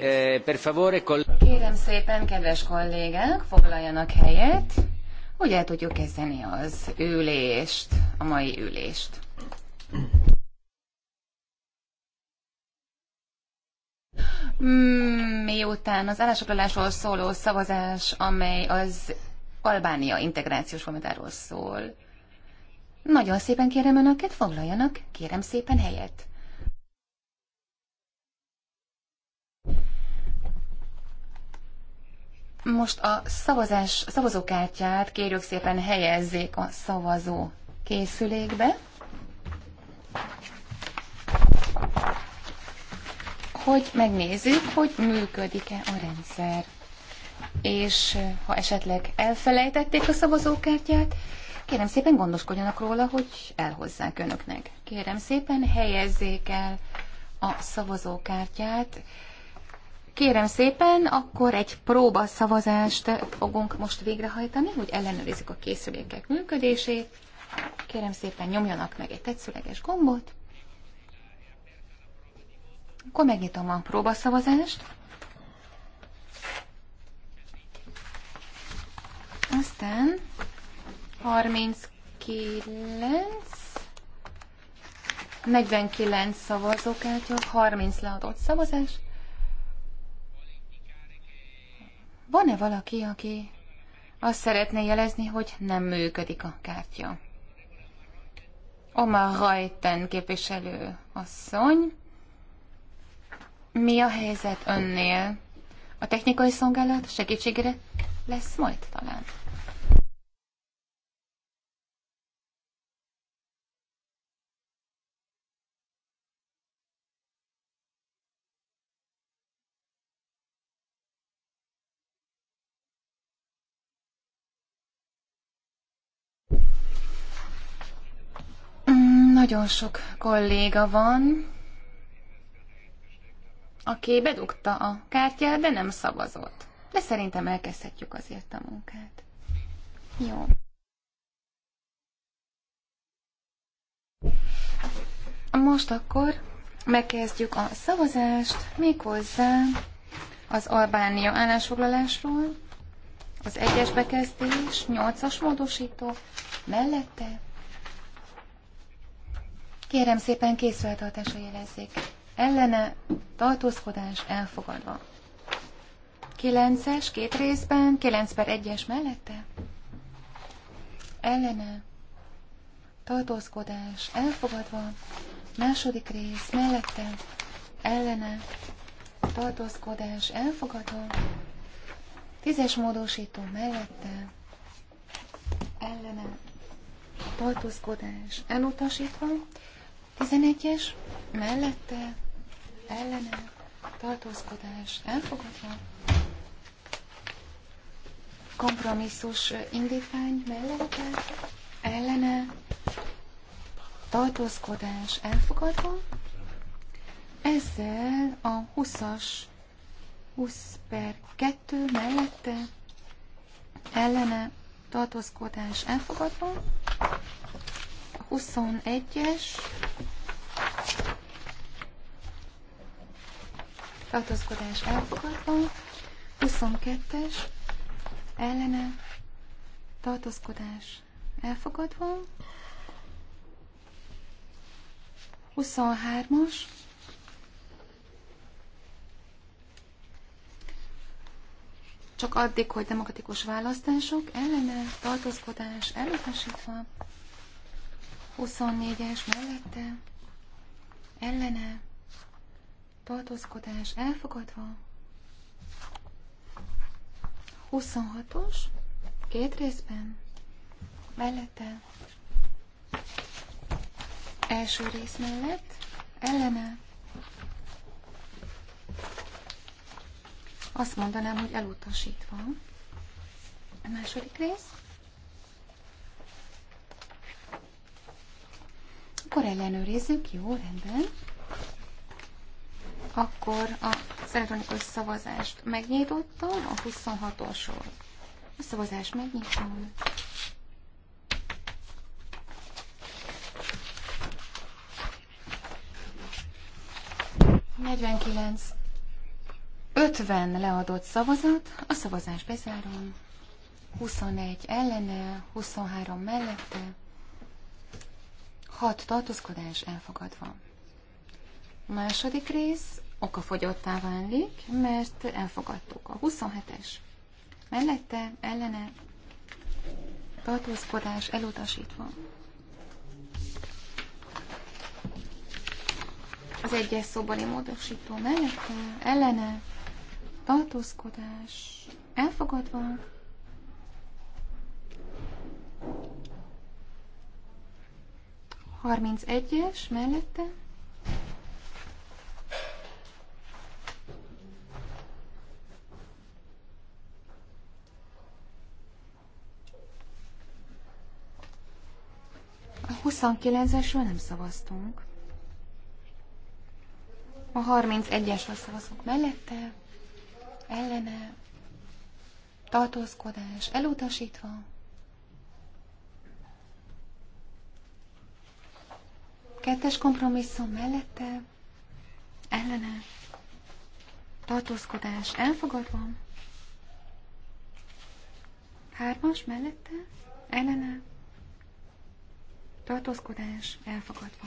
Eh, kérem szépen, kedves kollégák, foglaljanak helyet, hogy el tudjuk kezdeni az ülést, a mai ülést. Mm, miután az állásfoglalásról szóló szavazás, amely az Albánia integrációs folyamatáról szól, nagyon szépen kérem önöket, foglaljanak, kérem szépen helyet. Most a szavazás, a szavazókártyát kérjük szépen helyezzék a szavazó készülékbe, hogy megnézzük, hogy működik-e a rendszer. És eh, ha esetleg elfelejtették a szavazókártyát, kérem szépen gondoskodjanak róla, hogy elhozzák önöknek. Kérem szépen helyezzék el a szavazókártyát, Kérem szépen, akkor egy próba szavazást fogunk most végrehajtani, hogy ellenőrizzük a készülékek működését. Kérem szépen nyomjanak meg egy tetszőleges gombot. Akkor megnyitom a próbaszavazást. Aztán 39, 49 szavazókártya, 30 leadott szavazás. Van-e valaki, aki azt szeretné jelezni, hogy nem működik a kártya? Oma Rajten képviselő asszony, mi a helyzet önnél? A technikai szolgálat segítségére lesz majd talán. Nagyon sok kolléga van, aki bedugta a kártyát, de nem szavazott. De szerintem elkezdhetjük azért a munkát. Jó. Most akkor megkezdjük a szavazást, méghozzá az Albánia állásfoglalásról, az egyes bekezdés, nyolcas módosító, mellette Kérem szépen készfeltartásra jelezzék. Ellene tartózkodás elfogadva. 9-es, két részben, 9 per 1-es mellette. Ellene tartózkodás elfogadva. Második rész mellette. Ellene tartózkodás elfogadva. Tízes módosító mellette. Ellene tartózkodás elutasítva. 11-es mellette ellene tartózkodás elfogadva. Kompromisszus indítvány mellette ellene tartózkodás elfogadva. Ezzel a 20-as 20 per 2 mellette ellene tartózkodás elfogadva, 21-es. Tartozkodás elfogadva. 22-es. Ellene. Tartozkodás elfogadva. 23-as. Csak addig, hogy demokratikus választások ellene tartózkodás elutasítva. 24-es mellette, ellene, tartózkodás elfogadva. 26-os, két részben, mellette, első rész mellett, ellene. Azt mondanám, hogy elutasítva. A második rész, Akkor ellenőrizzük, jó, rendben. Akkor a elektronikus szavazást megnyitottam, a 26-osról. A szavazást megnyitom. Negyvenkilenc. leadott szavazat, a szavazás bezárom. 21 ellene, 23 mellette, Hat tartózkodás elfogadva. A második rész okafogyottá válik, mert elfogadtuk a 27-es. Mellette, ellene, tartózkodás elutasítva. Az egyes szobali módosító mellette, ellene, tartózkodás elfogadva. 31-es mellette. A 29-esről nem szavaztunk. A 31-esről szavazunk mellette, ellene, tartózkodás, elutasítva. Kettes kompromisszum mellette, ellene, tartózkodás elfogadva. Hármas mellette, ellene, tartózkodás elfogadva.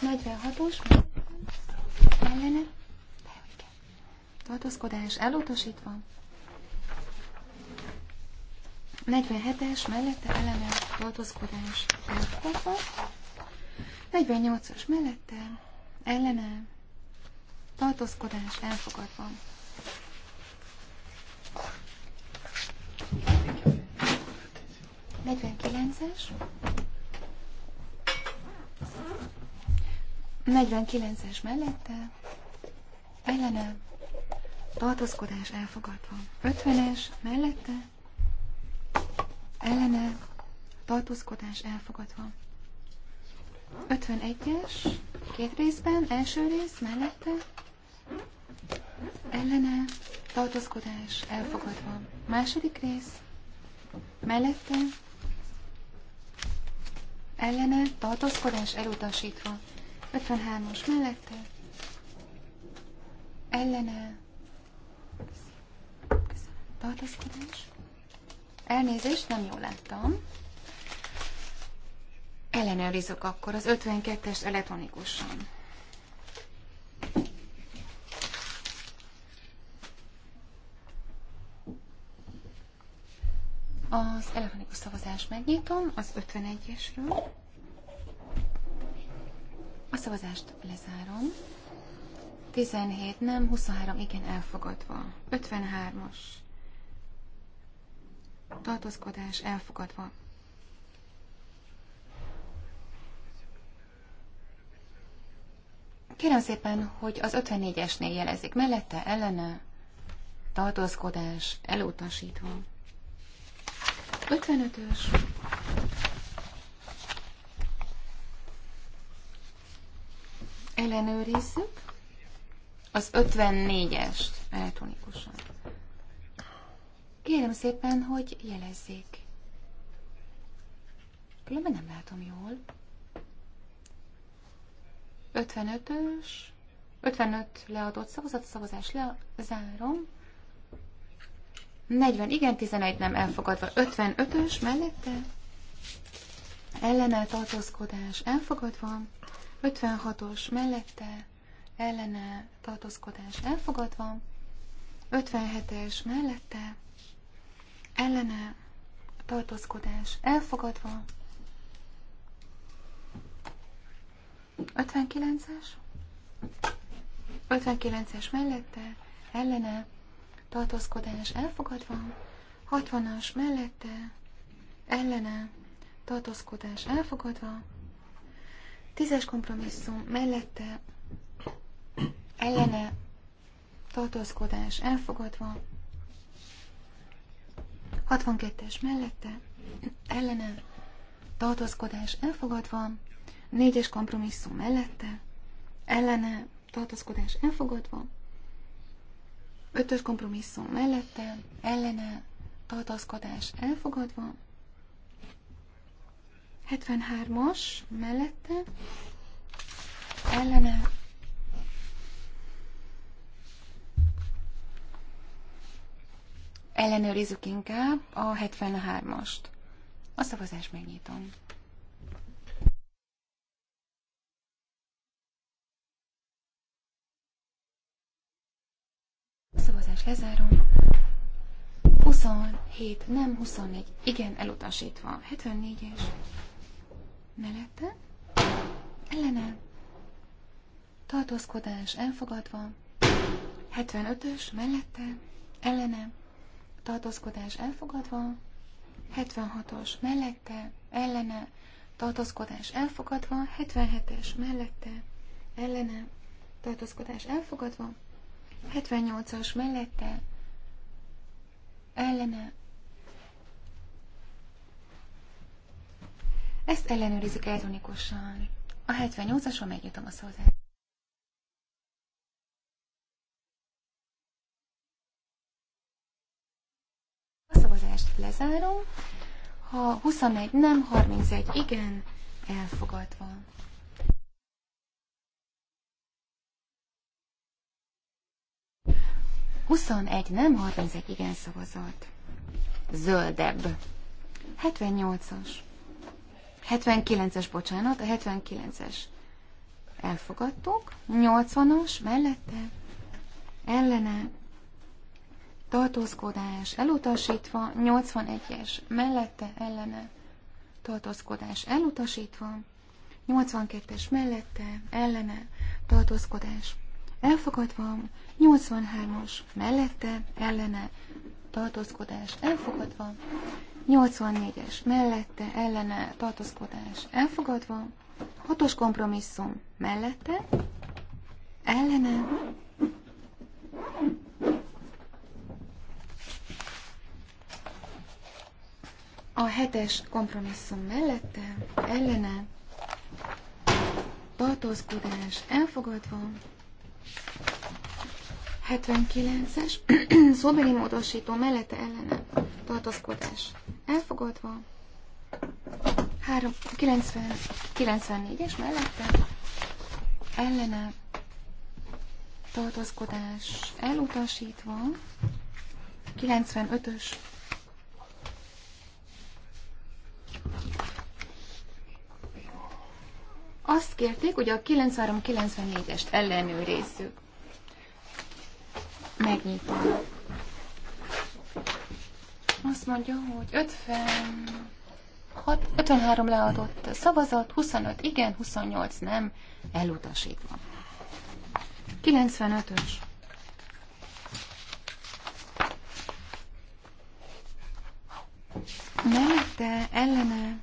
46-os ellene tartózkodás elutasítva. 47-es mellette eleme tartózkodás elfogadva. 48-as mellette ellene tartózkodás elfogadva. Negyvenkilences. 49-es mellette ellene tartózkodás elfogadva. 50-es mellette ellene tartózkodás elfogadva. 51-es, két részben, első rész mellette, ellene tartózkodás elfogadva. Második rész, mellette, ellene tartózkodás elutasítva. 53-os mellette, ellene tartózkodás Elnézést, nem jól láttam. Ellenőrizok akkor az 52-es elektronikusan. Az elektronikus szavazást megnyitom, az 51-esről. A szavazást lezárom. 17 nem, 23 igen elfogadva. 53-as tartózkodás elfogadva. Kérem szépen, hogy az 54-esnél jelezik mellette, ellene, tartózkodás elutasítva. 55-ös. Ellenőrizzük az 54-est elektronikusan. Kérem szépen, hogy jelezzék. Különben nem látom jól. 55-ös, 55 leadott szavazat, szavazás le, zárom. 40, igen, 11 nem elfogadva. 55-ös mellette ellene tartózkodás elfogadva. 56-os mellette ellene tartózkodás elfogadva. 57-es mellette ellene tartózkodás elfogadva. 59-es. 59-es mellette ellene tartózkodás elfogadva. 60-as mellette ellene tartózkodás elfogadva. 10-es kompromisszum mellette ellene tartózkodás elfogadva. 62-es mellette, ellene, tartózkodás elfogadva, 4-es kompromisszum mellette, ellene, tartózkodás elfogadva, 5-ös kompromisszum mellette, ellene, tartózkodás elfogadva, 73-as mellette, ellene, Ellenőrizzük inkább a 73-ast. A szavazás megnyitom. A szavazás lezárom. 27, nem 24. Igen, elutasítva. 74-es. Mellette. Ellene. Tartózkodás elfogadva. 75-ös mellette. Ellene tartózkodás elfogadva, 76-os mellette, ellene, tartózkodás elfogadva, 77-es mellette, ellene, tartózkodás elfogadva, 78-as mellette, ellene. Ezt ellenőrizzük elektronikusan. A 78 asra megnyitom a szolgálatot. szavazást lezárom. Ha 21 nem, 31 igen, elfogadva. Huszonegy nem, 31 igen szavazat. Zöldebb. 78-as. 79-es, bocsánat, a 79-es elfogadtuk. 80-as mellette ellene tartózkodás elutasítva, 81-es mellette ellene tartózkodás elutasítva, 82-es mellette ellene tartózkodás elfogadva, 83-as mellette ellene tartózkodás elfogadva, 84-es mellette ellene tartózkodás elfogadva, 6-os kompromisszum mellette ellene A hetes kompromisszum mellette, ellene, tartózkodás elfogadva, 79-es szóbeli módosító mellette ellene tartózkodás elfogadva, 94-es mellette ellene tartózkodás elutasítva, 95-ös Azt kérték, hogy a 9394-est ellenőrizzük. Megnyitom. Azt mondja, hogy 50... 6, 53 leadott szavazat, 25 igen, 28 nem, elutasítva. 95-ös. mellette ellene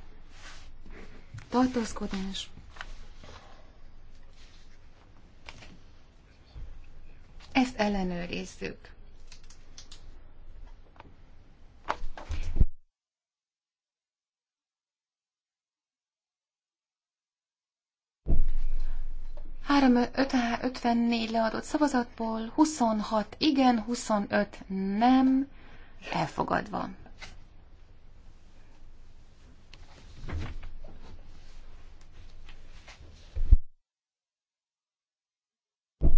tartózkodás. Ezt ellenőrizzük. Három, öt, 54 leadott szavazatból 26 igen, 25 nem elfogadva.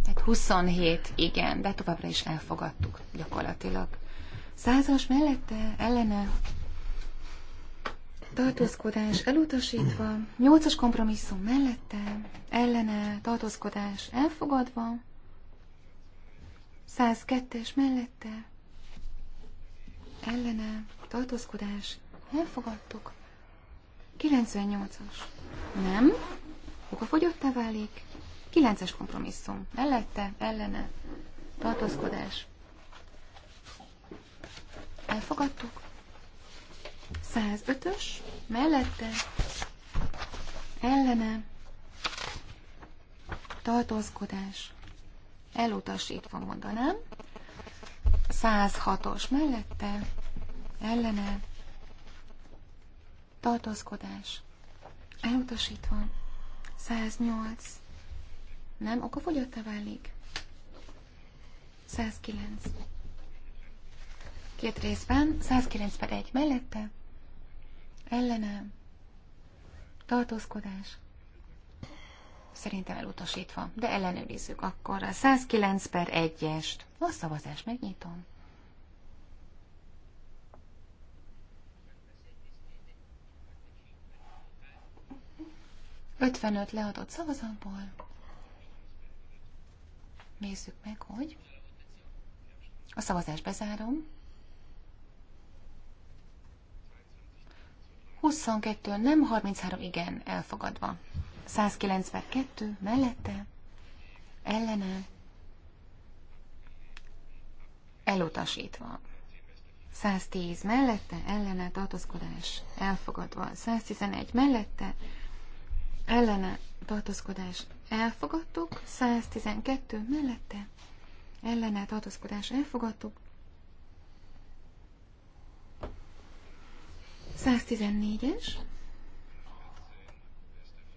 Tehát 27 igen, de továbbra is elfogadtuk gyakorlatilag. Százas mellette, ellene, tartózkodás elutasítva, nyolcas kompromisszum mellette, ellene, tartózkodás elfogadva, 102-es mellette, ellene, tartózkodás elfogadtuk, 98-as. Nem. Okafogyottá válik. 9-es kompromisszum. Mellette, ellene, tartózkodás. Elfogadtuk. 105-ös. Mellette, ellene, tartózkodás. Elutasítva mondanám. 106-os mellette, ellene, tartózkodás, elutasítva, 108, nem, akkor fogyott a válik, 109. Két részben, 109 per 1 mellette, ellenem, tartózkodás, szerintem elutasítva, de ellenőrizzük akkor a 109 per 1-est. A szavazást megnyitom. 55 leadott szavazatból. Nézzük meg, hogy a szavazást bezárom. 22 nem, 33 igen, elfogadva. 192 mellette, ellene, elutasítva. 110 mellette, ellene, tartózkodás, elfogadva. 111 mellette, ellene tartózkodás elfogadtuk, 112 mellette ellene tartózkodás elfogadtuk, 114-es,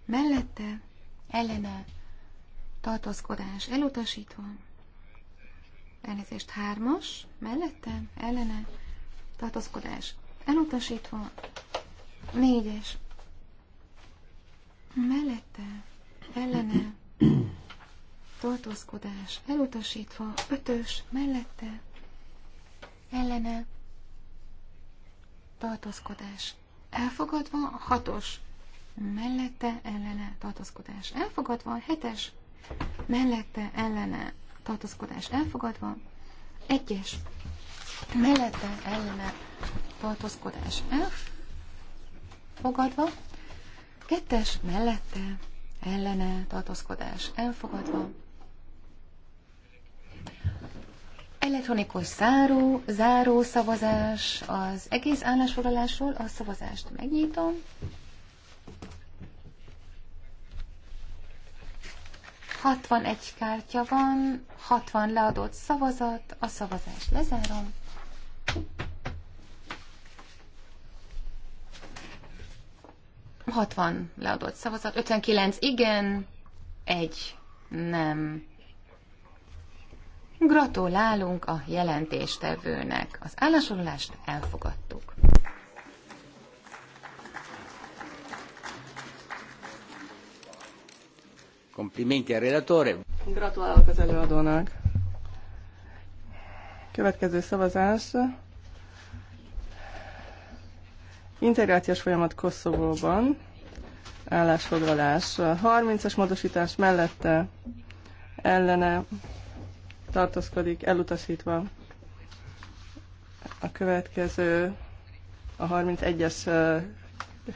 mellette ellene tartózkodás elutasítva, elnézést 3-as, mellette ellene tartózkodás elutasítva, 4-es mellette, ellene, tartózkodás elutasítva, ötös, mellette, ellene, tartózkodás elfogadva, hatos, mellette, ellene, tartózkodás elfogadva, hetes, mellette, ellene, tartózkodás elfogadva, egyes, mellette, ellene, tartózkodás elfogadva, Kettes mellette ellene tartózkodás elfogadva. Elektronikus záró, záró szavazás az egész állásfoglalásról, a szavazást megnyitom. egy kártya van, hatvan leadott szavazat, a szavazást lezárom. 60 leadott szavazat, 59 igen, egy nem. Gratulálunk a jelentéstevőnek. Az állásolást elfogadtuk. Komplimenti a relatore. Gratulálok az előadónak. Következő szavazás. Integrációs folyamat Koszovóban, állásfoglalás. 30-as módosítás mellette ellene tartózkodik, elutasítva. A következő, a 31-es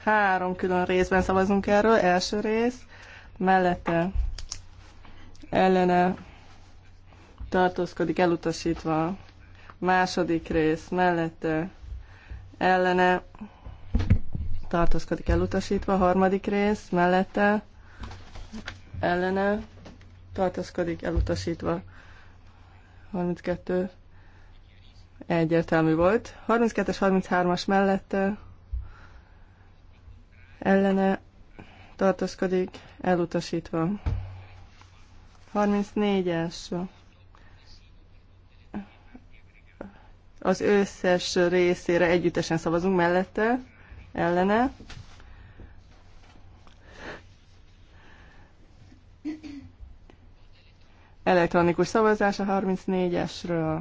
három külön részben szavazunk erről. Első rész, mellette ellene tartózkodik, elutasítva. Második rész, mellette ellene tartózkodik elutasítva, a harmadik rész mellette ellene tartózkodik elutasítva. 32 egyértelmű volt. 32-es, 33-as mellette ellene tartózkodik elutasítva. 34-es az összes részére együttesen szavazunk mellette ellene. Elektronikus szavazás a 34-esről.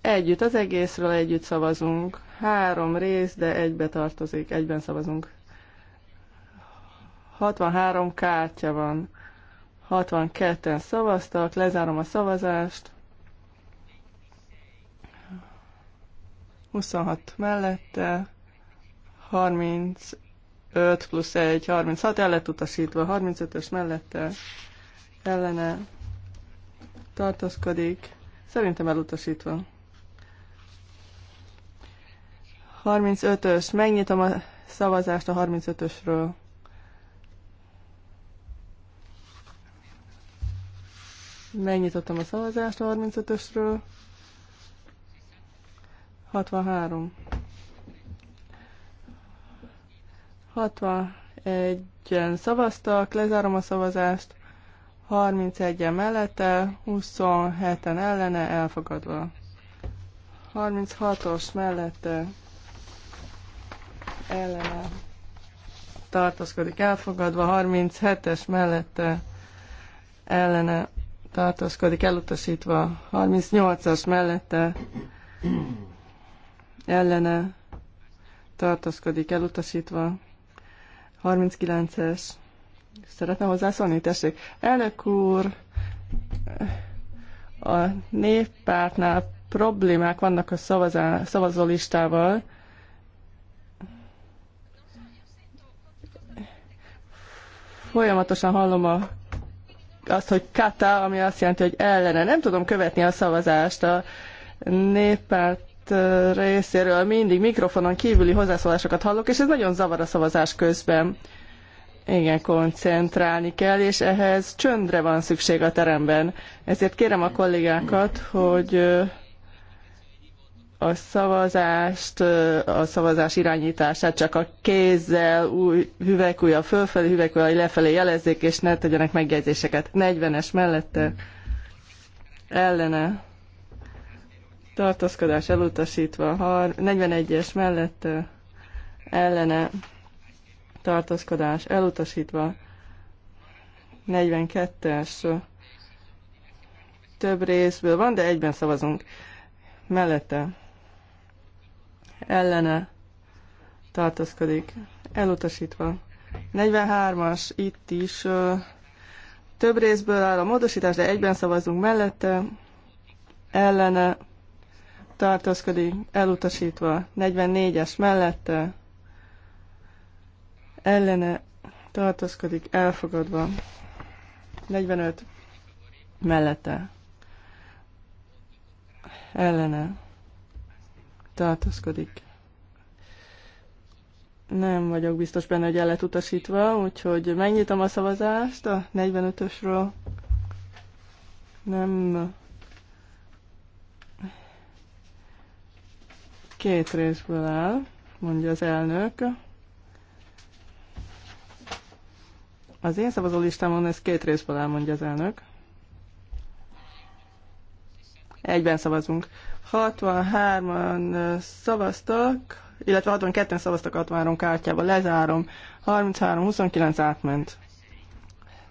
Együtt, az egészről együtt szavazunk. Három rész, de egybe tartozik, egyben szavazunk. 63 kártya van. 62-en szavaztak, lezárom a szavazást. 26 mellette, 35 plusz 1, 36 el lett utasítva, 35-ös mellette ellene tartózkodik, szerintem elutasítva. 35-ös, megnyitom a szavazást a 35-ösről. Megnyitottam a szavazást a 35-ösről. 63. 61-en szavaztak, lezárom a szavazást, 31-en mellette, 27-en ellene, elfogadva. 36-os mellette, ellene, tartózkodik, elfogadva, 37-es mellette, ellene, tartózkodik, elutasítva, 38-as mellette, ellene tartózkodik elutasítva. 39-es. Szeretne hozzászólni? Tessék. Elnök úr, a néppártnál problémák vannak a szavazá, szavazólistával. Folyamatosan hallom a, azt, hogy kata, ami azt jelenti, hogy ellene. Nem tudom követni a szavazást. A néppárt részéről mindig mikrofonon kívüli hozzászólásokat hallok, és ez nagyon zavar a szavazás közben. Igen, koncentrálni kell, és ehhez csöndre van szükség a teremben. Ezért kérem a kollégákat, hogy a szavazást, a szavazás irányítását csak a kézzel, új hüvelykúja fölfelé, hüvelykúja lefelé jelezzék, és ne tegyenek megjegyzéseket. 40-es mellette ellene tartózkodás elutasítva, 41-es mellette ellene tartózkodás elutasítva, 42-es több részből van, de egyben szavazunk. Mellette ellene tartózkodik, elutasítva. 43-as itt is több részből áll a módosítás, de egyben szavazunk mellette, ellene tartózkodik, elutasítva. 44-es mellette, ellene tartózkodik, elfogadva. 45 mellette, ellene tartózkodik. Nem vagyok biztos benne, hogy el lett utasítva, úgyhogy megnyitom a szavazást a 45-ösről. Nem Két részből áll, mondja az elnök. Az én szavazó listámon ez két részből áll, mondja az elnök. Egyben szavazunk. 63-an szavaztak, illetve 62-en szavaztak 63 kártyával, lezárom. 33-29 átment.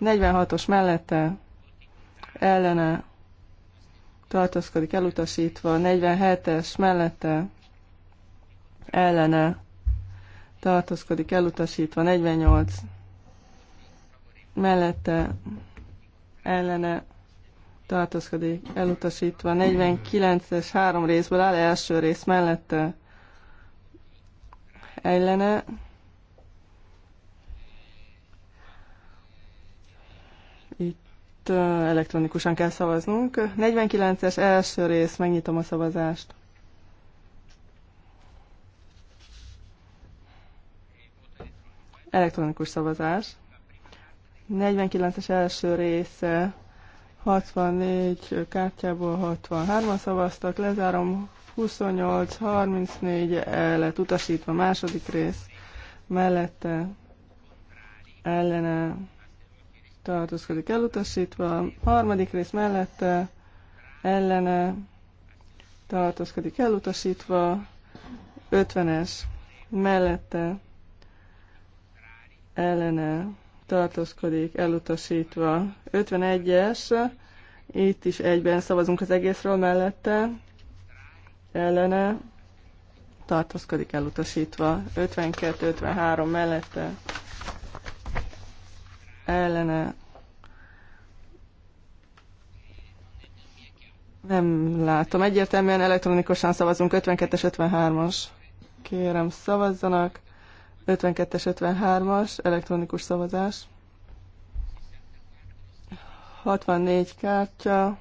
46-os mellette, ellene, tartózkodik elutasítva, 47-es mellette, ellene tartózkodik elutasítva 48 mellette ellene tartózkodik elutasítva 49-es három részből áll első rész mellette ellene itt elektronikusan kell szavaznunk 49-es első rész megnyitom a szavazást Elektronikus szavazás. 49-es első része 64 kártyából 63-an szavaztak, lezárom 28-34 el lett utasítva második rész, mellette ellene tartózkodik elutasítva, harmadik rész mellette ellene tartózkodik elutasítva, 50-es mellette ellene tartózkodik, elutasítva. 51-es, itt is egyben szavazunk az egészről mellette, ellene tartózkodik, elutasítva. 52-53 mellette, ellene Nem látom. Egyértelműen elektronikusan szavazunk 52-es, 53-as. Kérem, szavazzanak. 52-es, 53-as, elektronikus szavazás. 64 kártya,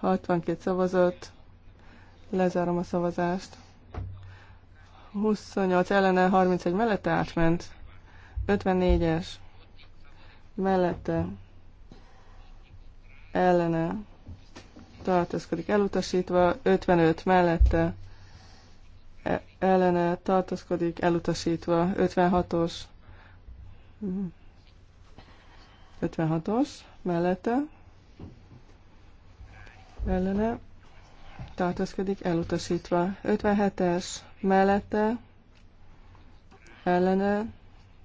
62 szavazott. lezárom a szavazást. 28 ellene, 31 mellette átment. 54-es mellette ellene tartózkodik elutasítva, 55 mellette E, ellene tartózkodik, elutasítva. 56-os 56-os mellette ellene tartózkodik, elutasítva. 57-es mellette ellene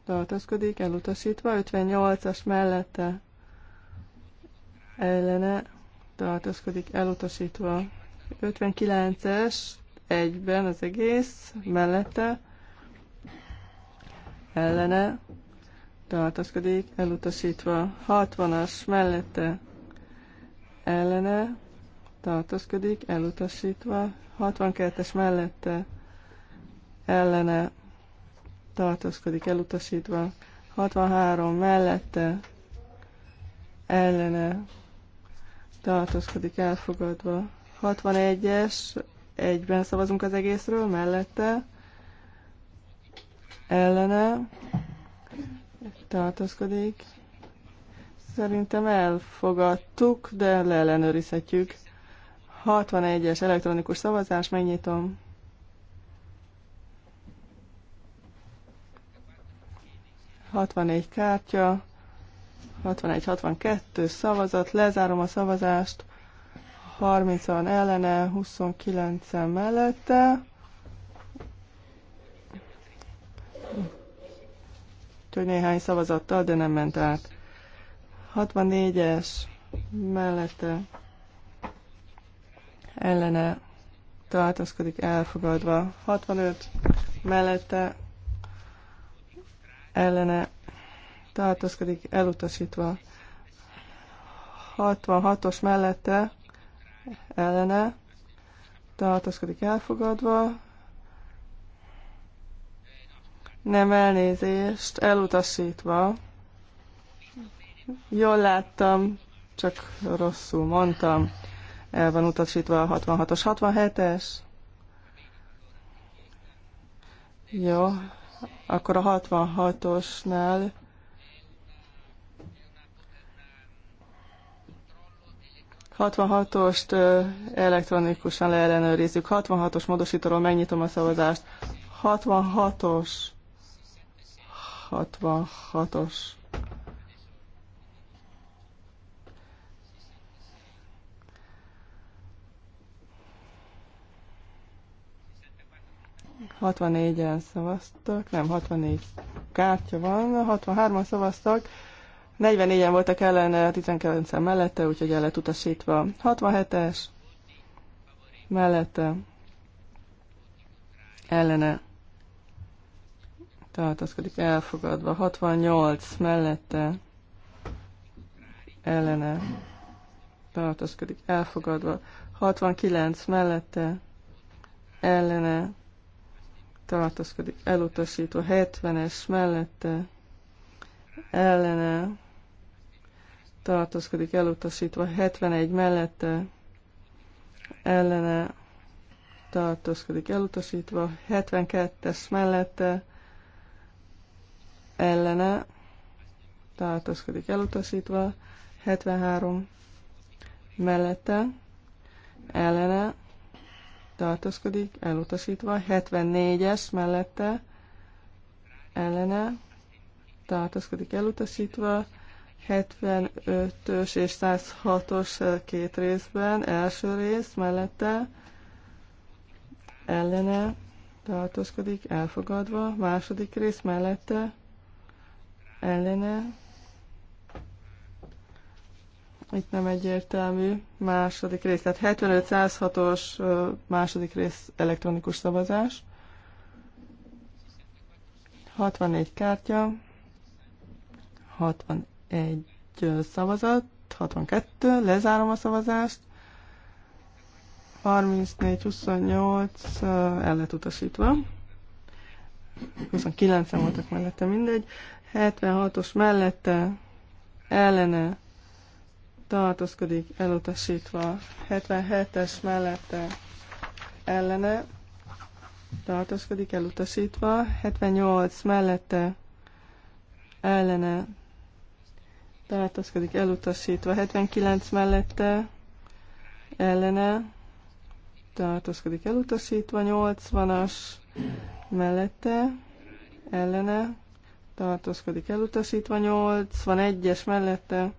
tartózkodik, elutasítva, 58-as mellette ellene tartózkodik, elutasítva, 59-es egyben az egész, mellette, ellene, tartaszkodik, elutasítva. 60-as mellette, ellene, tartaszkodik, elutasítva. 62-es mellette, ellene, tartózkodik, elutasítva. 63 mellette, ellene, tartózkodik, elfogadva. 61-es egyben szavazunk az egészről, mellette, ellene, tartozkodik. Szerintem elfogadtuk, de leellenőrizhetjük. 61-es elektronikus szavazás, megnyitom. egy kártya, 61-62 szavazat, lezárom a szavazást. 30-an ellene, 29-en mellette. Úgyhogy néhány szavazattal, de nem ment át. 64-es mellette ellene tartózkodik elfogadva. 65 mellette ellene tartózkodik elutasítva. 66-os mellette ellene tartózkodik elfogadva. Nem elnézést, elutasítva. Jól láttam, csak rosszul mondtam. El van utasítva a 66-os, 67-es. Jó, akkor a 66-osnál 66-ost elektronikusan leellenőrizzük. 66-os módosítóról megnyitom a szavazást. 66-os. 66-os. Hatvannégyen szavaztak, nem, 64 kártya van, 63-an szavaztak, 44-en voltak ellene, 19-en mellette, úgyhogy el lett utasítva. 67-es mellette ellene tartózkodik elfogadva. 68 mellette ellene tartózkodik elfogadva. 69 mellette ellene tartózkodik elutasítva. 70-es mellette ellene tartózkodik elutasítva, 71 mellette ellene tartózkodik elutasítva, 72-es mellette ellene tartózkodik elutasítva, 73 mellette ellene tartózkodik elutasítva, 74-es mellette ellene tartózkodik elutasítva, 75-ös és 106-os két részben, első rész mellette ellene tartózkodik, elfogadva, második rész mellette ellene, itt nem egyértelmű, második rész, tehát 75-106-os második rész elektronikus szavazás, 64 kártya, 60 egy szavazat, 62, lezárom a szavazást. 34-28 el lett utasítva. 29-en voltak mellette, mindegy. 76-os mellette, ellene tartozkodik, elutasítva. 77-es mellette, ellene tartozkodik, elutasítva. 78 mellette, ellene tartózkodik elutasítva, 79 mellette ellene tartózkodik elutasítva, 80-as mellette ellene tartózkodik elutasítva, 81-es mellette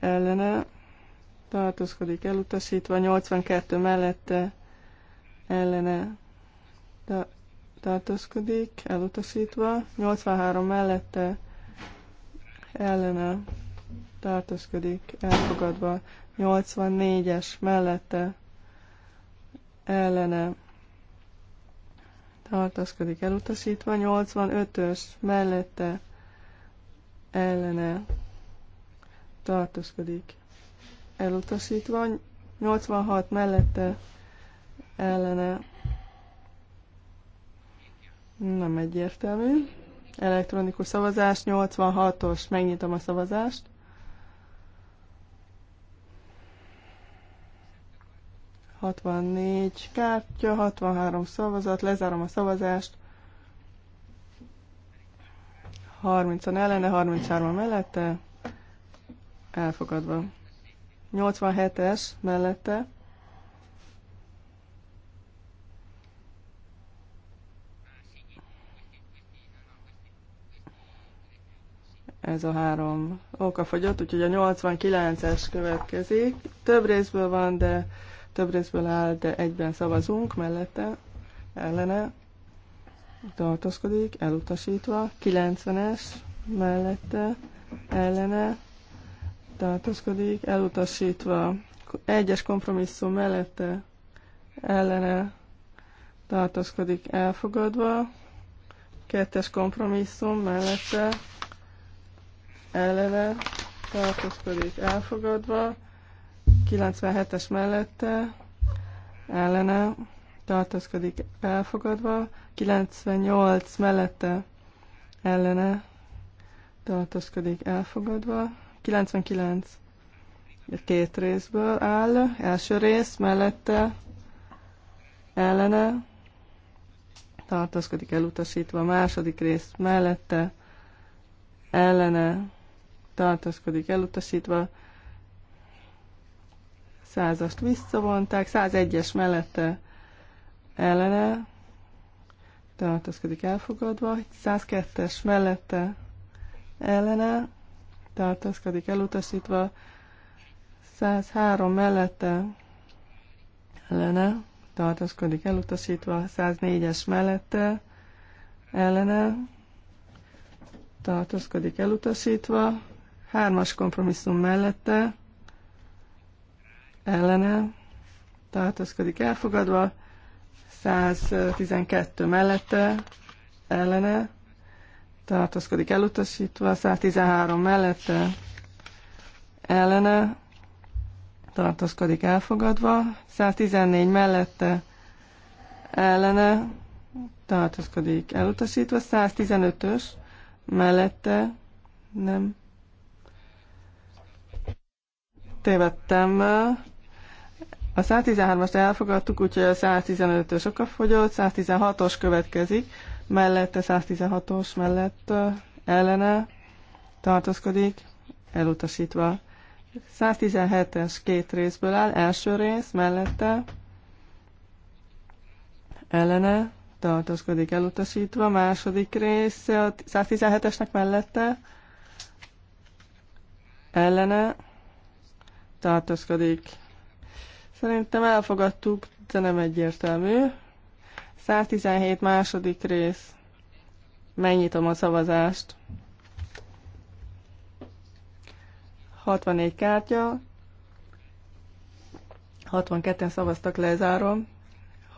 ellene tartózkodik elutasítva, 82 mellette ellene tartózkodik elutasítva, 83 mellette ellene tartózkodik, elfogadva. 84-es mellette ellene tartózkodik, elutasítva. 85-ös mellette ellene tartózkodik, elutasítva. 86 mellette ellene nem egyértelmű elektronikus szavazás, 86-os, megnyitom a szavazást. négy kártya, 63 szavazat, lezárom a szavazást. 30-an ellene, 33-an mellette, elfogadva. 87-es mellette, ez a három oka fogyott, úgyhogy a 89-es következik. Több részből van, de több részből áll, de egyben szavazunk mellette, ellene tartózkodik, elutasítva. 90-es mellette, ellene tartózkodik, elutasítva. Egyes kompromisszum mellette, ellene tartózkodik, elfogadva. Kettes kompromisszum mellette, ellene tartózkodik elfogadva, 97-es mellette ellene tartózkodik elfogadva, 98 mellette ellene tartózkodik elfogadva, 99 két részből áll, első rész mellette ellene tartózkodik elutasítva, második rész mellette ellene tartózkodik elutasítva, 100-ast visszavonták, 101-es mellette ellene tartózkodik elfogadva, 102-es mellette ellene tartózkodik elutasítva, 103 mellette ellene tartózkodik elutasítva, 104-es mellette ellene tartózkodik elutasítva, Hármas kompromisszum mellette ellene tartózkodik elfogadva, 112 mellette ellene tartózkodik elutasítva, 113 mellette ellene tartózkodik elfogadva, 114 mellette ellene tartózkodik elutasítva, 115-ös mellette nem tévedtem. A 113-ast elfogadtuk, úgyhogy a 115-ös fogyott, 116-os következik, mellette 116-os mellett ellene tartozkodik, elutasítva. 117-es két részből áll, első rész mellette ellene tartozkodik elutasítva, második rész a 117-esnek mellette ellene tartózkodik. Szerintem elfogadtuk, de nem egyértelmű. 117 második rész. Megnyitom a szavazást. 64 kártya. 62-en szavaztak, lezárom.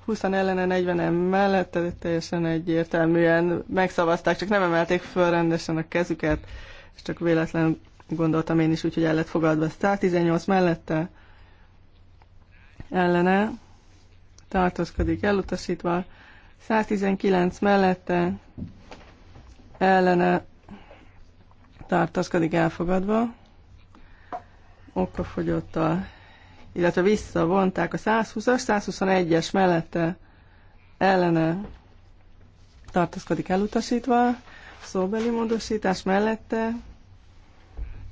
20 ellene, 40 mellett, teljesen egyértelműen megszavazták, csak nem emelték föl rendesen a kezüket, és csak véletlen gondoltam én is, úgyhogy el lett fogadva. 118 mellette ellene tartózkodik elutasítva, 119 mellette ellene tartózkodik elfogadva, okafogyottal, illetve visszavonták a 120-as, 121-es mellette ellene tartózkodik elutasítva, szóbeli módosítás mellette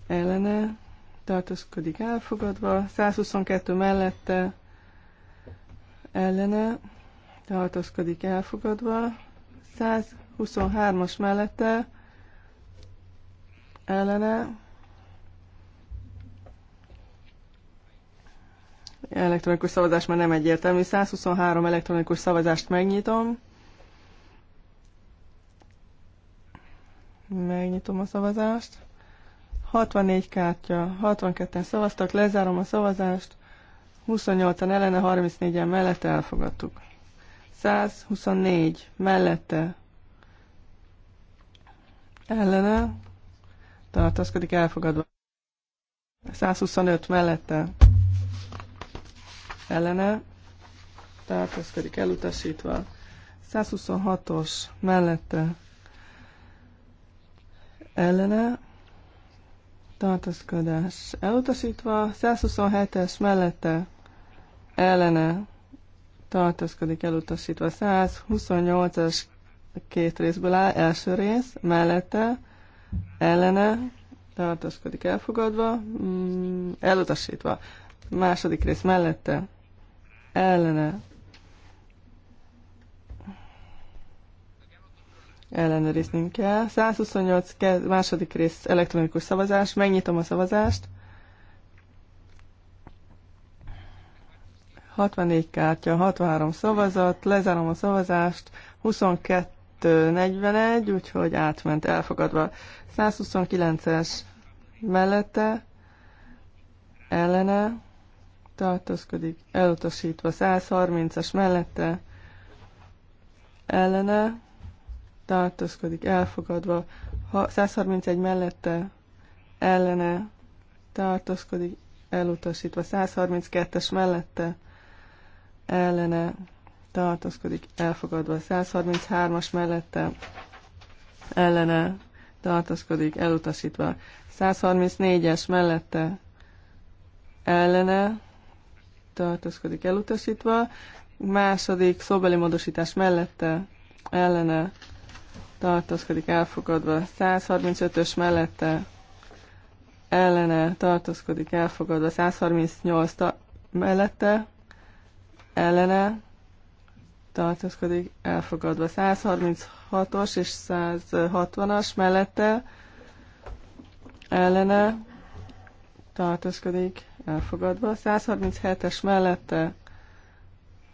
ellene tartózkodik elfogadva, 122 mellette ellene tartózkodik elfogadva, 123-as mellette ellene elektronikus szavazás már nem egyértelmű. 123 elektronikus szavazást megnyitom. Megnyitom a szavazást. 64 kártya, 62-en szavaztak, lezárom a szavazást, 28-an ellene, 34-en mellette elfogadtuk. 124 mellette ellene, tartaszkodik elfogadva. 125 mellette ellene, tartaszkodik elutasítva. 126-os mellette ellene, tartózkodás elutasítva, 127-es mellette ellene tartózkodik elutasítva, 128 es két részből áll, első rész mellette ellene tartózkodik elfogadva, mm, elutasítva, második rész mellette ellene ellenőriznünk kell. 128 második rész elektronikus szavazás. Megnyitom a szavazást. 64 kártya, 63 szavazat, lezárom a szavazást, 22-41, úgyhogy átment elfogadva. 129-es mellette, ellene, tartózkodik, elutasítva. 130 es mellette, ellene, tartózkodik elfogadva, ha 131 mellette ellene tartózkodik elutasítva, 132-es mellette ellene tartózkodik elfogadva, 133-as mellette ellene tartózkodik elutasítva, 134-es mellette ellene tartózkodik elutasítva, második szóbeli módosítás mellette ellene tartózkodik elfogadva, 135-ös mellette ellene tartózkodik elfogadva, 138 ta- mellette ellene tartózkodik elfogadva, 136-os és 160-as mellette ellene tartózkodik elfogadva, 137-es mellette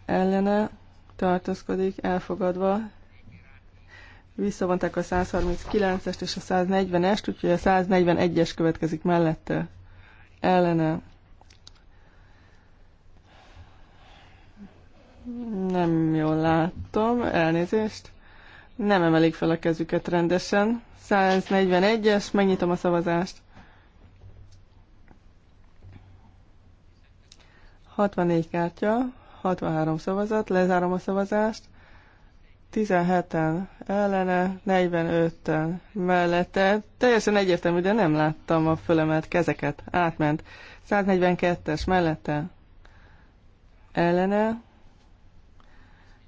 ellene tartózkodik elfogadva, Visszavonták a 139-est és a 140-est, úgyhogy a 141-es következik mellette. Ellene. Nem jól látom, elnézést. Nem emelik fel a kezüket rendesen. 141-es, megnyitom a szavazást. 64 kártya, 63 szavazat, lezárom a szavazást. 17-en ellene, 45-en mellette. Teljesen egyértelmű, de nem láttam a fölemelt kezeket. Átment. 142-es mellette. Ellene.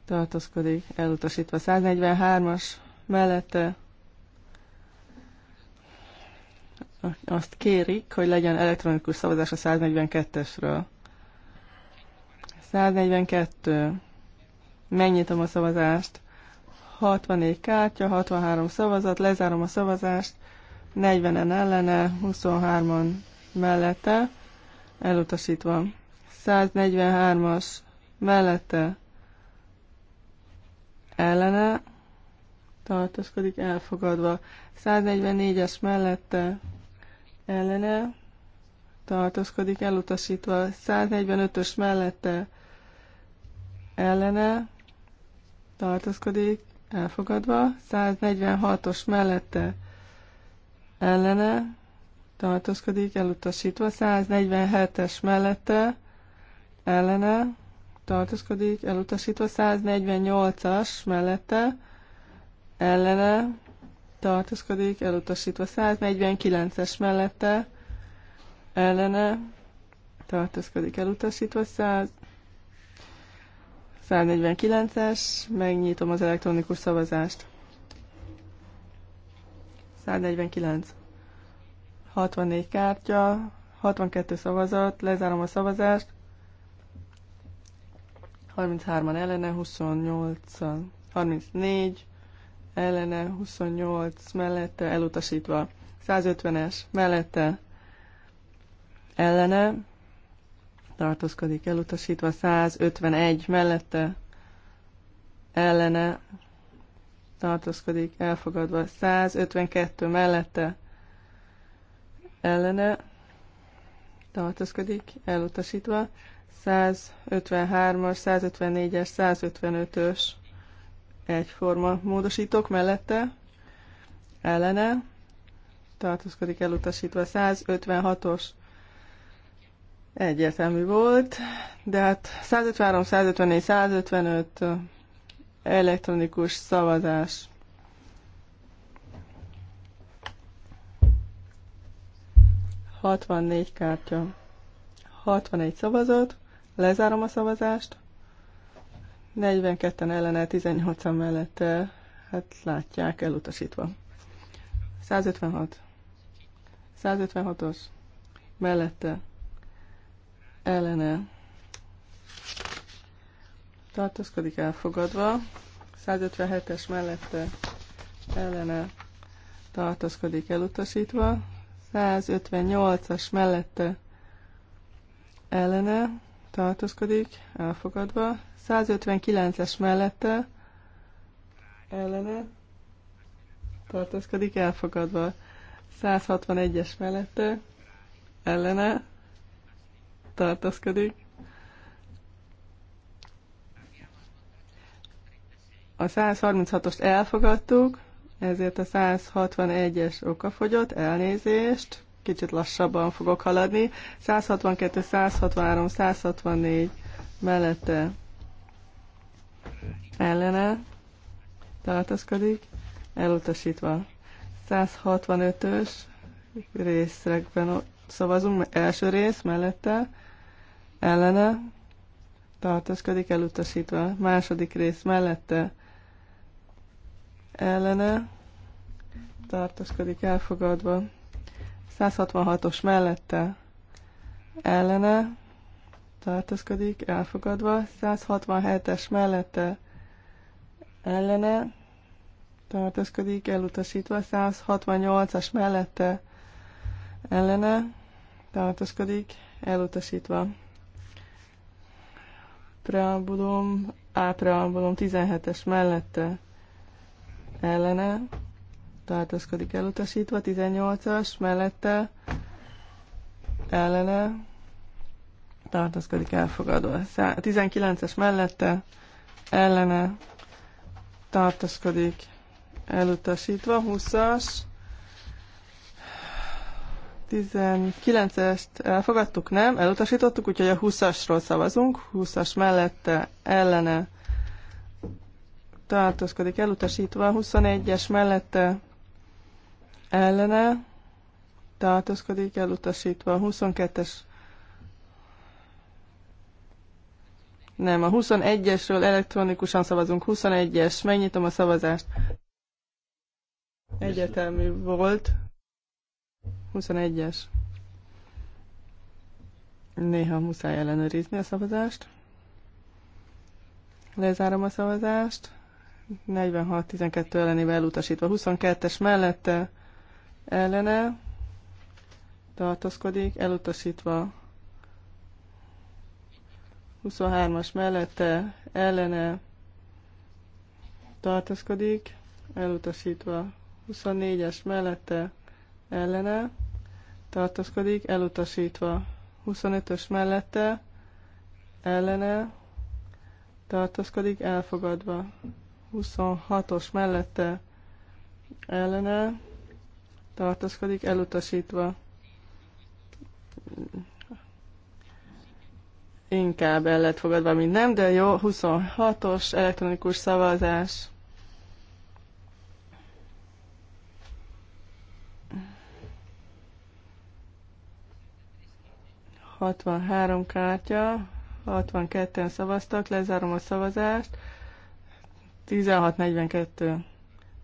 tartozkodik, Elutasítva. 143-as mellette. Azt kérik, hogy legyen elektronikus szavazás a 142-esről. 142. Megnyitom a szavazást. 64 kártya, 63 szavazat, lezárom a szavazást, 40-en ellene, 23-an mellette, elutasítva. 143-as mellette ellene, tartózkodik elfogadva. 144-es mellette ellene, tartózkodik elutasítva. 145-ös mellette ellene, tartózkodik elfogadva, 146-os mellette ellene tartózkodik, elutasítva, 147-es mellette ellene tartózkodik, elutasítva, 148-as mellette ellene tartózkodik, elutasítva, 149-es mellette ellene tartózkodik, elutasítva, 100 fel 49-es, megnyitom az elektronikus szavazást. 149. 64 kártya, 62 szavazat, lezárom a szavazást. 33-an ellene, 28-an, 34 ellene, 28 mellette, elutasítva. 150-es mellette, ellene, tartózkodik elutasítva, 151 mellette ellene tartózkodik elfogadva, 152 mellette ellene tartózkodik elutasítva, 153-as, 154-es, 155-ös egyforma módosítók mellette ellene tartózkodik elutasítva, 156-os egyértelmű volt, de hát 153, 154, 155 elektronikus szavazás. négy kártya. 61 szavazott, Lezárom a szavazást. 42-en ellene, 18-an mellette. Hát látják, elutasítva. 156. 156-os. Mellette ellene tartózkodik elfogadva, 157-es mellette ellene tartózkodik elutasítva, 158-as mellette ellene tartózkodik elfogadva, 159-es mellette ellene tartózkodik elfogadva, 161-es mellette ellene tartózkodik. A 136-ost elfogadtuk, ezért a 161-es okafogyott, elnézést, kicsit lassabban fogok haladni. 162, 163, 164 mellette ellene tartózkodik, elutasítva. 165-ös részekben szavazunk, első rész mellette ellene tartózkodik elutasítva. Második rész mellette ellene tartózkodik elfogadva. 166-os mellette ellene tartózkodik elfogadva. 167-es mellette ellene tartózkodik elutasítva. 168-as mellette ellene tartózkodik elutasítva preambulum, A preambulum 17-es mellette ellene tartózkodik elutasítva, 18-as mellette ellene tartózkodik elfogadva. 19-es mellette ellene tartózkodik elutasítva, 20-as 19-est elfogadtuk, nem? Elutasítottuk, úgyhogy a 20-asról szavazunk. 20-as mellette ellene tartózkodik elutasítva. 21-es mellette ellene tartózkodik elutasítva. 22-es nem, a 21-esről elektronikusan szavazunk. 21-es, megnyitom a szavazást. Egyetemű volt. 21-es. Néha muszáj ellenőrizni a szavazást. Lezárom a szavazást. 46-12 ellenével elutasítva. 22-es mellette ellene tartózkodik, elutasítva. 23-as mellette ellene tartózkodik, elutasítva. 24-es mellette ellene tartózkodik, elutasítva. 25-ös mellette ellene tartózkodik, elfogadva. 26-os mellette ellene tartózkodik, elutasítva. Inkább el lett fogadva, mint nem, de jó, 26-os elektronikus szavazás. 63 kártya, 62-en szavaztak, lezárom a szavazást. 16.42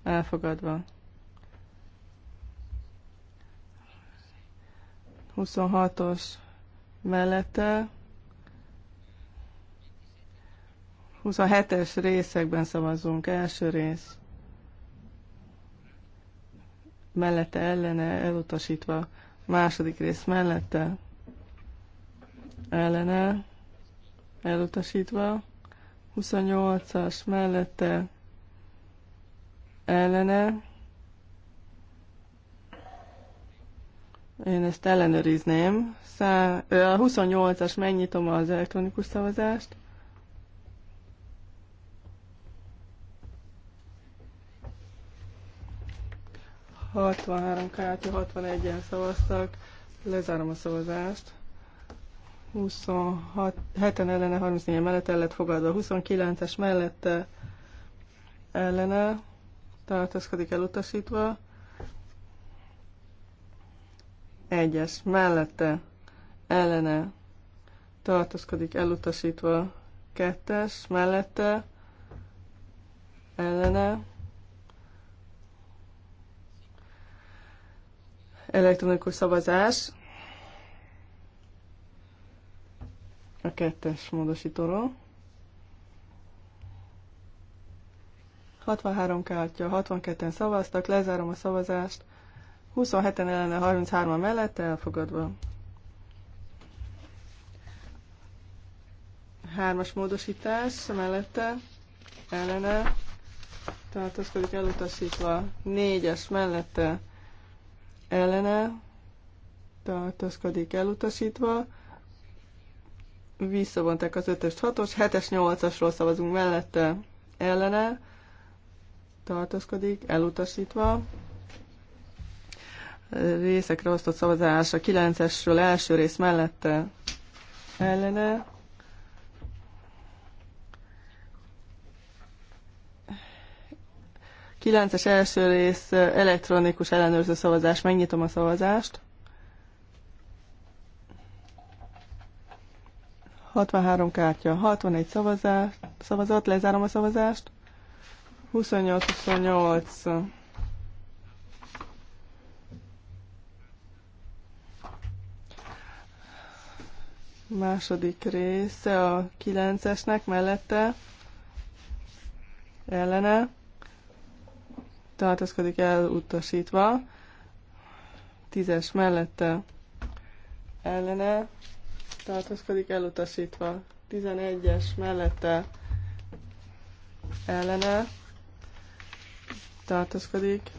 elfogadva. 26-os mellette. 27-es részekben szavazunk. Első rész. Mellette ellene elutasítva. Második rész mellette ellene elutasítva, 28-as mellette ellene. Én ezt ellenőrizném. Szá- a 28-as megnyitom az elektronikus szavazást. Hatvanhárom kártya, 61-en szavaztak. Lezárom a szavazást. 26, 7-en ellene, 34 mellett el lett fogadva, 29-es mellette ellene tartózkodik elutasítva, 1-es mellette ellene tartózkodik elutasítva, 2-es mellette ellene elektronikus szavazás, a kettes módosítóról. 63 kártya, 62-en szavaztak, lezárom a szavazást. 27-en ellene, 33 a mellette elfogadva. Hármas módosítás mellette, ellene, tartózkodik elutasítva. Négyes mellette, ellene, tartózkodik elutasítva visszavonták az 5-ös, 6-os, 7-es, 8-asról szavazunk mellette ellene, tartózkodik, elutasítva. Részekre osztott szavazás a 9-esről első rész mellette ellene. Kilences első rész elektronikus ellenőrző szavazás. Megnyitom a szavazást. 63 kártya, 61 szavazás, szavazat, lezárom a szavazást. 28-28. Második része a 9-esnek mellette ellene tartozkodik elutasítva. 10-es mellette ellene tartózkodik elutasítva. 11-es mellette ellene tartózkodik.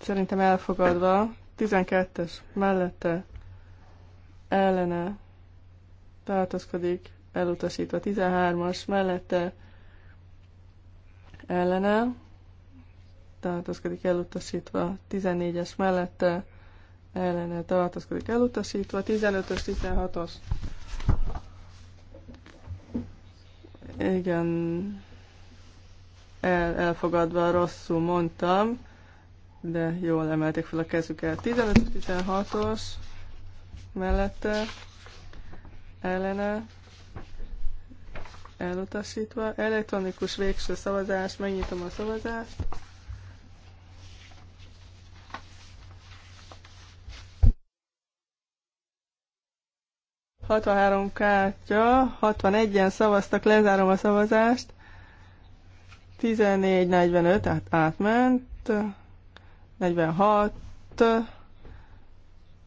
Szerintem elfogadva. 12-es mellette ellene tartózkodik elutasítva. 13-as mellette ellene tartózkodik elutasítva. 14-es mellette ellene tartozkodik elutasítva, 15-ös, 16-os. Igen, el, elfogadva rosszul mondtam, de jól emelték fel a kezüket. 15-16-os mellette ellene elutasítva. Elektronikus végső szavazás, megnyitom a szavazást. 63 kártya, 61-en szavaztak, lezárom a szavazást. 14-45, tehát átment. 46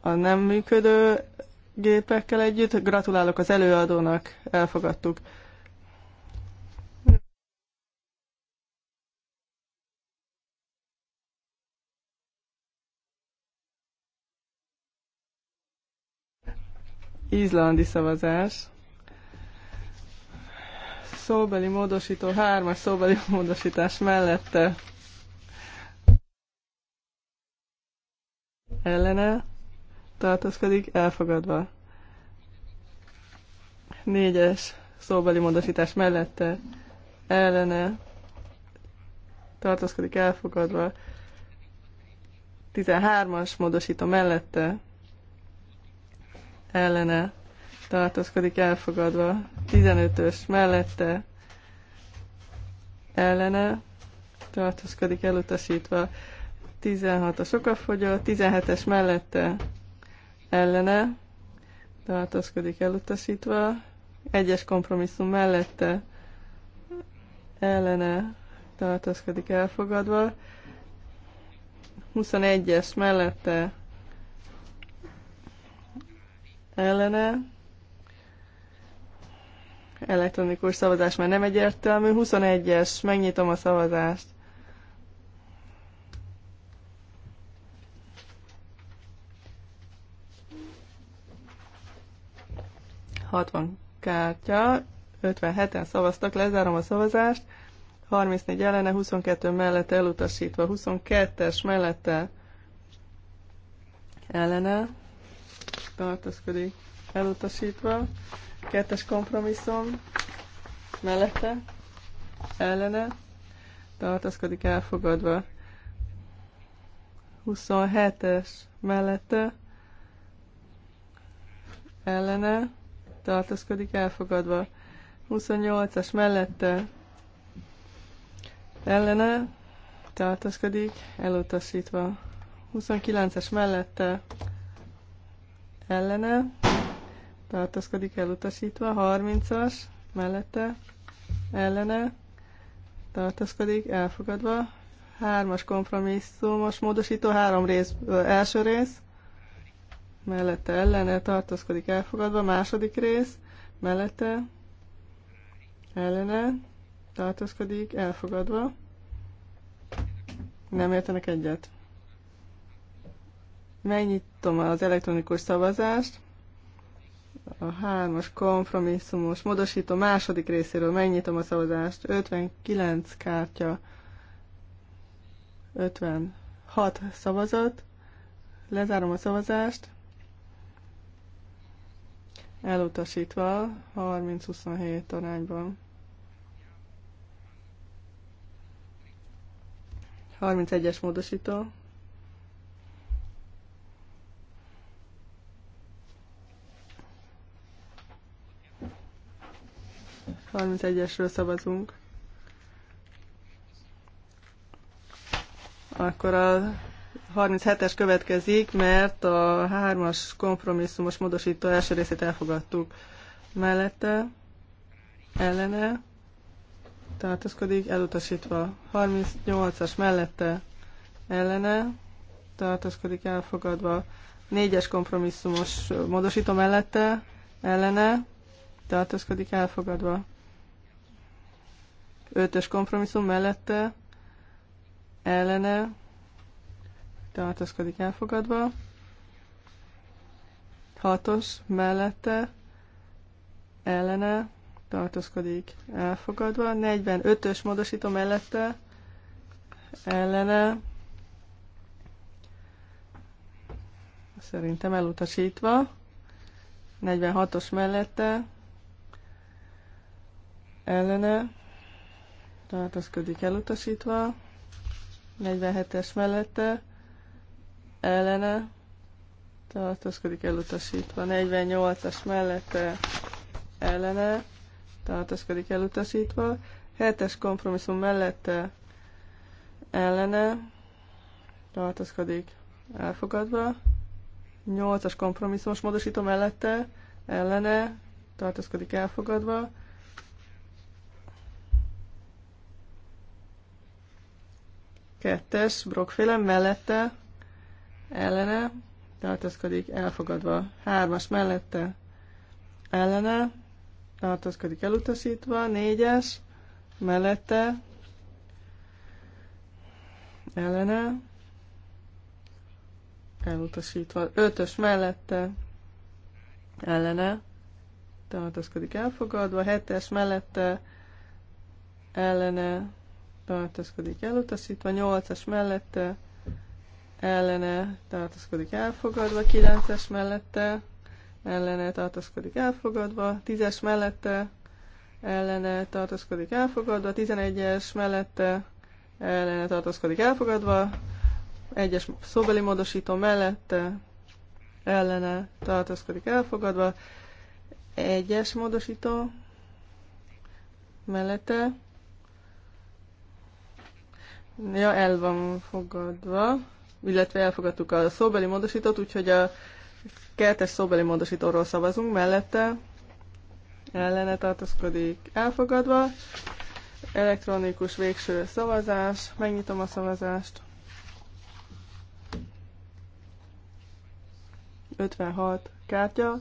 a nem működő gépekkel együtt. Gratulálok az előadónak, elfogadtuk. izlandi szavazás. Szóbeli módosító, hármas szóbeli módosítás mellette ellene tartózkodik, elfogadva. Négyes szóbeli módosítás mellette ellene tartózkodik, elfogadva. 13-as módosító mellette ellene tartózkodik elfogadva. 15-ös mellette ellene tartózkodik elutasítva. 16-os okafogyó, 17-es mellette ellene tartózkodik elutasítva. 1-es kompromisszum mellette ellene tartózkodik elfogadva. 21-es mellette ellene. Elektronikus szavazás már nem egyértelmű. 21-es, megnyitom a szavazást. Hatvan kártya, 57-en szavaztak, lezárom a szavazást. 34 ellene, 22 mellette elutasítva, 22-es mellette ellene tartózkodik elutasítva. Kettes kompromisszum mellette, ellene, tartózkodik elfogadva. 27-es mellette, ellene, tartózkodik elfogadva. 28-as mellette, ellene, tartózkodik elutasítva. 29-es mellette, ellene, tartózkodik elutasítva, 30-as, mellette, ellene, tartózkodik elfogadva, 3-as kompromisszumos módosító, három rész, első rész, mellette, ellene, tartózkodik elfogadva, második rész, mellette, ellene, tartózkodik elfogadva, nem értenek egyet. Megnyitom az elektronikus szavazást. A hármas kompromisszumos módosító második részéről megnyitom a szavazást. 59 kártya, 56 szavazat. Lezárom a szavazást. Elutasítva 30-27 arányban. 31-es módosító 31-esről szavazunk. Akkor a 37-es következik, mert a 3-as kompromisszumos módosító első részét elfogadtuk. Mellette, ellene, tartózkodik, elutasítva. 38-as mellette, ellene, tartózkodik, elfogadva. 4-es kompromisszumos módosító mellette, ellene, tartózkodik elfogadva. Ötös kompromisszum mellette ellene tartózkodik elfogadva. Hatos mellette ellene tartózkodik elfogadva. 45-ös módosító mellette ellene szerintem elutasítva. 46-os mellette ellene ködik elutasítva, 47-es mellette ellene tartózkodik elutasítva, 48-as mellette ellene tartózkodik elutasítva, 7-es kompromisszum mellette ellene tartózkodik elfogadva, 8-as kompromisszumos módosító mellette ellene tartózkodik elfogadva, Kettes, brokféle mellette, ellene, tartozkodik elfogadva. Hármas mellette, ellene, tartozkodik elutasítva. Négyes, mellette, ellene, elutasítva. Ötös mellette, ellene, tartozkodik elfogadva. Hetes mellette, ellene, tartózkodik elutasítva, 8-as mellette ellene tartózkodik elfogadva, 9-es mellette ellene tartózkodik elfogadva, 10-es mellette ellene tartózkodik elfogadva, 11-es mellette ellene tartózkodik elfogadva, 1-es szóbeli módosító mellette ellene tartózkodik elfogadva, 1-es módosító mellette Ja, el van fogadva, illetve elfogadtuk a szóbeli módosítót, úgyhogy a kertes szóbeli módosítóról szavazunk, mellette ellene tartozkodik elfogadva. Elektronikus végső szavazás, megnyitom a szavazást. 56 kártya,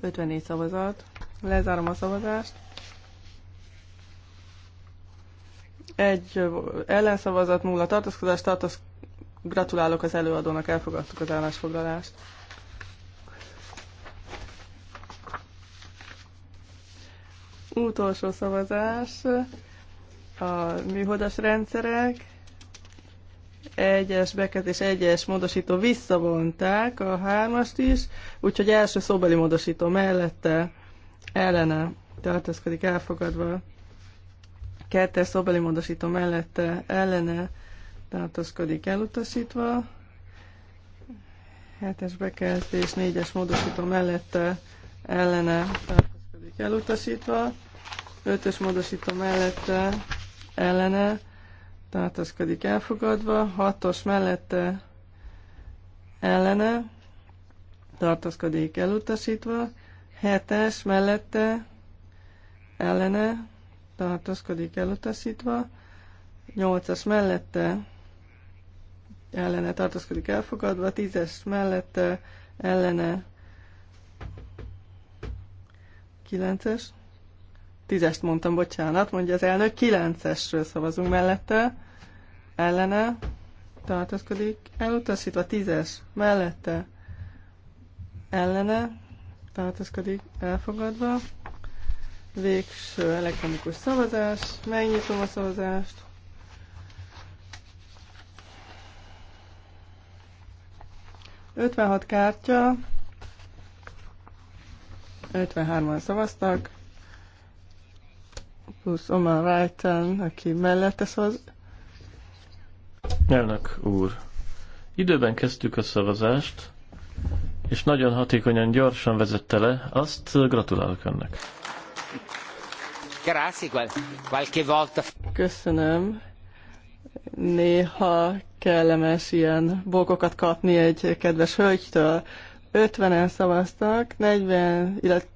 54 szavazat. Lezárom a szavazást. Egy ellenszavazat, nulla tartózkodás, tartoz... gratulálok az előadónak, elfogadtuk az állásfoglalást. Utolsó szavazás, a műholdas rendszerek, egyes és egyes módosító visszavonták a hármast is, úgyhogy első szóbeli módosító mellette ellene tartózkodik elfogadva. Kettes szóbeli módosító mellette ellene tartózkodik elutasítva. Hetes bekeltés, négyes módosító mellette ellene tartózkodik elutasítva. Ötös módosító mellette ellene tartózkodik elfogadva. Hatos mellette ellene tartózkodik elutasítva. Hetes mellette ellene tartózkodik elutasítva, nyolcas mellette ellene tartózkodik elfogadva, tízes mellette ellene kilences, tízest mondtam, bocsánat, mondja az elnök, kilencesről szavazunk mellette, ellene tartózkodik elutasítva, tízes mellette ellene tartózkodik elfogadva, Végső elektronikus szavazás. Megnyitom a szavazást. Ötvenhat kártya. 53-an szavaztak, plusz Oman Wrighten, aki mellette szavaz. Elnök úr, időben kezdtük a szavazást, és nagyon hatékonyan, gyorsan vezette le, azt gratulálok önnek. Köszönöm. Néha kellemes ilyen bókokat kapni egy kedves hölgytől. 50-en szavaztak, 40, illetve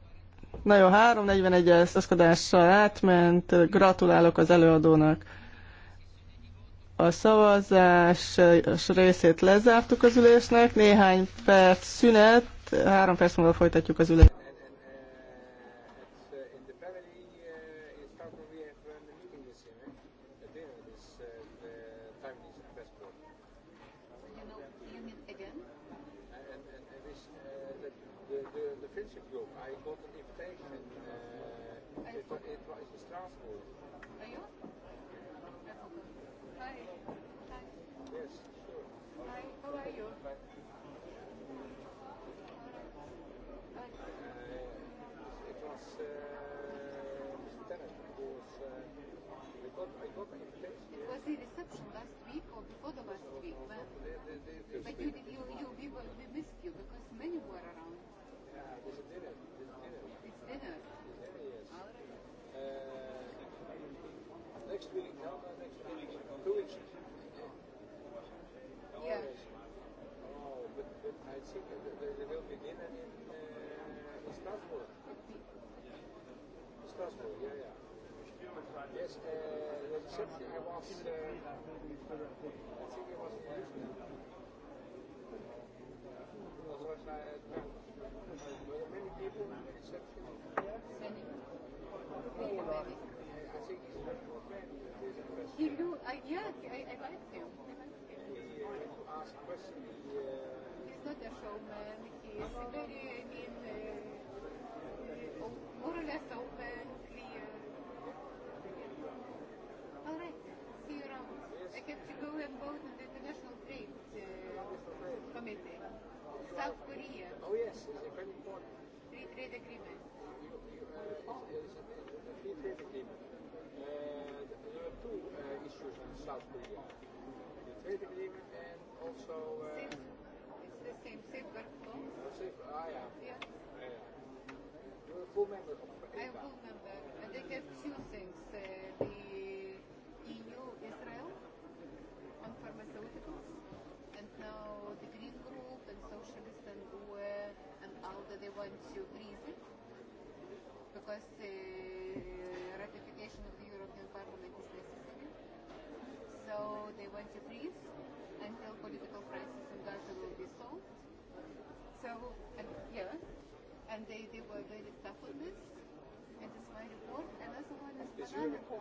na jó, 3-41-es szaszkodással átment. Gratulálok az előadónak. A szavazás részét lezártuk az ülésnek, néhány perc szünet, három perc múlva folytatjuk az ülést.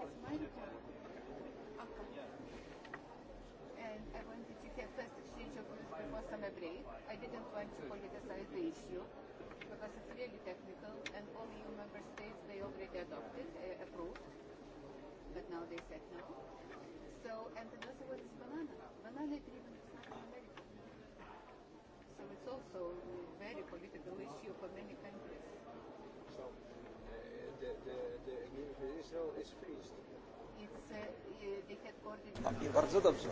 That's my card. Okay. And I wanted to have first exchange of views before summer break. I didn't want to politicize the issue because it's really technical and all EU member states, they already adopted, uh, approved, but now they said no. So, and it also was banana. Banana driven is not in America. So it's also a very political issue for many countries. So No bardzo dobrze.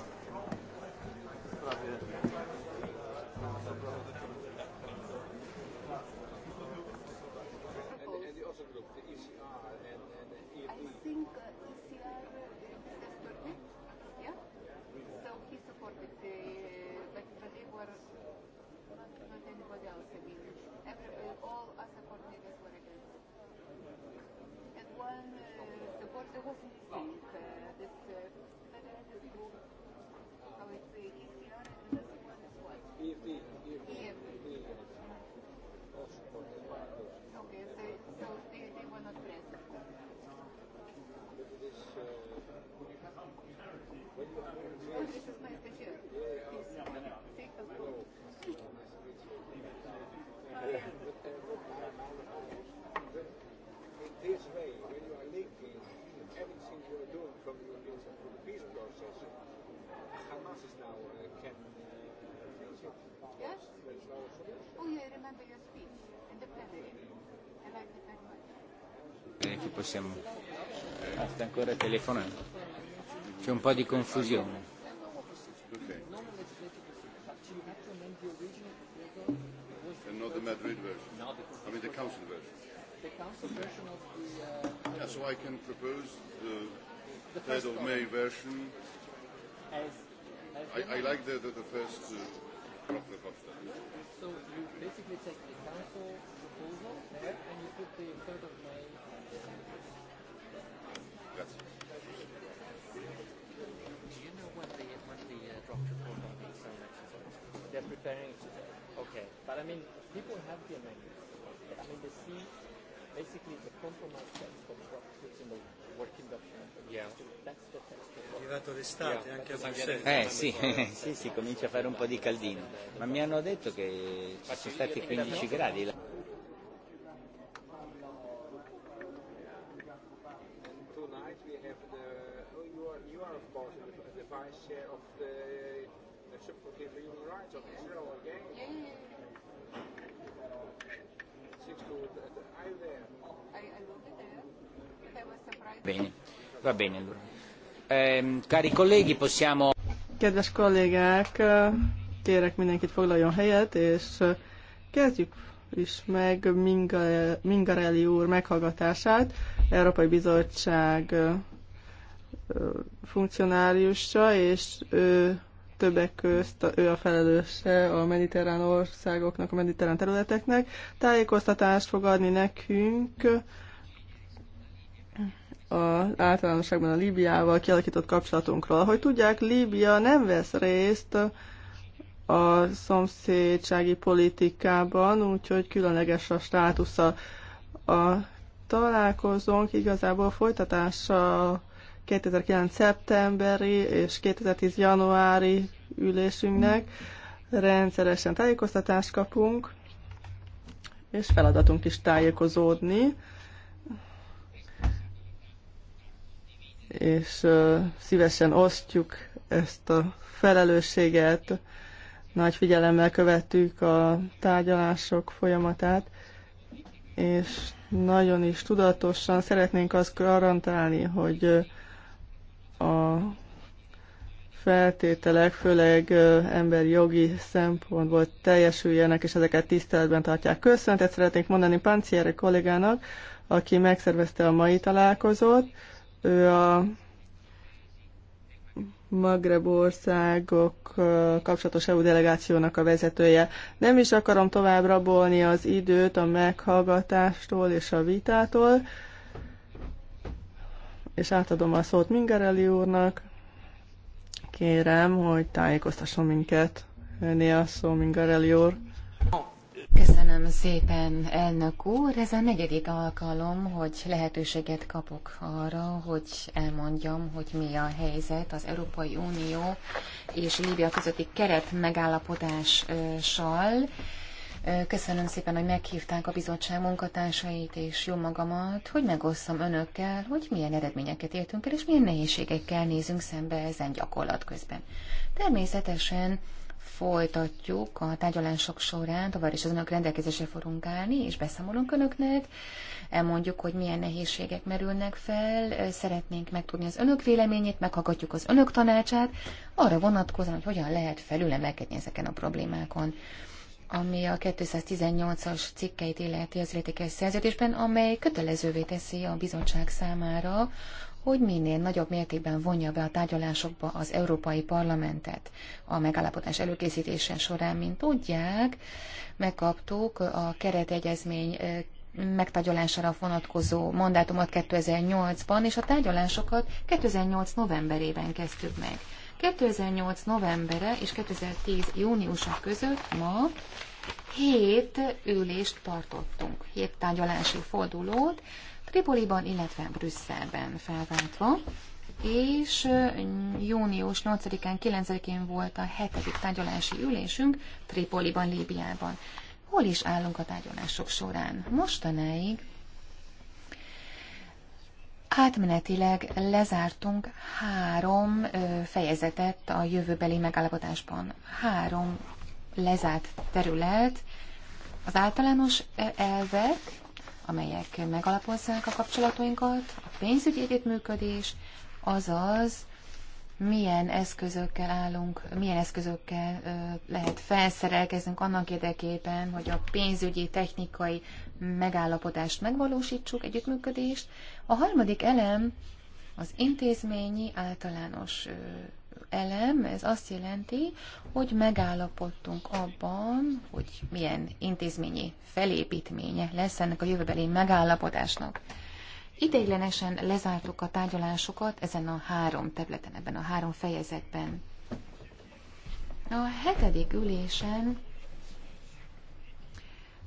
minuti possiamo... Ah, sta ancora telefonando. C'è un po' di confusione. Okay. I, I like the, the, the first. Uh, So you basically take the council proposal there and you put the third of May. Grazie. Do you know when the, when the uh, draft report on these elections is? They're preparing it today. Okay. But I mean, people have the amendments. I mean, they see basically the compromise text of what puts in the working document. Yeah. That's the text. È arrivato l'estate yeah. anche a Bruxelles. Eh sì, sì, sì, comincia a fare un po' di caldino. Ma mi hanno detto che ci sono stati 15 gradi. vice chair of the Supreme Human Rights of Israel again. Bene, va bene allora. Eh, cari colleghi, possiamo... Kedves kollégák, eh, kérek mindenkit foglaljon helyet, és eh, kezdjük is meg Mingarelli úr meghallgatását, Európai Bizottság eh, funkcionáriusa, és ő többek közt ő a felelőse a mediterrán országoknak, a mediterrán területeknek. Tájékoztatást fog adni nekünk a, általánosságban a Líbiával kialakított kapcsolatunkról. Hogy tudják, Líbia nem vesz részt a szomszédsági politikában, úgyhogy különleges a státusza. A találkozónk igazából folytatása 2009. szeptemberi és 2010. januári ülésünknek rendszeresen tájékoztatást kapunk, és feladatunk is tájékozódni, és szívesen osztjuk ezt a felelősséget, nagy figyelemmel követtük a tárgyalások folyamatát, és nagyon is tudatosan szeretnénk azt garantálni, hogy a feltételek, főleg emberi jogi szempontból teljesüljenek, és ezeket tiszteletben tartják. Köszöntet szeretnék mondani Panciere kollégának, aki megszervezte a mai találkozót. Ő a Magreb országok kapcsolatos EU delegációnak a vezetője. Nem is akarom tovább rabolni az időt a meghallgatástól és a vitától és átadom a szót Mingarelli úrnak. Kérem, hogy tájékoztasson minket. Öné a szó, Mingarelli úr. Köszönöm szépen, elnök úr. Ez a negyedik alkalom, hogy lehetőséget kapok arra, hogy elmondjam, hogy mi a helyzet az Európai Unió és Líbia közötti keret megállapodással. Köszönöm szépen, hogy meghívták a bizottság munkatársait és jó magamat, hogy megosszam önökkel, hogy milyen eredményeket értünk el, és milyen nehézségekkel nézünk szembe ezen gyakorlat közben. Természetesen folytatjuk a tárgyalások során, tovább is az önök rendelkezésre fogunk állni, és beszámolunk önöknek, elmondjuk, hogy milyen nehézségek merülnek fel, szeretnénk megtudni az önök véleményét, meghallgatjuk az önök tanácsát, arra vonatkozóan, hogy hogyan lehet felülemelkedni ezeken a problémákon ami a 218-as cikkeit illeti az illetékes szerződésben, amely kötelezővé teszi a bizottság számára, hogy minél nagyobb mértékben vonja be a tárgyalásokba az Európai Parlamentet a megállapodás előkészítése során. Mint tudják, megkaptuk a keretegyezmény megtárgyalására vonatkozó mandátumot 2008-ban, és a tárgyalásokat 2008. novemberében kezdtük meg. 2008. novembere és 2010. júniusa között ma 7 ülést tartottunk, 7 tárgyalási fordulót, Tripoliban, illetve Brüsszelben felváltva, és június 8-án, 9-én volt a hetedik tárgyalási ülésünk Tripoliban, Líbiában. Hol is állunk a tárgyalások során? Mostanáig Átmenetileg lezártunk három fejezetet a jövőbeli megállapodásban. Három lezárt terület, az általános elvek, amelyek megalapozzák a kapcsolatainkat, a pénzügyi együttműködés, azaz milyen eszközökkel állunk, milyen eszközökkel lehet felszerelkezünk annak érdekében, hogy a pénzügyi, technikai megállapodást megvalósítsuk, együttműködést. A harmadik elem az intézményi általános elem, ez azt jelenti, hogy megállapodtunk abban, hogy milyen intézményi felépítménye lesz ennek a jövőbeli megállapodásnak. Ideiglenesen lezártuk a tárgyalásokat ezen a három területen, ebben a három fejezetben. A hetedik ülésen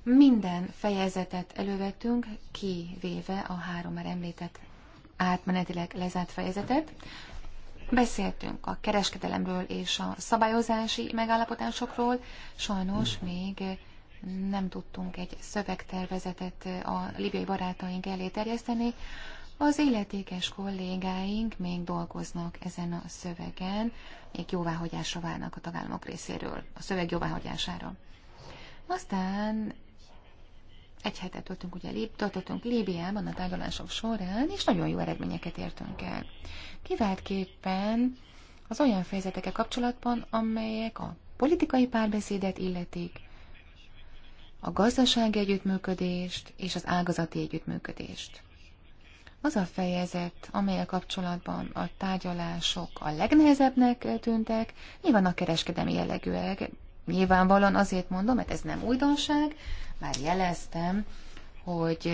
minden fejezetet elővettünk, kivéve a három már említett átmenetileg lezárt fejezetet. Beszéltünk a kereskedelemről és a szabályozási megállapodásokról, sajnos még nem tudtunk egy szövegtervezetet a libiai barátaink elé terjeszteni. Az illetékes kollégáink még dolgoznak ezen a szövegen, még jóváhagyásra válnak a tagállamok részéről, a szöveg jóváhagyására. Aztán egy hetet töltünk, ugye töltöttünk Líbiában a tárgyalások során, és nagyon jó eredményeket értünk el. Kiváltképpen az olyan fejezetekkel kapcsolatban, amelyek a politikai párbeszédet illetik, a gazdasági együttműködést és az ágazati együttműködést. Az a fejezet, amely a kapcsolatban a tárgyalások a legnehezebbnek tűntek, nyilván a kereskedelmi jellegűek. Nyilvánvalóan azért mondom, mert ez nem újdonság, már jeleztem, hogy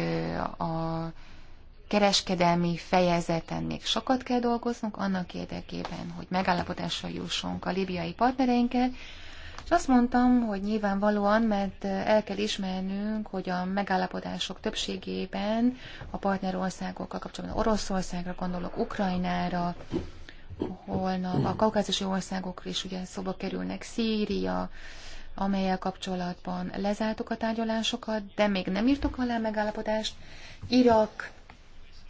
a kereskedelmi fejezeten még sokat kell dolgoznunk annak érdekében, hogy megállapodásra jussunk a libiai partnereinkkel, azt mondtam, hogy nyilvánvalóan, mert el kell ismernünk, hogy a megállapodások többségében a partnerországokkal kapcsolatban Oroszországra gondolok, Ukrajnára, holnap a kaukázusi országok is ugye szóba kerülnek, Szíria, amelyel kapcsolatban lezártuk a tárgyalásokat, de még nem írtuk alá megállapodást, Irak,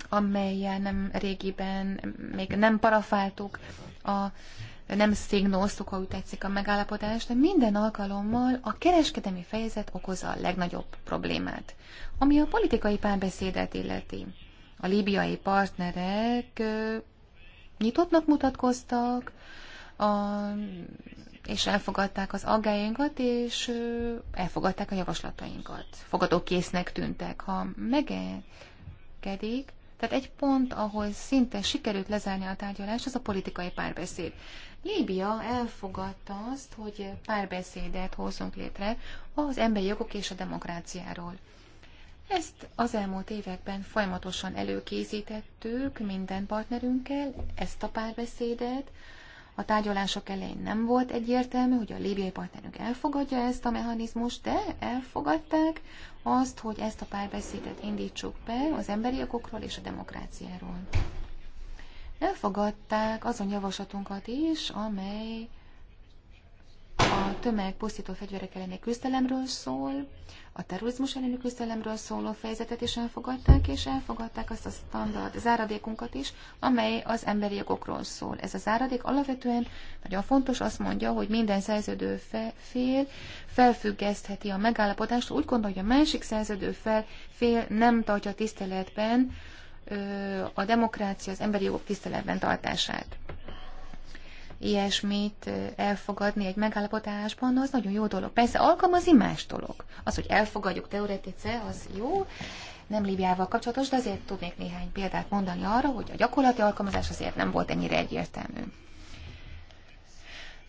amelyel nem régiben, még nem parafáltuk a nem szignóztuk, ha úgy tetszik a megállapodást, de minden alkalommal a kereskedemi fejezet okozza a legnagyobb problémát, ami a politikai párbeszédet illeti. A líbiai partnerek nyitottnak mutatkoztak, a, és elfogadták az aggájainkat, és elfogadták a javaslatainkat. Fogadókésznek tűntek. Ha megengedik, tehát egy pont, ahol szinte sikerült lezárni a tárgyalást, az a politikai párbeszéd. Líbia elfogadta azt, hogy párbeszédet hozzunk létre az emberi jogok és a demokráciáról. Ezt az elmúlt években folyamatosan előkészítettük minden partnerünkkel, ezt a párbeszédet. A tárgyalások elején nem volt egyértelmű, hogy a líbiai partnerünk elfogadja ezt a mechanizmust, de elfogadták azt, hogy ezt a párbeszédet indítsuk be az emberi jogokról és a demokráciáról elfogadták azon javaslatunkat is, amely a tömeg pusztító fegyverek elleni küzdelemről szól, a terrorizmus elleni küzdelemről szóló fejezetet is elfogadták, és elfogadták azt a standard záradékunkat is, amely az emberi jogokról szól. Ez a záradék alapvetően nagyon fontos, azt mondja, hogy minden szerződő fél felfüggesztheti a megállapodást, úgy gondolja, hogy a másik szerződő fel, fél nem tartja tiszteletben a demokrácia, az emberi jogok tiszteletben tartását. Ilyesmit elfogadni egy megállapotásban, az nagyon jó dolog. Persze alkalmazni más dolog. Az, hogy elfogadjuk teoretice, az jó, nem Líbiával kapcsolatos, de azért tudnék néhány példát mondani arra, hogy a gyakorlati alkalmazás azért nem volt ennyire egyértelmű.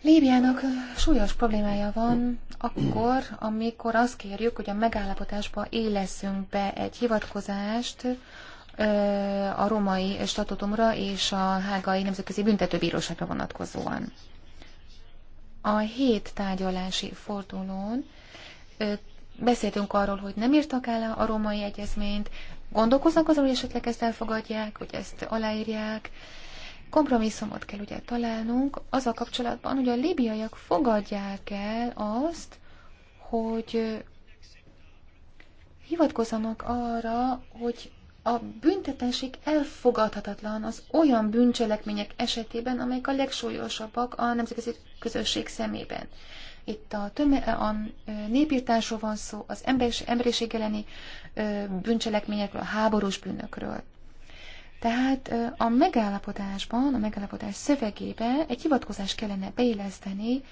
Líbiának súlyos problémája van akkor, amikor azt kérjük, hogy a megállapotásba éleszünk be egy hivatkozást a romai statutumra és a hágai nemzetközi büntetőbíróságra vonatkozóan. A hét tárgyalási fordulón beszéltünk arról, hogy nem írtak el a római egyezményt, gondolkoznak azon, hogy esetleg ezt elfogadják, hogy ezt aláírják. Kompromisszumot kell ugye találnunk az a kapcsolatban, hogy a libiaiak fogadják el azt, hogy hivatkozzanak arra, hogy a büntetenség elfogadhatatlan az olyan bűncselekmények esetében, amelyek a legsúlyosabbak a nemzetközi közösség szemében. Itt a, töme, a népírtásról van szó, az emberis, emberiség elleni bűncselekményekről, a háborús bűnökről. Tehát a megállapodásban, a megállapodás szövegébe egy hivatkozást kellene beilleszteni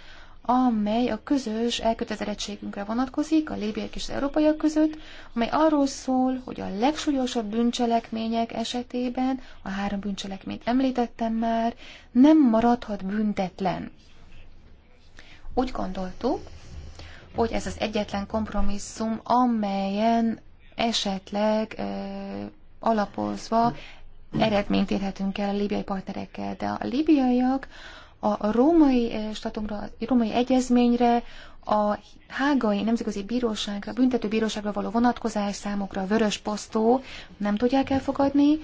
amely a közös elkötelezettségünkre vonatkozik, a lébiek és az európaiak között, amely arról szól, hogy a legsúlyosabb bűncselekmények esetében, a három bűncselekményt említettem már, nem maradhat büntetlen. Úgy gondoltuk, hogy ez az egyetlen kompromisszum, amelyen esetleg ö, alapozva eredményt érhetünk el a libiai partnerekkel, de a libiaiak a római eh, statumra, a római egyezményre, a hágai nemzetközi bíróságra, büntető bíróságra való vonatkozás számokra a vörös posztó nem tudják elfogadni.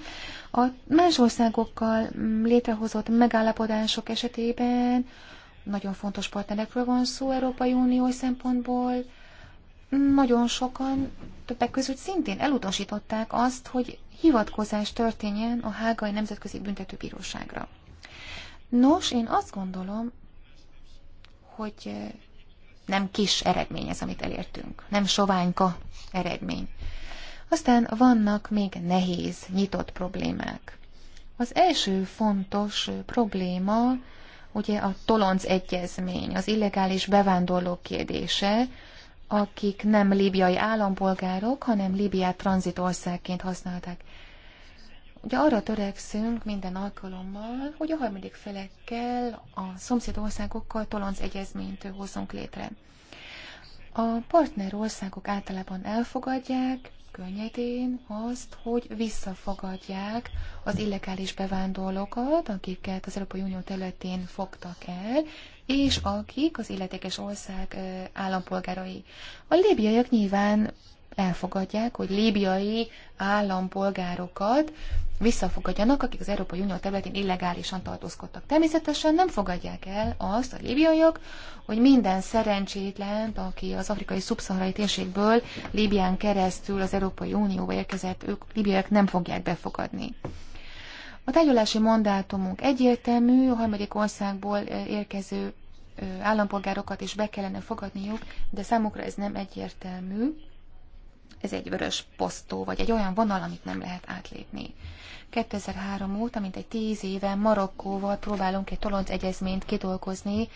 A más országokkal mm, létrehozott megállapodások esetében nagyon fontos partnerekről van szó Európai Unió szempontból. Nagyon sokan, többek között szintén elutasították azt, hogy hivatkozás történjen a hágai nemzetközi büntetőbíróságra. Nos, én azt gondolom, hogy nem kis eredmény ez, amit elértünk. Nem soványka eredmény. Aztán vannak még nehéz, nyitott problémák. Az első fontos probléma, ugye a Tolonc Egyezmény, az illegális bevándorlók kérdése, akik nem líbiai állampolgárok, hanem Líbiát tranzitországként használták. Ugye arra törekszünk minden alkalommal, hogy a harmadik felekkel, a országokkal tolonc egyezményt hozzunk létre. A partner országok általában elfogadják könnyedén azt, hogy visszafogadják az illegális bevándorlókat, akiket az Európai Unió területén fogtak el, és akik az illetékes ország állampolgárai. A líbiaiak nyilván elfogadják, hogy líbiai állampolgárokat visszafogadjanak, akik az Európai Unió területén illegálisan tartózkodtak. Természetesen nem fogadják el azt a líbiaiak, hogy minden szerencsétlen, aki az afrikai szubszaharai térségből Líbián keresztül az Európai Unióba érkezett, ők líbiaiak nem fogják befogadni. A tárgyalási mandátumunk egyértelmű, a harmadik országból érkező állampolgárokat is be kellene fogadniuk, de számukra ez nem egyértelmű ez egy vörös posztó, vagy egy olyan vonal, amit nem lehet átlépni. 2003 óta, mint egy tíz éve Marokkóval próbálunk egy tolonc egyezményt kidolgozni,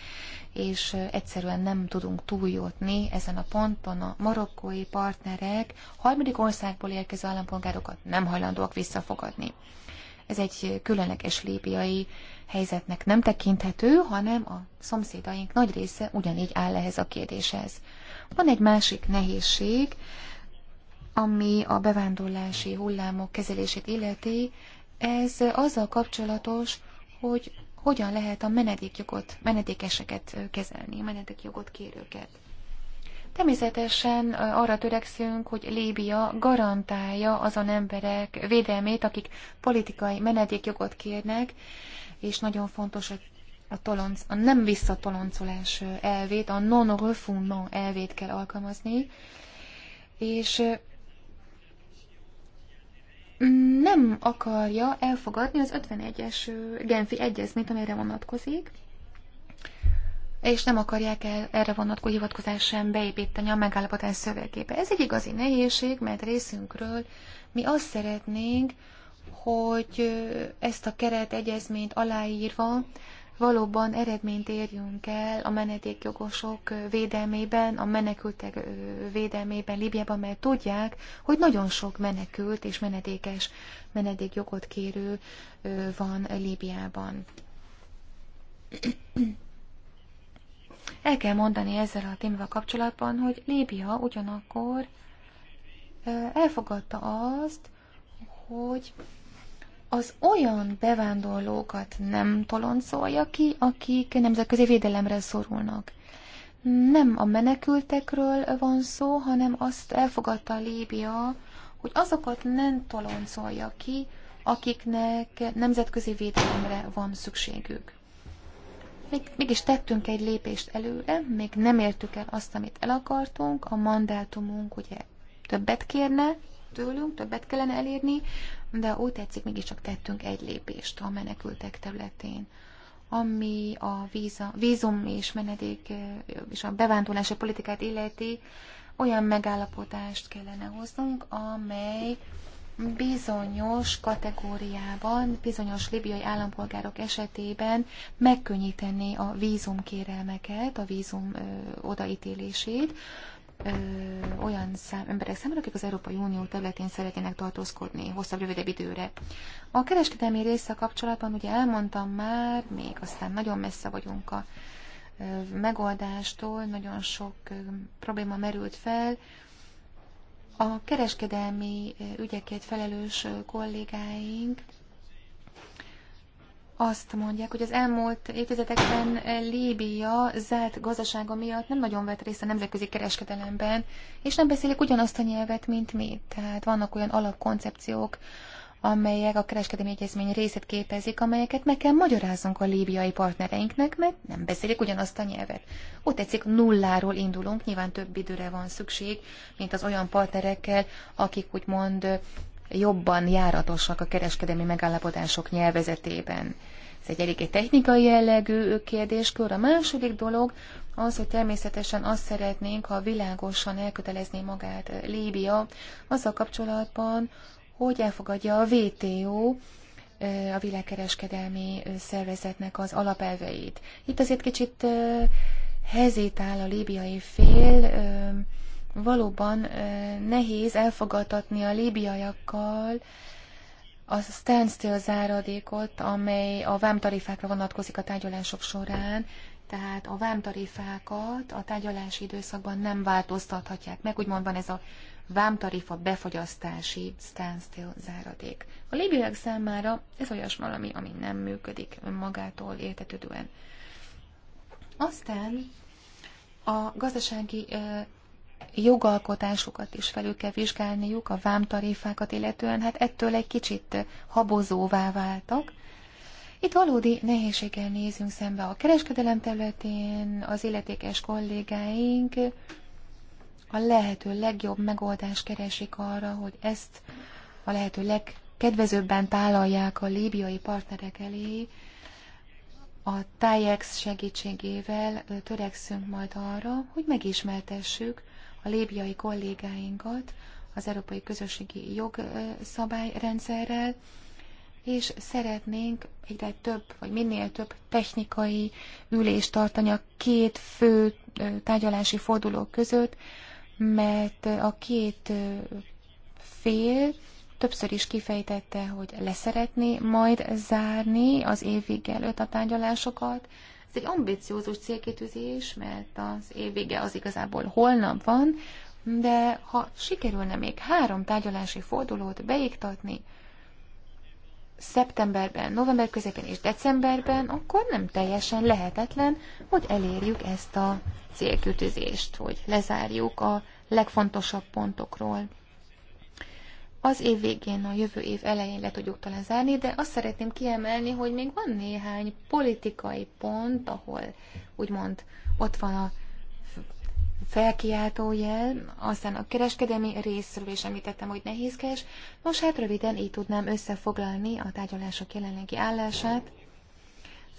és egyszerűen nem tudunk túljutni ezen a ponton. A marokkói partnerek harmadik országból érkező állampolgárokat nem hajlandóak visszafogadni. Ez egy különleges líbiai helyzetnek nem tekinthető, hanem a szomszédaink nagy része ugyanígy áll ehhez a kérdéshez. Van egy másik nehézség, ami a bevándorlási hullámok kezelését illeti, ez azzal kapcsolatos, hogy hogyan lehet a menedékjogot, menedékeseket kezelni, menedékjogot kérőket. Természetesen arra törekszünk, hogy Líbia garantálja azon emberek védelmét, akik politikai menedékjogot kérnek, és nagyon fontos a, a, tolonc, a nem visszatoloncolás elvét, a non-refoulement elvét kell alkalmazni, és nem akarja elfogadni az 51-es Genfi egyezményt, amire vonatkozik, és nem akarják el, erre vonatkozó hivatkozás sem beépíteni a megállapotás szövegébe. Ez egy igazi nehézség, mert részünkről mi azt szeretnénk, hogy ezt a keretegyezményt aláírva valóban eredményt érjünk el a menedékjogosok védelmében, a menekültek védelmében Libiában, mert tudják, hogy nagyon sok menekült és menedékes menedékjogot kérő van Libyában. El kell mondani ezzel a témával kapcsolatban, hogy Líbia ugyanakkor elfogadta azt, hogy az olyan bevándorlókat nem toloncolja ki, akik nemzetközi védelemre szorulnak. Nem a menekültekről van szó, hanem azt elfogadta Líbia, hogy azokat nem toloncolja ki, akiknek nemzetközi védelemre van szükségük. Még, mégis tettünk egy lépést előre, még nem értük el azt, amit el akartunk, a mandátumunk ugye többet kérne tőlünk, többet kellene elérni, de úgy tetszik, mégiscsak tettünk egy lépést a menekültek területén ami a víza, vízum és menedék és a bevándorlási politikát illeti, olyan megállapodást kellene hoznunk, amely bizonyos kategóriában, bizonyos libiai állampolgárok esetében megkönnyíteni a vízumkérelmeket, a vízum odaítélését, ö, olyan szám, emberek számára, akik az Európai Unió területén szeretnének tartózkodni hosszabb, rövidebb időre. A kereskedelmi része kapcsolatban ugye elmondtam már, még aztán nagyon messze vagyunk a ö, megoldástól, nagyon sok ö, probléma merült fel. A kereskedelmi ügyekért felelős kollégáink azt mondják, hogy az elmúlt évtizedekben Líbia zárt gazdasága miatt nem nagyon vett részt a nemzetközi kereskedelemben, és nem beszélik ugyanazt a nyelvet, mint mi. Tehát vannak olyan alapkoncepciók, amelyek a kereskedelmi egyezmény részét képezik, amelyeket meg kell magyaráznunk a líbiai partnereinknek, mert nem beszélik ugyanazt a nyelvet. Ott tetszik, nulláról indulunk, nyilván több időre van szükség, mint az olyan partnerekkel, akik úgymond jobban járatosak a kereskedelmi megállapodások nyelvezetében. Ez egy eléggé technikai jellegű kérdéskör. A második dolog az, hogy természetesen azt szeretnénk, ha világosan elkötelezné magát Líbia azzal kapcsolatban, hogy elfogadja a WTO a világkereskedelmi szervezetnek az alapelveit. Itt azért kicsit áll a líbiai fél, valóban nehéz elfogadtatni a líbiaiakkal a standstill záradékot, amely a vámtarifákra vonatkozik a tárgyalások során, tehát a vámtarifákat a tárgyalási időszakban nem változtathatják meg, úgymond van ez a vámtarifa befogyasztási standstill záradék. A libiek számára ez olyas valami, ami nem működik önmagától értetődően. Aztán a gazdasági jogalkotásukat is felül kell vizsgálniuk, a vámtarifákat illetően, hát ettől egy kicsit habozóvá váltak. Itt valódi nehézséggel nézünk szembe a kereskedelem területén, az illetékes kollégáink a lehető legjobb megoldást keresik arra, hogy ezt a lehető legkedvezőbben tálalják a líbiai partnerek elé. A TAIEX segítségével törekszünk majd arra, hogy megismertessük a lébiai kollégáinkat az európai közösségi jogszabályrendszerrel, és szeretnénk egyre több, vagy minél több technikai ülést tartani a két fő tárgyalási forduló között, mert a két fél többször is kifejtette, hogy leszeretné majd zárni az évig előtt a tárgyalásokat, ez egy ambiciózus célkitűzés, mert az év vége az igazából holnap van, de ha sikerülne még három tárgyalási fordulót beiktatni szeptemberben, november közepén és decemberben, akkor nem teljesen lehetetlen, hogy elérjük ezt a célkütőzést, hogy lezárjuk a legfontosabb pontokról az év végén, a jövő év elején le tudjuk talán zárni, de azt szeretném kiemelni, hogy még van néhány politikai pont, ahol úgymond ott van a felkiáltó jel, aztán a kereskedelmi részről is említettem, hogy nehézkes. Nos, hát röviden így tudnám összefoglalni a tárgyalások jelenlegi állását.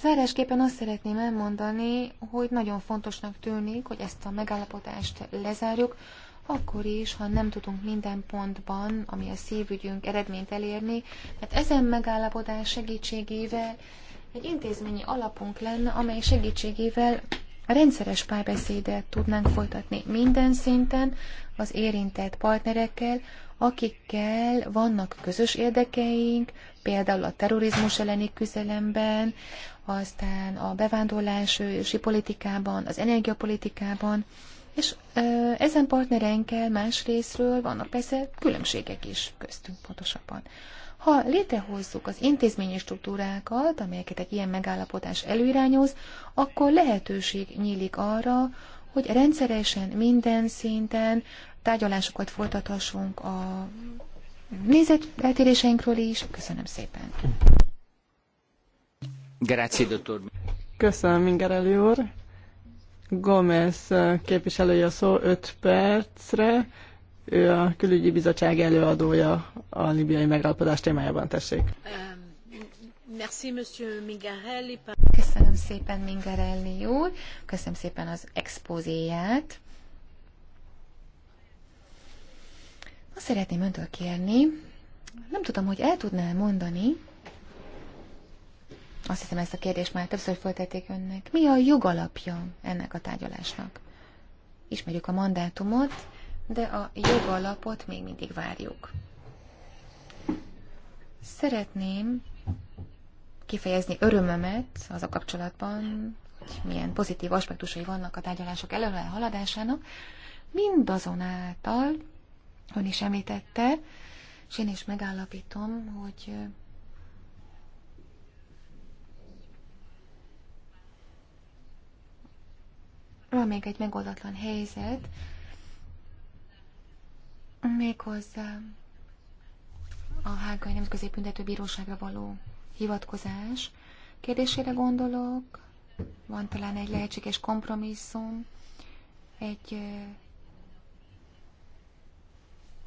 Zárásképpen azt szeretném elmondani, hogy nagyon fontosnak tűnik, hogy ezt a megállapodást lezárjuk akkor is, ha nem tudunk minden pontban, ami a szívügyünk eredményt elérni, mert ezen megállapodás segítségével egy intézményi alapunk lenne, amely segítségével rendszeres párbeszédet tudnánk folytatni minden szinten az érintett partnerekkel, akikkel vannak közös érdekeink, például a terrorizmus elleni küzdelemben, aztán a bevándorlási politikában, az energiapolitikában, és ezen más részről vannak persze különbségek is köztünk pontosabban. Ha létrehozzuk az intézményi struktúrákat, amelyeket egy ilyen megállapodás előirányoz, akkor lehetőség nyílik arra, hogy rendszeresen, minden szinten tárgyalásokat folytathassunk a nézeteltéréseinkről is. Köszönöm szépen! Grazie, dottor. Köszönöm, Mingereli úr! Gomez képviselője a szó 5 percre. Ő a külügyi bizottság előadója a libiai megállapodás témájában. Tessék. Um, köszönöm szépen Mingarelli úr, köszönöm szépen az expozéját. Azt szeretném öntől kérni, nem tudom, hogy el tudná mondani, azt hiszem ezt a kérdést már többször föltették önnek. Mi a jogalapja ennek a tárgyalásnak? Ismerjük a mandátumot, de a jogalapot még mindig várjuk. Szeretném kifejezni örömömet az a kapcsolatban, hogy milyen pozitív aspektusai vannak a tárgyalások előre haladásának, mindazonáltal ön is említette, és én is megállapítom, hogy Van még egy megoldatlan helyzet, méghozzá a Hágai Nemzetközi Büntetőbíróságra való hivatkozás kérdésére gondolok, van talán egy lehetséges kompromisszum, egy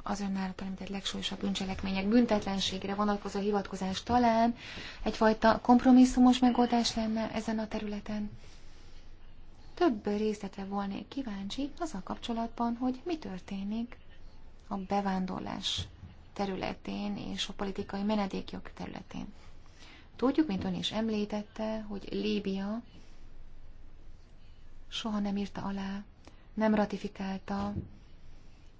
az talán egy legsúlyosabb bűncselekmények büntetlenségre vonatkozó hivatkozás talán egyfajta kompromisszumos megoldás lenne ezen a területen. Több részletre volnék kíváncsi a kapcsolatban, hogy mi történik a bevándorlás területén és a politikai menedékjog területén. Tudjuk, mint ön is említette, hogy Líbia soha nem írta alá, nem ratifikálta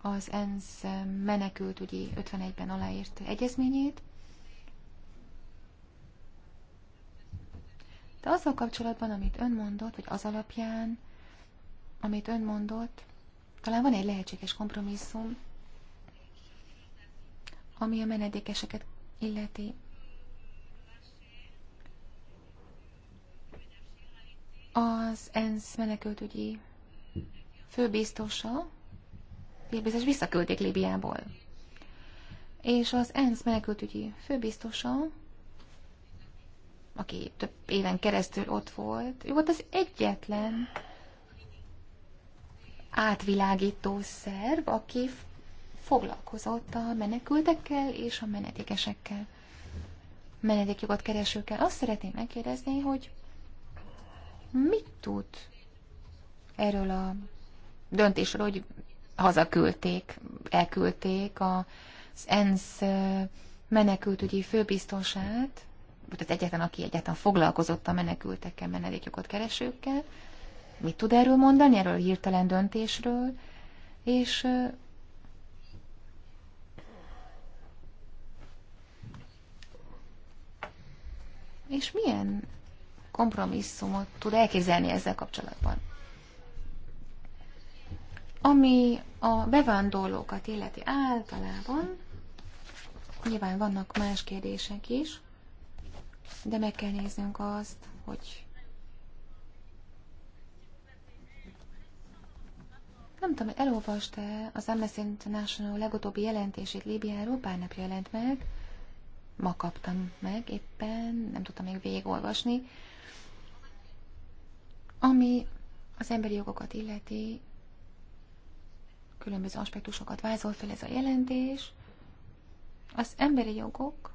az ENSZ menekültügyi 51-ben aláírt egyezményét, De azzal kapcsolatban, amit ön mondott, vagy az alapján, amit ön mondott, talán van egy lehetséges kompromisszum, ami a menedékeseket illeti. Az ENSZ menekültügyi főbiztosa, biztos visszaküldték Líbiából. És az ENSZ menekültügyi főbiztosa aki több éven keresztül ott volt, ő volt az egyetlen átvilágító szerv, aki foglalkozott a menekültekkel és a menedékesekkel, menedékjogot keresőkkel. Azt szeretném megkérdezni, hogy mit tud erről a döntésről, hogy hazaküldték, elküldték az ENSZ menekültügyi főbiztosát, volt az egyetlen, aki egyáltalán foglalkozott a menekültekkel, menedékjogot keresőkkel. Mit tud erről mondani, erről a hirtelen döntésről? És És milyen kompromisszumot tud elképzelni ezzel kapcsolatban? Ami a bevándorlókat illeti általában, nyilván vannak más kérdések is, de meg kell néznünk azt, hogy Nem tudom, hogy elolvasta az Amnesty International legutóbbi jelentését Líbiáról, pár nap jelent meg. Ma kaptam meg éppen, nem tudtam még végigolvasni. Ami az emberi jogokat illeti, különböző aspektusokat vázol fel ez a jelentés. Az emberi jogok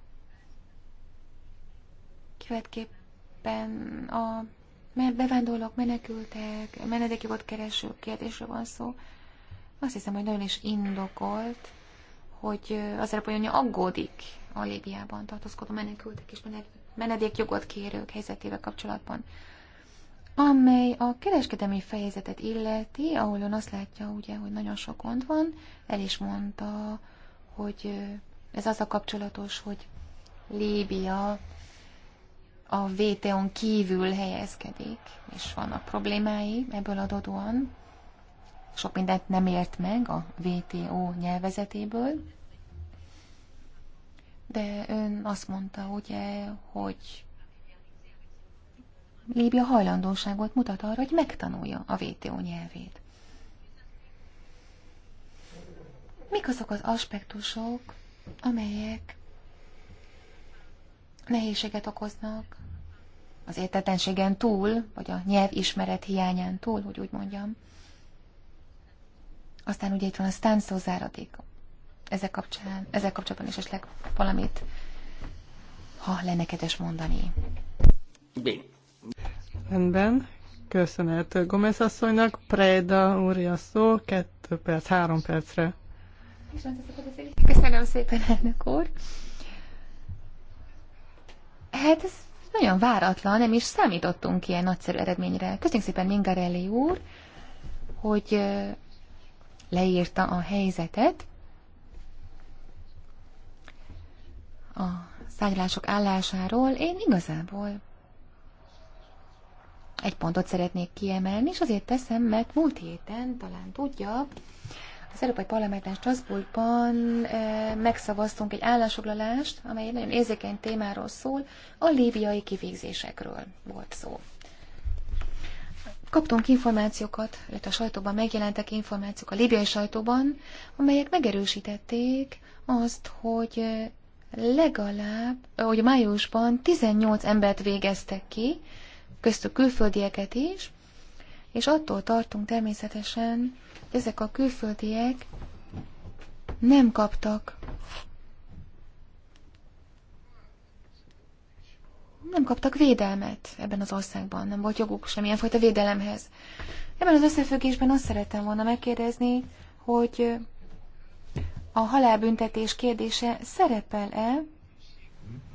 Következőképpen a bevándorlók, menekültek, menedékjogot keresők kérdésről van szó. Azt hiszem, hogy nagyon is indokolt, hogy az Európai Unió aggódik a Líbiában tartózkodó menekültek és menedékjogot kérők helyzetével kapcsolatban amely a kereskedelmi fejezetet illeti, ahol ön azt látja, ugye, hogy nagyon sok gond van, el is mondta, hogy ez az a kapcsolatos, hogy Líbia a VTO-n kívül helyezkedik, és vannak problémái ebből adódóan. Sok mindent nem ért meg a VTO nyelvezetéből. De ön azt mondta, ugye, hogy Líbia hajlandóságot mutat arra, hogy megtanulja a VTO nyelvét. Mik azok az aspektusok, amelyek nehézséget okoznak, az értetlenségen túl, vagy a nyelv ismeret hiányán túl, hogy úgy mondjam. Aztán ugye itt van a sztánszó záradék. Ezek kapcsán, ezek kapcsolatban is esetleg valamit, ha lenne kedves mondani. Rendben. Köszönet Gomez asszonynak. Preda úri a szó, Kettő perc, három percre. Köszönöm szépen, elnök úr. Hát ez nagyon váratlan, nem is számítottunk ilyen nagyszerű eredményre. Köszönjük szépen Mingarelli úr, hogy leírta a helyzetet. A szállások állásáról én igazából egy pontot szeretnék kiemelni, és azért teszem, mert múlt héten talán tudja, az Európai Parlamentben Strasbourgban megszavaztunk egy állásfoglalást, amely egy nagyon érzékeny témáról szól, a líbiai kivégzésekről volt szó. Kaptunk információkat, illetve a sajtóban megjelentek információk a libiai sajtóban, amelyek megerősítették azt, hogy legalább, hogy májusban 18 embert végeztek ki, köztük külföldieket is, és attól tartunk természetesen, hogy ezek a külföldiek nem kaptak nem kaptak védelmet ebben az országban, nem volt joguk semmilyen fajta védelemhez. Ebben az összefüggésben azt szerettem volna megkérdezni, hogy a halálbüntetés kérdése szerepel-e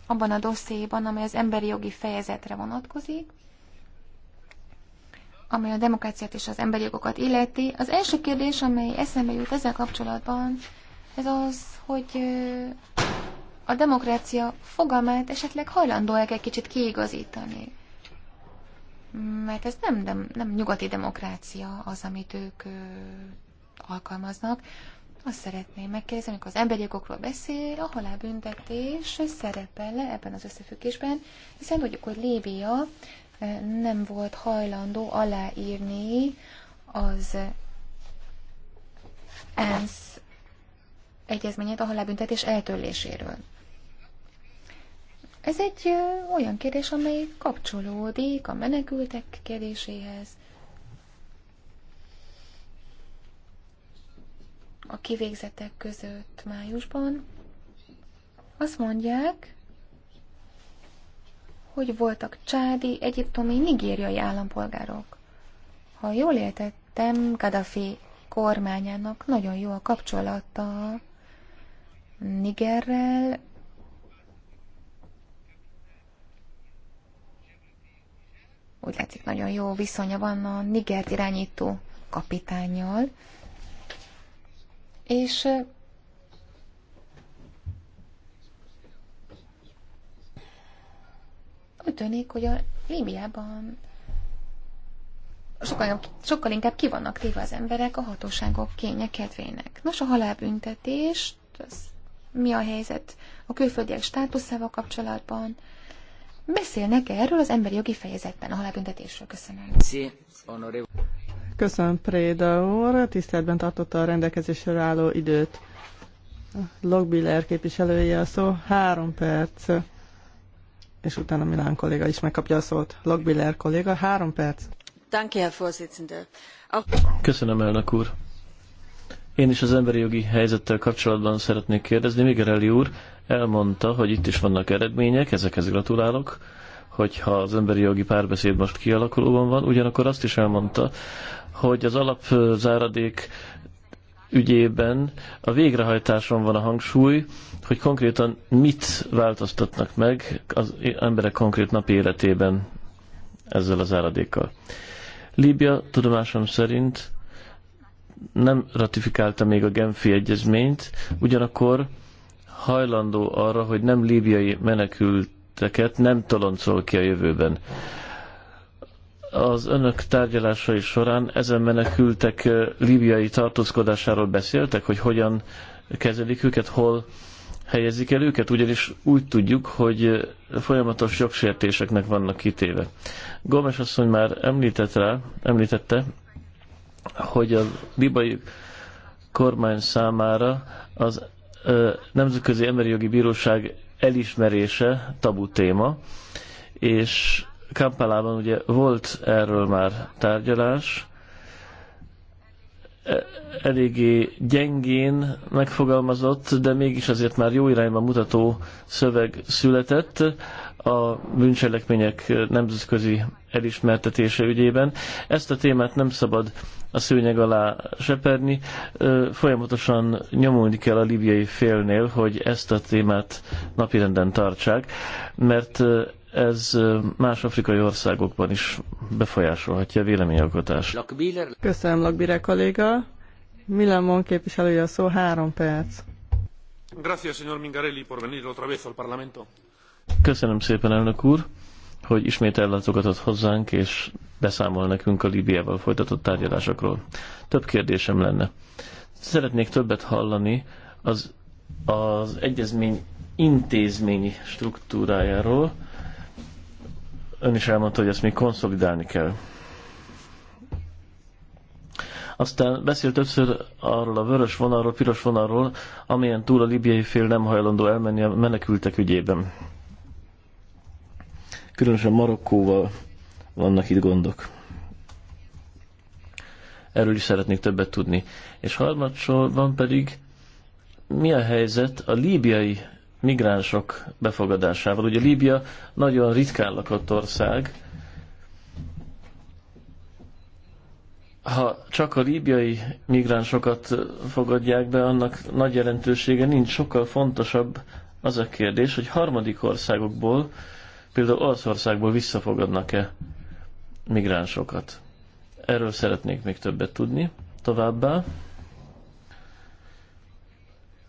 abban a dossziéban, amely az emberi jogi fejezetre vonatkozik, amely a demokráciát és az emberi jogokat illeti. Az első kérdés, amely eszembe jut ezzel kapcsolatban, ez az, hogy a demokrácia fogalmát esetleg hajlandó-e egy kicsit kiigazítani. Mert ez nem, nem, nem nyugati demokrácia az, amit ők ö, alkalmaznak. Azt szeretném megkérdezni, amikor az emberi jogokról beszél, a halálbüntetés szerepel le ebben az összefüggésben, hiszen tudjuk, hogy Líbia nem volt hajlandó aláírni az ENSZ egyezményét a halálbüntetés eltörléséről. Ez egy olyan kérdés, amely kapcsolódik a menekültek kérdéséhez, a kivégzetek között májusban. Azt mondják, hogy voltak csádi, egyiptomi, nigériai állampolgárok. Ha jól értettem, Gaddafi kormányának nagyon jó a kapcsolata Nigerrel, úgy látszik nagyon jó viszonya van a Niger irányító kapitányjal, és úgy tűnik, hogy a Líbiában sokkal, sokkal inkább ki vannak téve az emberek a hatóságok kénye kedvének. Nos, a halálbüntetés, az mi a helyzet a külföldiek státuszával kapcsolatban? Beszélnek erről az emberi jogi fejezetben a halálbüntetésről? Köszönöm. Köszönöm, Préda úr. Tiszteletben tartotta a rendelkezésre álló időt. Logbiller képviselője a szó. Három perc és utána Milán kolléga is megkapja a szót. Logbiller kolléga, három perc. Köszönöm, elnök úr. Én is az emberi jogi helyzettel kapcsolatban szeretnék kérdezni. Migereli úr elmondta, hogy itt is vannak eredmények, ezekhez gratulálok, hogyha az emberi jogi párbeszéd most kialakulóban van. Ugyanakkor azt is elmondta, hogy az alapzáradék ügyében a végrehajtáson van a hangsúly, hogy konkrétan mit változtatnak meg az emberek konkrét napi életében ezzel az áradékkal. Líbia tudomásom szerint nem ratifikálta még a Genfi egyezményt, ugyanakkor hajlandó arra, hogy nem líbiai menekülteket nem toloncol ki a jövőben az önök tárgyalásai során ezen menekültek líbiai tartózkodásáról beszéltek, hogy hogyan kezelik őket, hol helyezik el őket, ugyanis úgy tudjuk, hogy folyamatos jogsértéseknek vannak kitéve. Gomes asszony már említett rá, említette, hogy a libai kormány számára az ö, Nemzetközi Emberi Jogi Bíróság elismerése tabu téma, és Kampalában ugye volt erről már tárgyalás, e, eléggé gyengén megfogalmazott, de mégis azért már jó irányba mutató szöveg született a bűncselekmények nemzetközi elismertetése ügyében. Ezt a témát nem szabad a szőnyeg alá seperni. E, folyamatosan nyomulni kell a libiai félnél, hogy ezt a témát napirenden tartsák, mert e, ez más afrikai országokban is befolyásolhatja a véleményalkotást. Köszönöm, Lakbire kolléga. Milan Mon képviselője a szó, három perc. Gracias, señor Mingarelli, por venir otra vez al Parlamento. Köszönöm szépen, elnök úr, hogy ismét ellátogatott hozzánk, és beszámol nekünk a Líbiával folytatott tárgyalásokról. Több kérdésem lenne. Szeretnék többet hallani az, az egyezmény intézményi struktúrájáról, ön is elmondta, hogy ezt még konszolidálni kell. Aztán beszélt többször arról a vörös vonalról, piros vonalról, amilyen túl a libiai fél nem hajlandó elmenni a menekültek ügyében. Különösen Marokkóval vannak itt gondok. Erről is szeretnék többet tudni. És harmadsorban pedig mi a helyzet a líbiai migránsok befogadásával. Ugye Líbia nagyon ritkán lakott ország. Ha csak a líbiai migránsokat fogadják be, annak nagy jelentősége nincs. Sokkal fontosabb az a kérdés, hogy harmadik országokból, például Olaszországból visszafogadnak-e migránsokat. Erről szeretnék még többet tudni. Továbbá,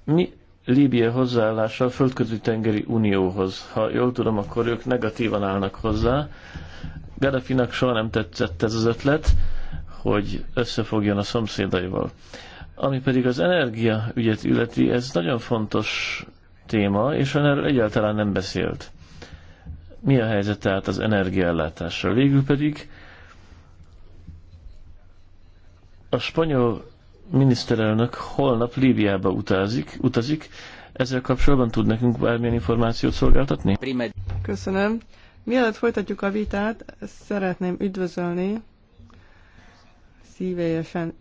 mi Líbia hozzáállása a földközi tengeri unióhoz. Ha jól tudom, akkor ők negatívan állnak hozzá. Gaddafinak soha nem tetszett ez az ötlet, hogy összefogjon a szomszédaival. Ami pedig az energia ügyet illeti, ez nagyon fontos téma, és erről egyáltalán nem beszélt. Mi a helyzet tehát az energiaellátással? Végül pedig a spanyol miniszterelnök holnap Líbiába utazik, utazik. Ezzel kapcsolatban tud nekünk bármilyen információt szolgáltatni? Köszönöm. Mielőtt folytatjuk a vitát, szeretném üdvözölni, szívélyesen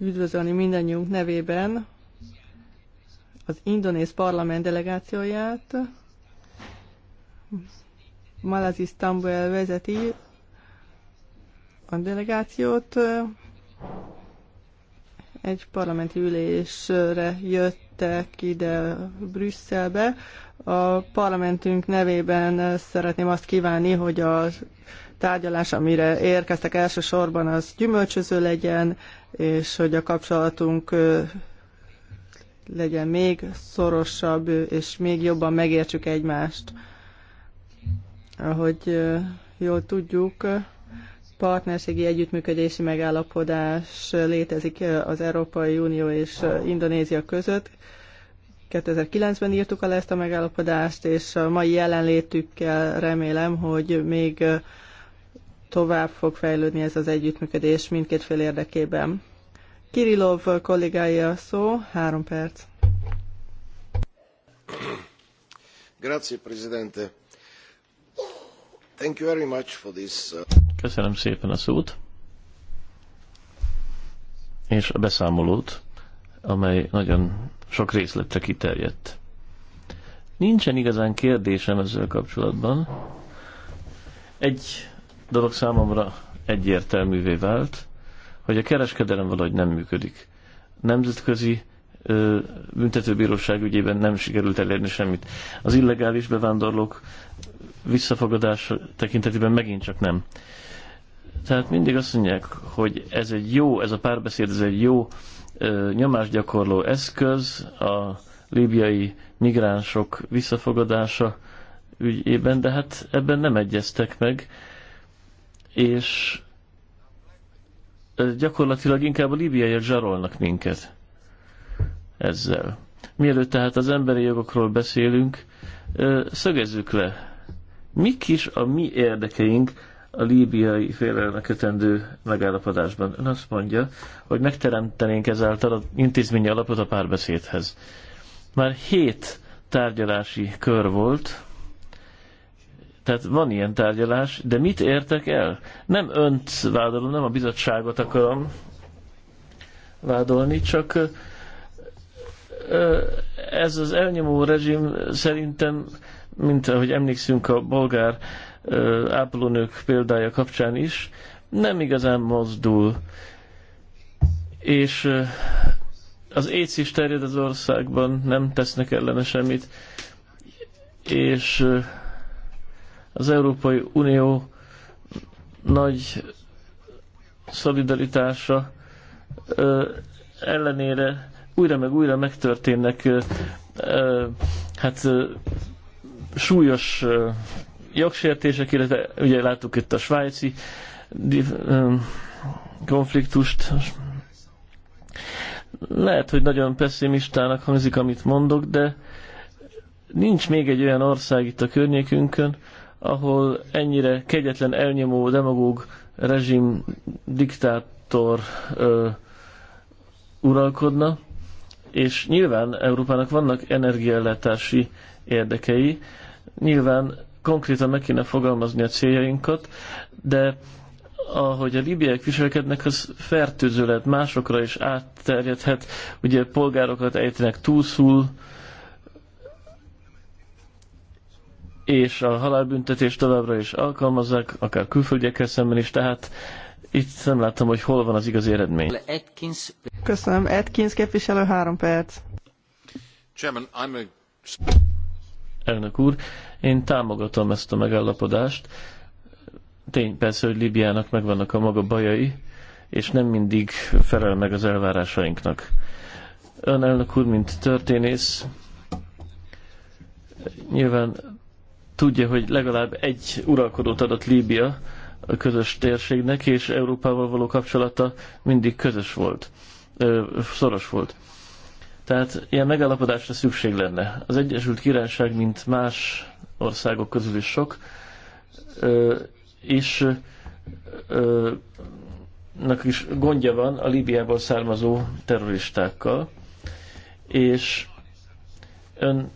üdvözölni mindannyiunk nevében az indonéz parlament delegációját. Malazis Tambuel vezeti a delegációt. Egy parlamenti ülésre jöttek ide Brüsszelbe. A parlamentünk nevében szeretném azt kívánni, hogy a tárgyalás, amire érkeztek elsősorban, az gyümölcsöző legyen, és hogy a kapcsolatunk legyen még szorosabb, és még jobban megértsük egymást. Ahogy jól tudjuk, partnerségi együttműködési megállapodás létezik az Európai Unió és Indonézia között. 2009-ben írtuk alá ezt a megállapodást, és a mai jelenlétükkel remélem, hogy még tovább fog fejlődni ez az együttműködés mindkét fél érdekében. Kirillov kollégája a szó, három perc. Grazie, Presidente. Thank you very much for this. Uh, Köszönöm szépen a szót és a beszámolót, amely nagyon sok részletre kiterjedt. Nincsen igazán kérdésem ezzel kapcsolatban. Egy dolog számomra egyértelművé vált, hogy a kereskedelem valahogy nem működik. Nemzetközi ö, büntetőbíróság ügyében nem sikerült elérni semmit. Az illegális bevándorlók visszafogadás tekintetében megint csak nem. Ö, tehát mindig azt mondják, hogy ez egy jó, ez a párbeszéd, ez egy jó ö, nyomásgyakorló eszköz a líbiai migránsok visszafogadása ügyében, de hát ebben nem egyeztek meg, és gyakorlatilag inkább a líbiaiak zsarolnak minket ezzel. Mielőtt tehát az emberi jogokról beszélünk, szögezzük le, mik is a mi érdekeink, a líbiai kötendő megállapodásban. Ön azt mondja, hogy megteremtenénk ezáltal az intézményi alapot a párbeszédhez. Már hét tárgyalási kör volt, tehát van ilyen tárgyalás, de mit értek el? Nem önt vádolom, nem a bizottságot akarom vádolni, csak ez az elnyomó rezsim szerintem, mint ahogy emlékszünk a bolgár ápolónők példája kapcsán is, nem igazán mozdul. És az éjsz is terjed az országban, nem tesznek ellene semmit, és az Európai Unió nagy szolidaritása ellenére újra meg újra megtörténnek hát súlyos jogsértések, illetve ugye láttuk itt a svájci konfliktust. Lehet, hogy nagyon pessimistának hangzik, amit mondok, de nincs még egy olyan ország itt a környékünkön, ahol ennyire kegyetlen, elnyomó, demagóg rezsim, diktátor ö, uralkodna, és nyilván Európának vannak energiállátási érdekei, nyilván konkrétan meg kéne fogalmazni a céljainkat, de ahogy a libiek viselkednek, az fertőző lehet, másokra is átterjedhet, ugye polgárokat ejtenek túlszul, és a halálbüntetést továbbra is alkalmazzák, akár külföldiekkel szemben is, tehát itt nem láttam, hogy hol van az igazi eredmény. Köszönöm. Atkins képviselő, három perc. Chairman, I'm a... Elnök úr, én támogatom ezt a megállapodást. Tény persze, hogy Libiának megvannak a maga bajai, és nem mindig felel meg az elvárásainknak. Ön elnök úr, mint történész, nyilván tudja, hogy legalább egy uralkodót adott Líbia a közös térségnek, és Európával való kapcsolata mindig közös volt, ö, szoros volt. Tehát ilyen megállapodásra szükség lenne. Az Egyesült Királyság, mint más országok közül is sok, és nak is gondja van a Líbiából származó terroristákkal, és ön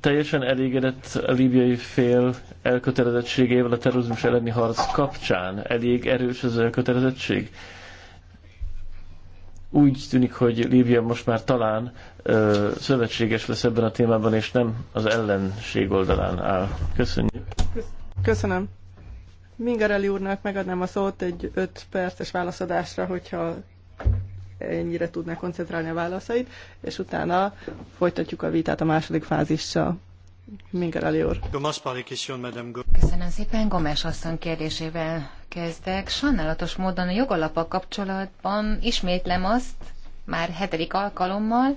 teljesen elégedett a líbiai fél elkötelezettségével a terrorizmus elleni harc kapcsán? Elég erős az elkötelezettség úgy tűnik, hogy Líbia most már talán ö, szövetséges lesz ebben a témában, és nem az ellenség oldalán áll. Köszönjük. Köszönöm. Mingarelli úrnak megadnám a szót egy 5 perces válaszadásra, hogyha ennyire tudná koncentrálni a válaszait, és utána folytatjuk a vitát a második fázissal. Köszönöm szépen. Gomes asszony kérdésével kezdek. Sajnálatos módon a jogalapok kapcsolatban ismétlem azt, már hetedik alkalommal,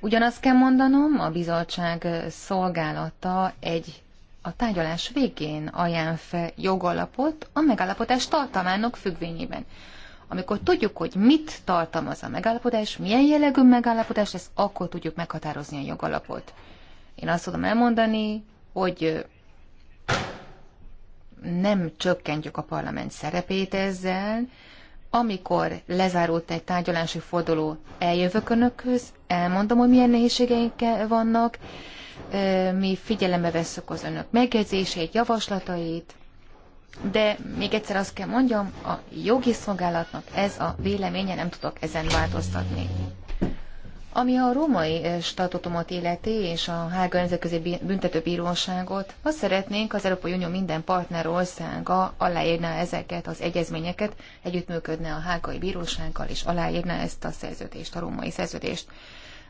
ugyanazt kell mondanom, a bizottság szolgálata egy a tárgyalás végén ajánl fel jogalapot a megállapodás tartalmának függvényében. Amikor tudjuk, hogy mit tartalmaz a megállapodás, milyen jellegű megállapodás, ezt akkor tudjuk meghatározni a jogalapot. Én azt tudom elmondani, hogy nem csökkentjük a parlament szerepét ezzel, amikor lezárult egy tárgyalási forduló, eljövök önökhöz, elmondom, hogy milyen nehézségeink vannak, mi figyelembe veszük az önök megjegyzését, javaslatait, de még egyszer azt kell mondjam, a jogi szolgálatnak ez a véleménye, nem tudok ezen változtatni. Ami a római eh, statutumot illeti és a Hága Nemzetközi Büntetőbíróságot, azt szeretnénk, az Európai Unió minden partner országa aláírná ezeket az egyezményeket, együttműködne a Hágai Bírósággal, és aláírná ezt a szerződést, a római szerződést.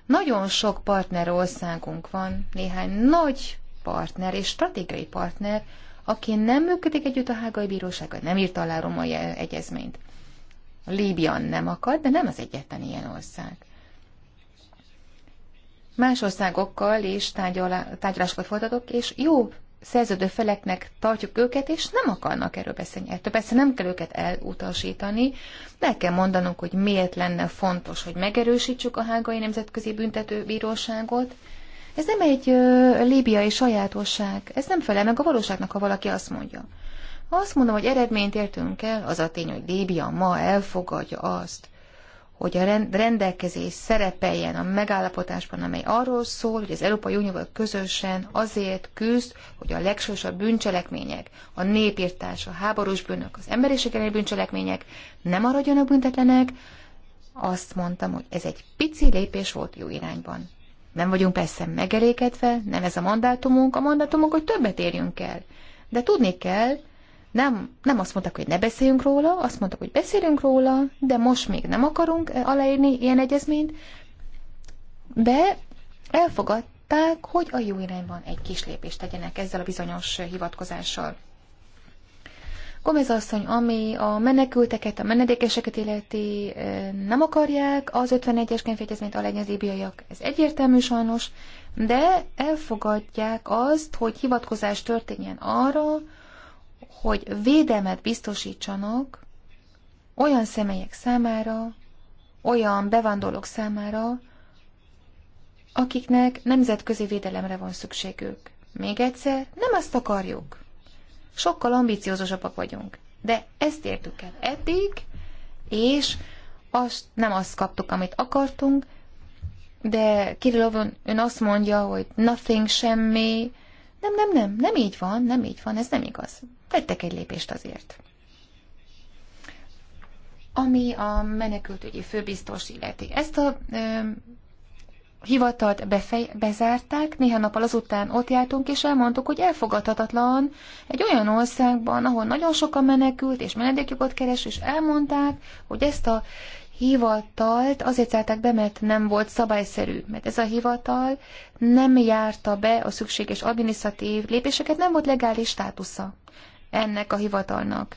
Nagyon sok partner országunk van, néhány nagy partner és stratégiai partner, aki nem működik együtt a Hágai Bírósággal, nem írta alá a római eh, egyezményt. Líbia nem akar, de nem az egyetlen ilyen ország más országokkal is tárgyalásokat folytatok, és jó szerződő feleknek tartjuk őket, és nem akarnak erről beszélni. Ettől persze nem kell őket elutasítani, de el kell mondanunk, hogy miért lenne fontos, hogy megerősítsük a Hágai Nemzetközi Büntetőbíróságot. Ez nem egy ö, líbiai sajátosság, ez nem felel meg a valóságnak, ha valaki azt mondja. Ha azt mondom, hogy eredményt értünk el, az a tény, hogy Líbia ma elfogadja azt, hogy a rendelkezés szerepeljen a megállapotásban, amely arról szól, hogy az Európai Unióval közösen azért küzd, hogy a legsősabb bűncselekmények, a népírtás, a háborús bűnök, az emberiség elleni bűncselekmények nem maradjanak büntetlenek, azt mondtam, hogy ez egy pici lépés volt jó irányban. Nem vagyunk persze megelégedve, nem ez a mandátumunk, a mandátumunk, hogy többet érjünk el. De tudni kell, nem, nem azt mondták, hogy ne beszéljünk róla, azt mondták, hogy beszélünk róla, de most még nem akarunk eh, aláírni ilyen egyezményt, de elfogadták, hogy a jó irányban egy kis lépést tegyenek ezzel a bizonyos eh, hivatkozással. Gomez asszony, ami a menekülteket, a menedékeseket illeti eh, nem akarják, az 51-es könyvegyezményt aláírni az líbiaiak. Ez egyértelmű sajnos, de elfogadják azt, hogy hivatkozás történjen arra, hogy védelmet biztosítsanak olyan személyek számára, olyan bevándorlók számára, akiknek nemzetközi védelemre van szükségük. Még egyszer, nem ezt akarjuk. Sokkal ambiciózusabbak vagyunk. De ezt értük el eddig, és azt, nem azt kaptuk, amit akartunk, de Kirillov ön azt mondja, hogy nothing, semmi. Nem, nem, nem, nem így van, nem így van, ez nem igaz tettek egy lépést azért. Ami a menekültügyi főbiztos illeti. Ezt a ö, hivatalt befej, bezárták, néhány nappal azután ott jártunk, és elmondtuk, hogy elfogadhatatlan egy olyan országban, ahol nagyon sokan menekült és menedékjogot keres, és elmondták, hogy ezt a hivatalt azért zárták be, mert nem volt szabályszerű, mert ez a hivatal nem járta be a szükséges adminisztratív lépéseket, nem volt legális státusza ennek a hivatalnak.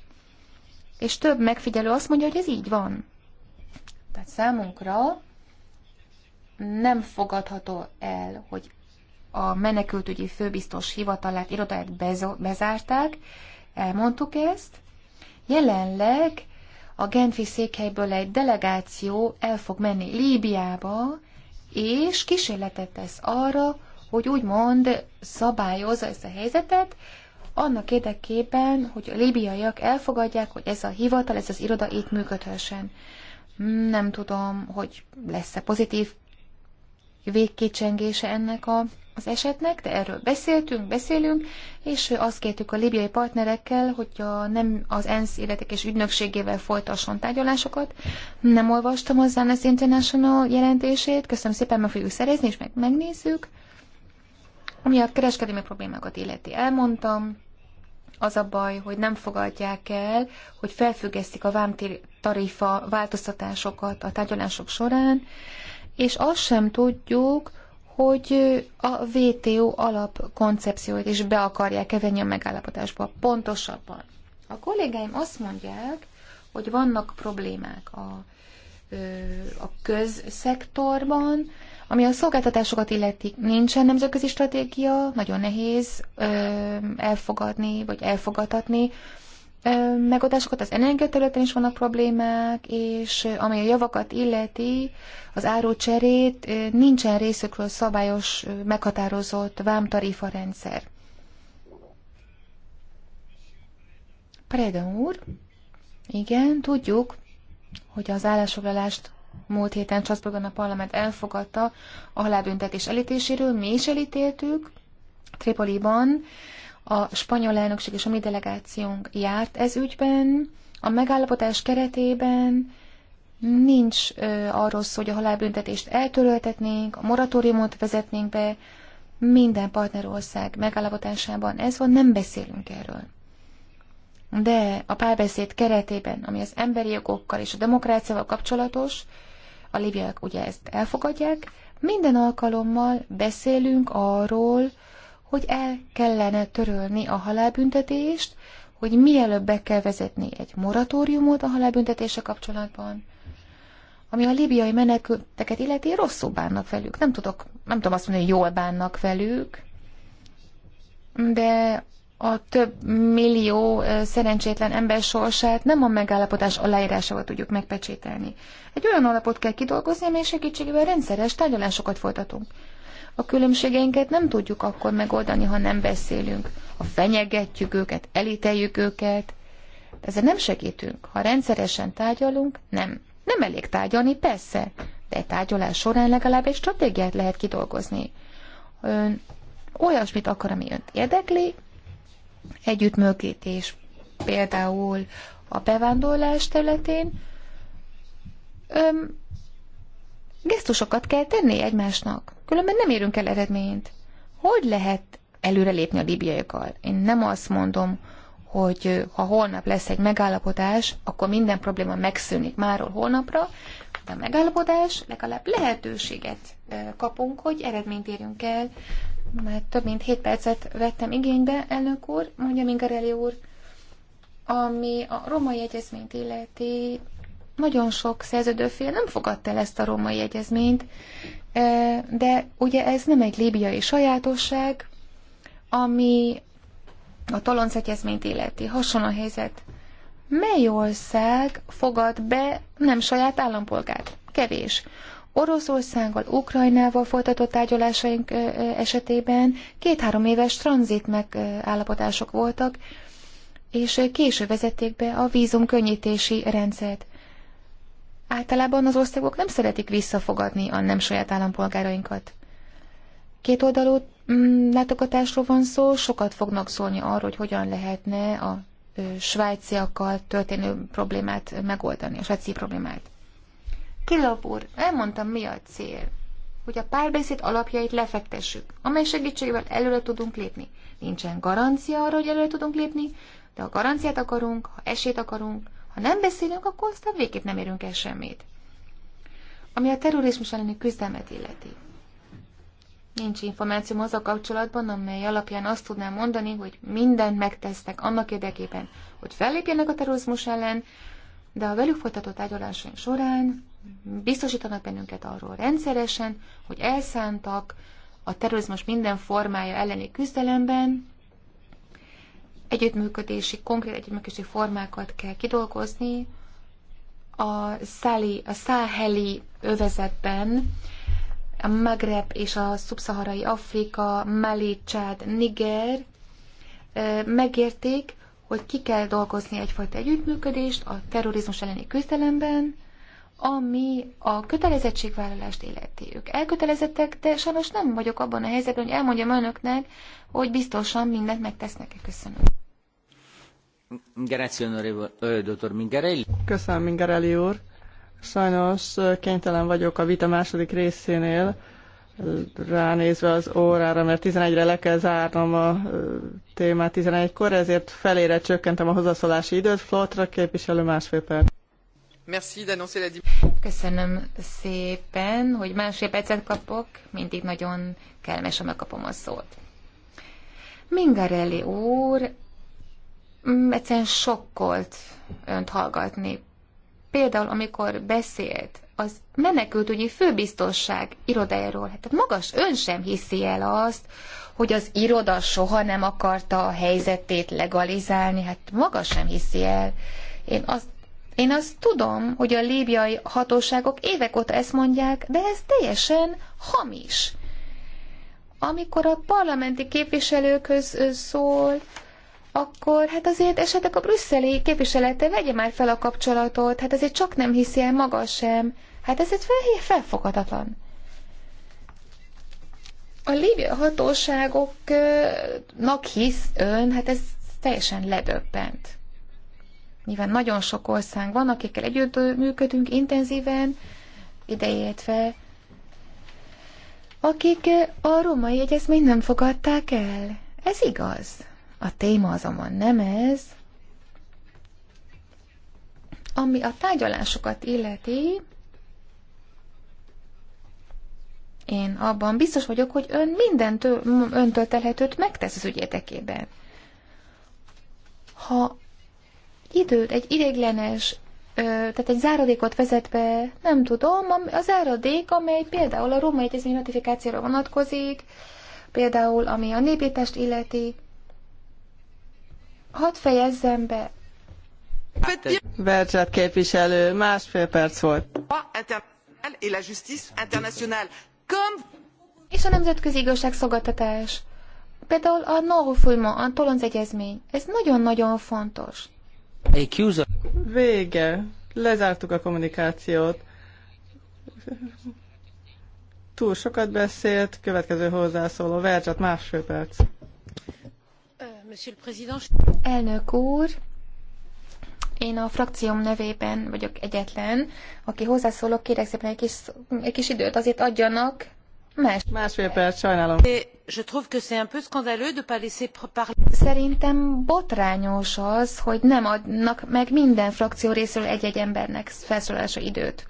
És több megfigyelő azt mondja, hogy ez így van. Tehát számunkra nem fogadható el, hogy a menekültügyi főbiztos hivatalát, irodáját bezárták, elmondtuk ezt. Jelenleg a Genfi székhelyből egy delegáció el fog menni Líbiába, és kísérletet tesz arra, hogy úgymond szabályozza ezt a helyzetet, annak érdekében, hogy a libiaiak elfogadják, hogy ez a hivatal, ez az iroda itt működhessen. Nem tudom, hogy lesz-e pozitív végkicsengése ennek a, az esetnek, de erről beszéltünk, beszélünk, és azt kértük a libiai partnerekkel, hogy a, nem az ENSZ életek és ügynökségével folytasson tárgyalásokat. Nem olvastam az Amnesty International jelentését, köszönöm szépen, meg fogjuk szerezni, és meg megnézzük. Ami a kereskedelmi problémákat illeti, elmondtam az a baj, hogy nem fogadják el, hogy felfüggesztik a vámtarifa változtatásokat a tárgyalások során, és azt sem tudjuk, hogy a VTO alapkoncepciót is be akarják-e venni a megállapodásba pontosabban. A kollégáim azt mondják, hogy vannak problémák a, a közszektorban, ami a szolgáltatásokat illeti, nincsen nemzetközi stratégia, nagyon nehéz ö, elfogadni, vagy elfogadatni ö, megoldásokat. Az energiaterületen is vannak problémák, és ami a javakat illeti, az árócserét, ö, nincsen részükről szabályos, ö, meghatározott vámtarifa rendszer. Preda úr, igen, tudjuk, hogy az állásfoglalást múlt héten Strasbourgban a parlament elfogadta a halálbüntetés elítéséről, mi is elítéltük, Tripoliban a spanyol elnökség és a mi delegációnk járt ez ügyben, a megállapodás keretében nincs ö, arról szó, hogy a halálbüntetést eltöröltetnénk, a moratóriumot vezetnénk be, minden partnerország megállapodásában ez van, nem beszélünk erről. De a párbeszéd keretében, ami az emberi jogokkal és a demokráciával kapcsolatos, a libyák ugye ezt elfogadják, minden alkalommal beszélünk arról, hogy el kellene törölni a halálbüntetést, hogy mielőbb be kell vezetni egy moratóriumot a halálbüntetése kapcsolatban, ami a libiai menekülteket illeti, rosszul bánnak velük. Nem tudok, nem tudom azt mondani, hogy jól bánnak velük, de a több millió szerencsétlen ember sorsát nem a megállapodás aláírásával tudjuk megpecsételni. Egy olyan alapot kell kidolgozni, amely segítségével rendszeres tárgyalásokat folytatunk. A különbségeinket nem tudjuk akkor megoldani, ha nem beszélünk. Ha fenyegetjük őket, elíteljük őket, ezzel nem segítünk. Ha rendszeresen tárgyalunk, nem. Nem elég tárgyalni, persze, de egy tárgyalás során legalább egy stratégiát lehet kidolgozni. Ön olyasmit akar, ami önt érdekli, együttműködés például a bevándorlás területén, öm, gesztusokat kell tenni egymásnak, különben nem érünk el eredményt. Hogy lehet előrelépni a libiaiakkal? Én nem azt mondom, hogy ha holnap lesz egy megállapodás, akkor minden probléma megszűnik máról holnapra, de a megállapodás legalább lehetőséget kapunk, hogy eredményt érjünk el, már több mint 7 percet vettem igénybe, elnök úr, mondja Mingarelli úr, ami a római egyezményt illeti, nagyon sok szerződőfél nem fogadta el ezt a római egyezményt, e, de ugye ez nem egy líbiai sajátosság, ami a tolonc egyezményt illeti. Hasonló helyzet. Mely ország fogad be nem saját állampolgárt? Kevés. Oroszországgal, Ukrajnával folytatott tárgyalásaink esetében két-három éves tranzit megállapodások voltak, és később vezették be a vízum könnyítési rendszert. Általában az országok nem szeretik visszafogadni a nem saját állampolgárainkat. Két oldalú mm, látogatásról van szó, sokat fognak szólni arról, hogy hogyan lehetne a svájciakkal történő problémát megoldani, a svájci problémát. Kilop úr, elmondtam, mi a cél. Hogy a párbeszéd alapjait lefektessük, amely segítségével előre tudunk lépni. Nincsen garancia arra, hogy előre tudunk lépni, de ha garanciát akarunk, ha esélyt akarunk, ha nem beszélünk, akkor aztán végképp nem érünk el semmit. Ami a terrorizmus elleni küzdelmet illeti. Nincs információm az a kapcsolatban, amely alapján azt tudnám mondani, hogy mindent megtesznek annak érdekében, hogy fellépjenek a terrorizmus ellen, de a velük folytatott ágyalásaink során biztosítanak bennünket arról rendszeresen, hogy elszántak a terrorizmus minden formája elleni küzdelemben, együttműködési, konkrét együttműködési formákat kell kidolgozni, a, száli, a száheli övezetben, a Magreb és a szubszaharai Afrika, Mali, Csád, Niger megérték, hogy ki kell dolgozni egyfajta együttműködést a terrorizmus elleni küzdelemben, ami a kötelezettségvállalást illeti. Ők elkötelezettek, de sajnos nem vagyok abban a helyzetben, hogy elmondjam önöknek, hogy biztosan mindent megtesznek-e. Köszönöm. Köszönöm, Mingarelli úr. Sajnos kénytelen vagyok a vita második részénél ránézve az órára, mert 11-re le kell zárnom a témát 11-kor, ezért felére csökkentem a hozzászólási időt. Flotra képviselő másfél perc. Merci d'annoncer la Köszönöm szépen, hogy másfél percet kapok, mindig nagyon kellemes, ha megkapom a szót. Mingarelli úr, mm, egyszerűen sokkolt önt hallgatni. Például, amikor beszélt az menekültügyi főbiztosság irodájáról, hát magas ön sem hiszi el azt, hogy az iroda soha nem akarta a helyzetét legalizálni, hát maga sem hiszi el. Én azt én azt tudom, hogy a líbiai hatóságok évek óta ezt mondják, de ez teljesen hamis. Amikor a parlamenti képviselőkhöz szól, akkor hát azért esetleg a brüsszeli képviselete vegye már fel a kapcsolatot, hát azért csak nem hiszi el maga sem. Hát ez egy fel, felfoghatatlan. A líbia hatóságoknak hisz ön, hát ez teljesen ledöbbent. Nyilván nagyon sok ország van, akikkel együtt működünk intenzíven, ideértve, akik a római egyezményt nem fogadták el. Ez igaz. A téma azonban nem ez. Ami a tárgyalásokat illeti, én abban biztos vagyok, hogy ön mindent öntől telhetőt megtesz az ügy érdekében. Ha időt, egy ideiglenes, tehát egy záradékot vezet be, nem tudom, a záradék, amely például a római egyezmény ratifikációra vonatkozik, például ami a népítást illeti. Hadd fejezzem be. Bercset képviselő, másfél perc volt. És a nemzetközi igazságszolgáltatás. Például a Norfulma, a Tolonc Egyezmény. Ez nagyon-nagyon fontos. Vége. Lezártuk a kommunikációt. Túl sokat beszélt, következő hozzászóló. Vercsat, másfél perc. Uh, Elnök úr, én a frakcióm nevében vagyok egyetlen, aki hozzászólok, kérek szépen egy kis, egy kis időt azért adjanak. Más. Másfél perc, sajnálom. É eh, je trouve que c'est un peu scandaleux de pas laisser parler. Szerintem botrányos az, hogy nem adnak meg minden frakció részéről egy-egy embernek felszólalása időt.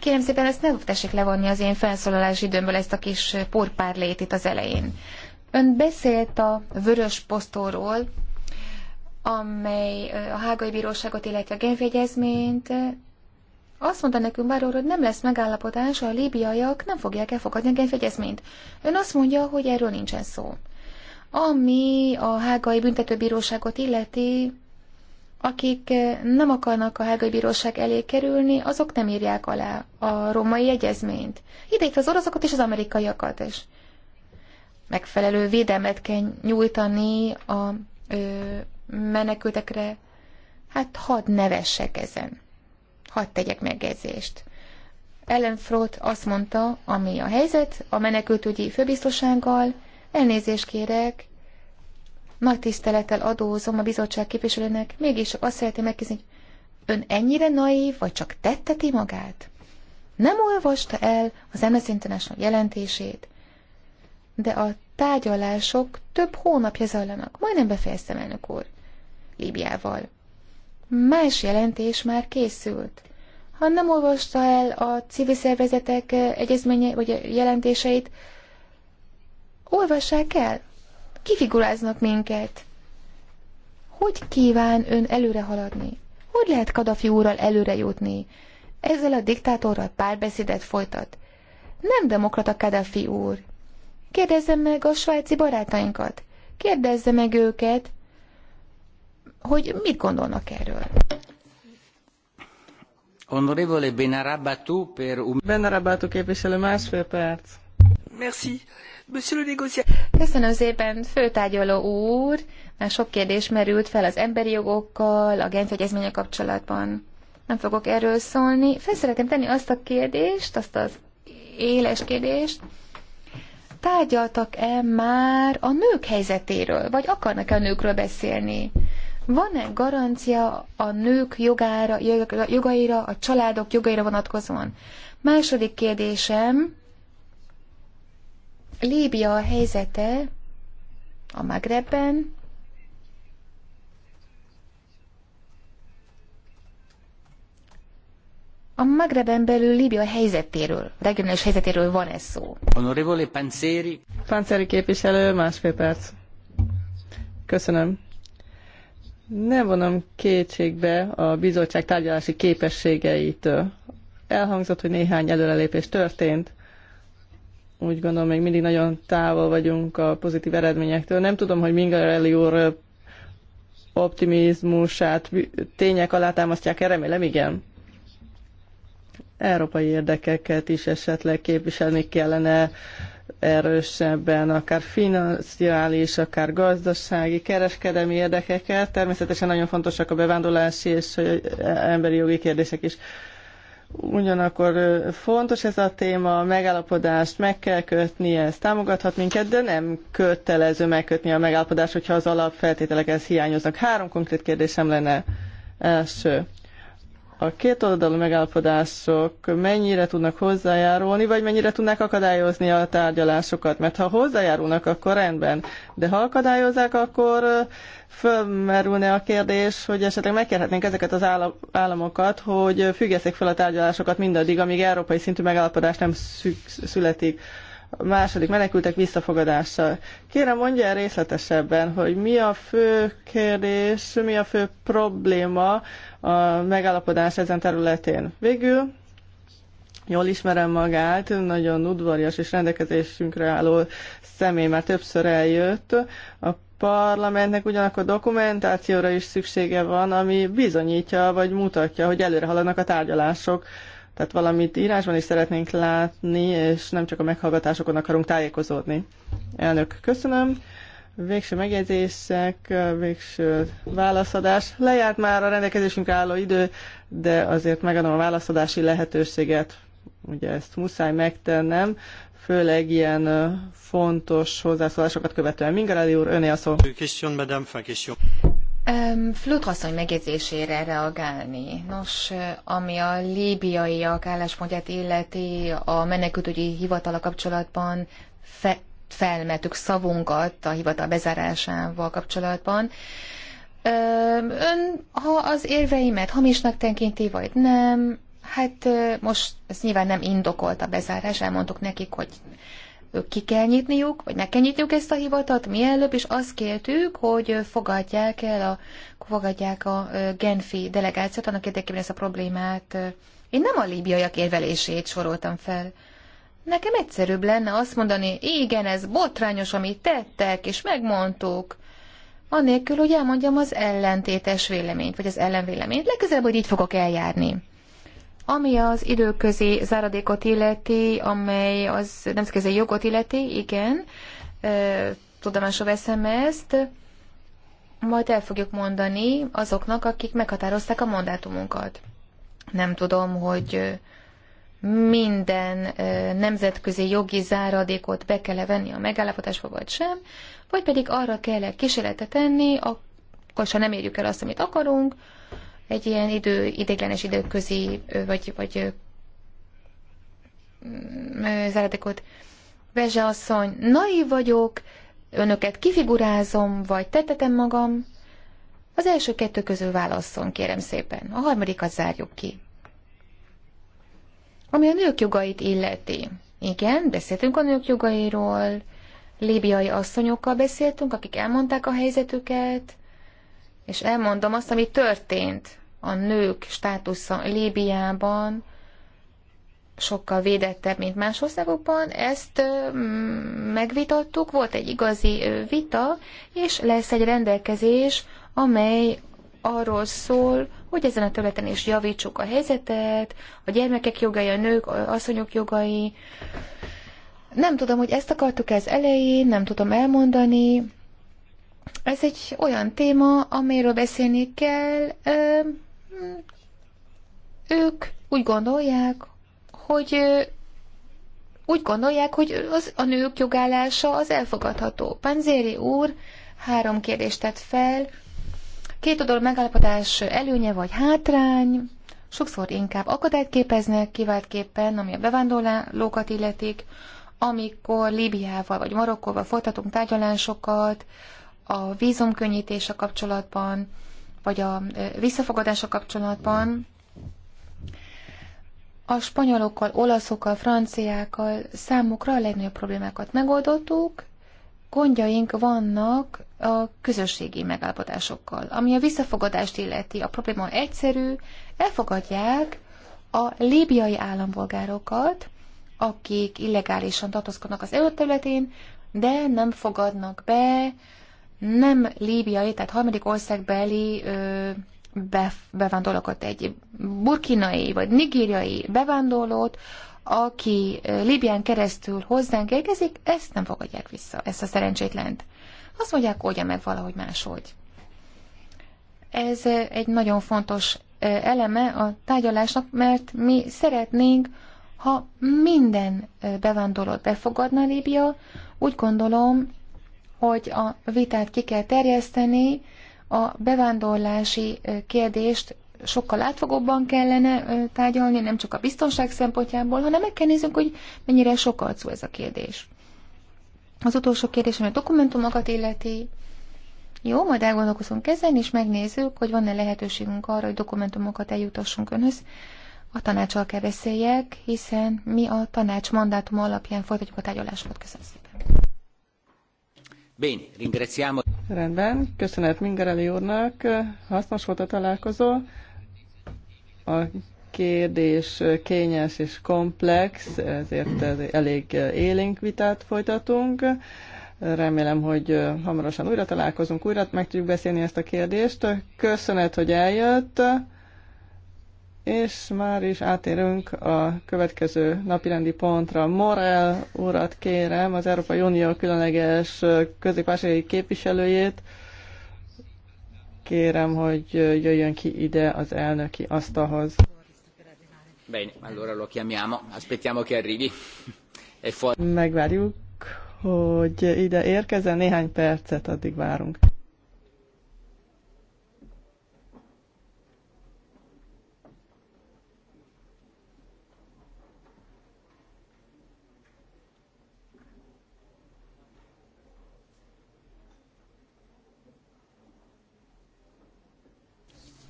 Kérem szépen, ezt ne tessék levonni az én felszólalási időmből ezt a kis porpárlét itt az elején. Ön beszélt a vörös posztóról, amely a hágai bíróságot, illetve a Genfi azt mondta nekünk bár hogy nem lesz megállapodás, a líbiaiak nem fogják elfogadni a egyezményt. Ön azt mondja, hogy erről nincsen szó. Ami a hágai büntetőbíróságot illeti, akik nem akarnak a hágai bíróság elé kerülni, azok nem írják alá a római egyezményt. Itt az oroszokat és az amerikaiakat is. Megfelelő védelmet kell nyújtani a ö, menekültekre. Hát hadd nevessek ezen. Hadd tegyek megjegyzést. Ellen Frott azt mondta, ami a helyzet a menekültügyi főbiztossággal, elnézést kérek, nagy tisztelettel adózom a bizottság képviselőnek, mégis azt szeretném megkérdezni, hogy ön ennyire naív, vagy csak tetteti magát? Nem olvasta el az Amnesty International jelentését, de a tárgyalások több hónapja zajlanak. Majdnem befejeztem, elnök úr. Líbiával más jelentés már készült. Ha nem olvasta el a civil szervezetek eh, egyezménye vagy jelentéseit, olvassák el. Kifiguráznak minket. Hogy kíván ön előre haladni? Hogy lehet Kadafi úrral előre jutni? Ezzel a diktátorral párbeszédet folytat. Nem demokrata Kadafi úr. Kérdezze meg a svájci barátainkat. Kérdezze meg őket, hogy mit gondolnak erről. Honorevole Benarabatu per un... Benarabatu képviselő másfél perc. Merci. Monsieur le négociant. Köszönöm szépen, főtárgyaló úr. Már sok kérdés merült fel az emberi jogokkal, a Genf egyezménye kapcsolatban. Nem fogok erről szólni. Fel szeretném tenni azt a kérdést, azt az éles kérdést, tárgyaltak-e már a nők helyzetéről, vagy akarnak-e a nőkről beszélni? Van-e garancia a nők jogára, jogaira, a családok jogaira vonatkozóan? Második kérdésem, Líbia a helyzete a Magrebben, A Magreben belül Líbia helyzetéről, regionális helyzetéről van ez szó. Honorevole Panzeri Panzeri képviselő, másfél perc. Köszönöm. Nem vonom kétségbe a bizottság tárgyalási képességeit. Elhangzott, hogy néhány előrelépés történt. Úgy gondolom, még mindig nagyon távol vagyunk a pozitív eredményektől. Nem tudom, hogy Mingarelli úr optimizmusát tények alátámasztják-e, remélem igen. Európai érdekeket is esetleg képviselni kellene erősebben, akár financiális, akár gazdasági, kereskedelmi érdekeket. Természetesen nagyon fontosak a bevándorlási és emberi jogi kérdések is. Ugyanakkor fontos ez a téma, megállapodást meg kell kötni, ez támogathat minket, de nem kötelező megkötni a megállapodást, hogyha az alapfeltételek ez hiányoznak. Három konkrét kérdésem lenne. Első, a két oldalú megállapodások mennyire tudnak hozzájárulni, vagy mennyire tudnak akadályozni a tárgyalásokat. Mert ha hozzájárulnak, akkor rendben, de ha akadályozzák, akkor fölmerülne a kérdés, hogy esetleg megkérhetnénk ezeket az államokat, hogy függeszek fel a tárgyalásokat mindaddig, amíg európai szintű megállapodás nem születik. A második menekültek visszafogadása. Kérem, mondja el részletesebben, hogy mi a fő kérdés, mi a fő probléma, a megállapodás ezen területén. Végül jól ismerem magát, nagyon udvarias és rendelkezésünkre álló személy, már többször eljött. A parlamentnek ugyanakkor dokumentációra is szüksége van, ami bizonyítja vagy mutatja, hogy előre haladnak a tárgyalások. Tehát valamit írásban is szeretnénk látni, és nem csak a meghallgatásokon akarunk tájékozódni. Elnök, köszönöm. Végső megjegyzések, végső válaszadás. Lejárt már a rendelkezésünk álló idő, de azért megadom a válaszadási lehetőséget. Ugye ezt muszáj megtennem, főleg ilyen fontos hozzászólásokat követően. Mingarádi úr, öné a szó. Question, madame, question. Um, Flutrasszony megjegyzésére reagálni. Nos, ami a líbiaiak álláspontját illeti a menekültügyi hivatala kapcsolatban, fe, felmetük szavunkat a hivatal bezárásával kapcsolatban. Ön, ha az érveimet hamisnak tekinti, vagy nem, hát most ez nyilván nem indokolt a bezárás, elmondtuk nekik, hogy ők ki kell nyitniuk, vagy meg kell nyitniuk ezt a hivatat mielőbb, és azt kértük, hogy fogadják el a, fogadják a Genfi delegációt, annak érdekében ezt a problémát. Én nem a líbiaiak érvelését soroltam fel. Nekem egyszerűbb lenne azt mondani, igen, ez botrányos, amit tettek, és megmondtuk, anélkül, hogy elmondjam az ellentétes véleményt, vagy az ellenvéleményt. Legközelebb, hogy így fogok eljárni. Ami az időközi záradékot illeti, amely az nemzetközi jogot illeti, igen, tudomásra veszem ezt, majd el fogjuk mondani azoknak, akik meghatározták a mandátumunkat. Nem tudom, hogy minden nemzetközi jogi záradékot be kell -e venni a megállapodásba, vagy sem, vagy pedig arra kell -e kísérletet tenni, akkor se nem érjük el azt, amit akarunk, egy ilyen idő, ideiglenes időközi, vagy, vagy záradékot. Vezse asszony, naiv vagyok, önöket kifigurázom, vagy tettetem magam. Az első kettő közül válasszon, kérem szépen. A harmadikat zárjuk ki. Ami a nők jogait illeti. Igen, beszéltünk a nők jogairól, líbiai asszonyokkal beszéltünk, akik elmondták a helyzetüket, és elmondom azt, ami történt a nők státusza Líbiában, sokkal védettebb, mint más országokban. Ezt mm, megvitattuk, volt egy igazi vita, és lesz egy rendelkezés, amely arról szól, hogy ezen a területen is javítsuk a helyzetet, a gyermekek jogai, a nők, a asszonyok jogai. Nem tudom, hogy ezt akartuk ez elején, nem tudom elmondani. Ez egy olyan téma, amiről beszélni kell. ők úgy gondolják, hogy úgy gondolják, hogy az, a nők jogállása az elfogadható. Panzéri úr három kérdést tett fel, Két oldalú megállapodás előnye vagy hátrány, sokszor inkább akadályt képeznek, kiváltképpen, ami a bevándorlókat illetik, amikor Líbiával vagy Marokkóval folytatunk tárgyalásokat, a a kapcsolatban, vagy a a kapcsolatban, a spanyolokkal, olaszokkal, franciákkal számukra a legnagyobb problémákat megoldottuk, gondjaink vannak a közösségi megállapodásokkal. Ami a visszafogadást illeti, a probléma egyszerű, elfogadják a líbiai állampolgárokat, akik illegálisan tartozkodnak az EU területén, de nem fogadnak be nem líbiai, tehát harmadik országbeli ö, be, bevándorlókat, egy burkinai vagy nigériai bevándorlót, aki Líbián keresztül hozzánk érkezik, ezt nem fogadják vissza, ezt a szerencsétlent. Azt mondják, oldja meg valahogy máshogy. Ez egy nagyon fontos eleme a tárgyalásnak, mert mi szeretnénk, ha minden bevándorlót befogadna Líbia, úgy gondolom, hogy a vitát ki kell terjeszteni, a bevándorlási kérdést sokkal átfogóbban kellene tárgyalni, nem csak a biztonság szempontjából, hanem meg kell hogy mennyire sokat szó ez a kérdés. Az utolsó kérdés, ami a dokumentumokat illeti, jó, majd elgondolkozunk ezen, és megnézzük, hogy van-e lehetőségünk arra, hogy dokumentumokat eljutassunk önhöz. A tanácsal kell beszéljek, hiszen mi a tanács mandátum alapján folytatjuk a tárgyalásokat. Köszönöm szépen. Bene, ringraziamo. Rendben, köszönet Mingereli úrnak, hasznos volt a találkozó. A kérdés kényes és komplex, ezért elég élénk vitát folytatunk. Remélem, hogy hamarosan újra találkozunk, újra meg tudjuk beszélni ezt a kérdést. Köszönet, hogy eljött, és már is átérünk a következő napirendi pontra. Morel urat kérem, az Európai Unió különleges közép képviselőjét, kérem, hogy jöjjön ki ide az elnöki asztalhoz. Bene, allora lo chiamiamo, aspettiamo che arrivi. E fuori. Megvárjuk, hogy ide érkezzen néhány percet, addig várunk.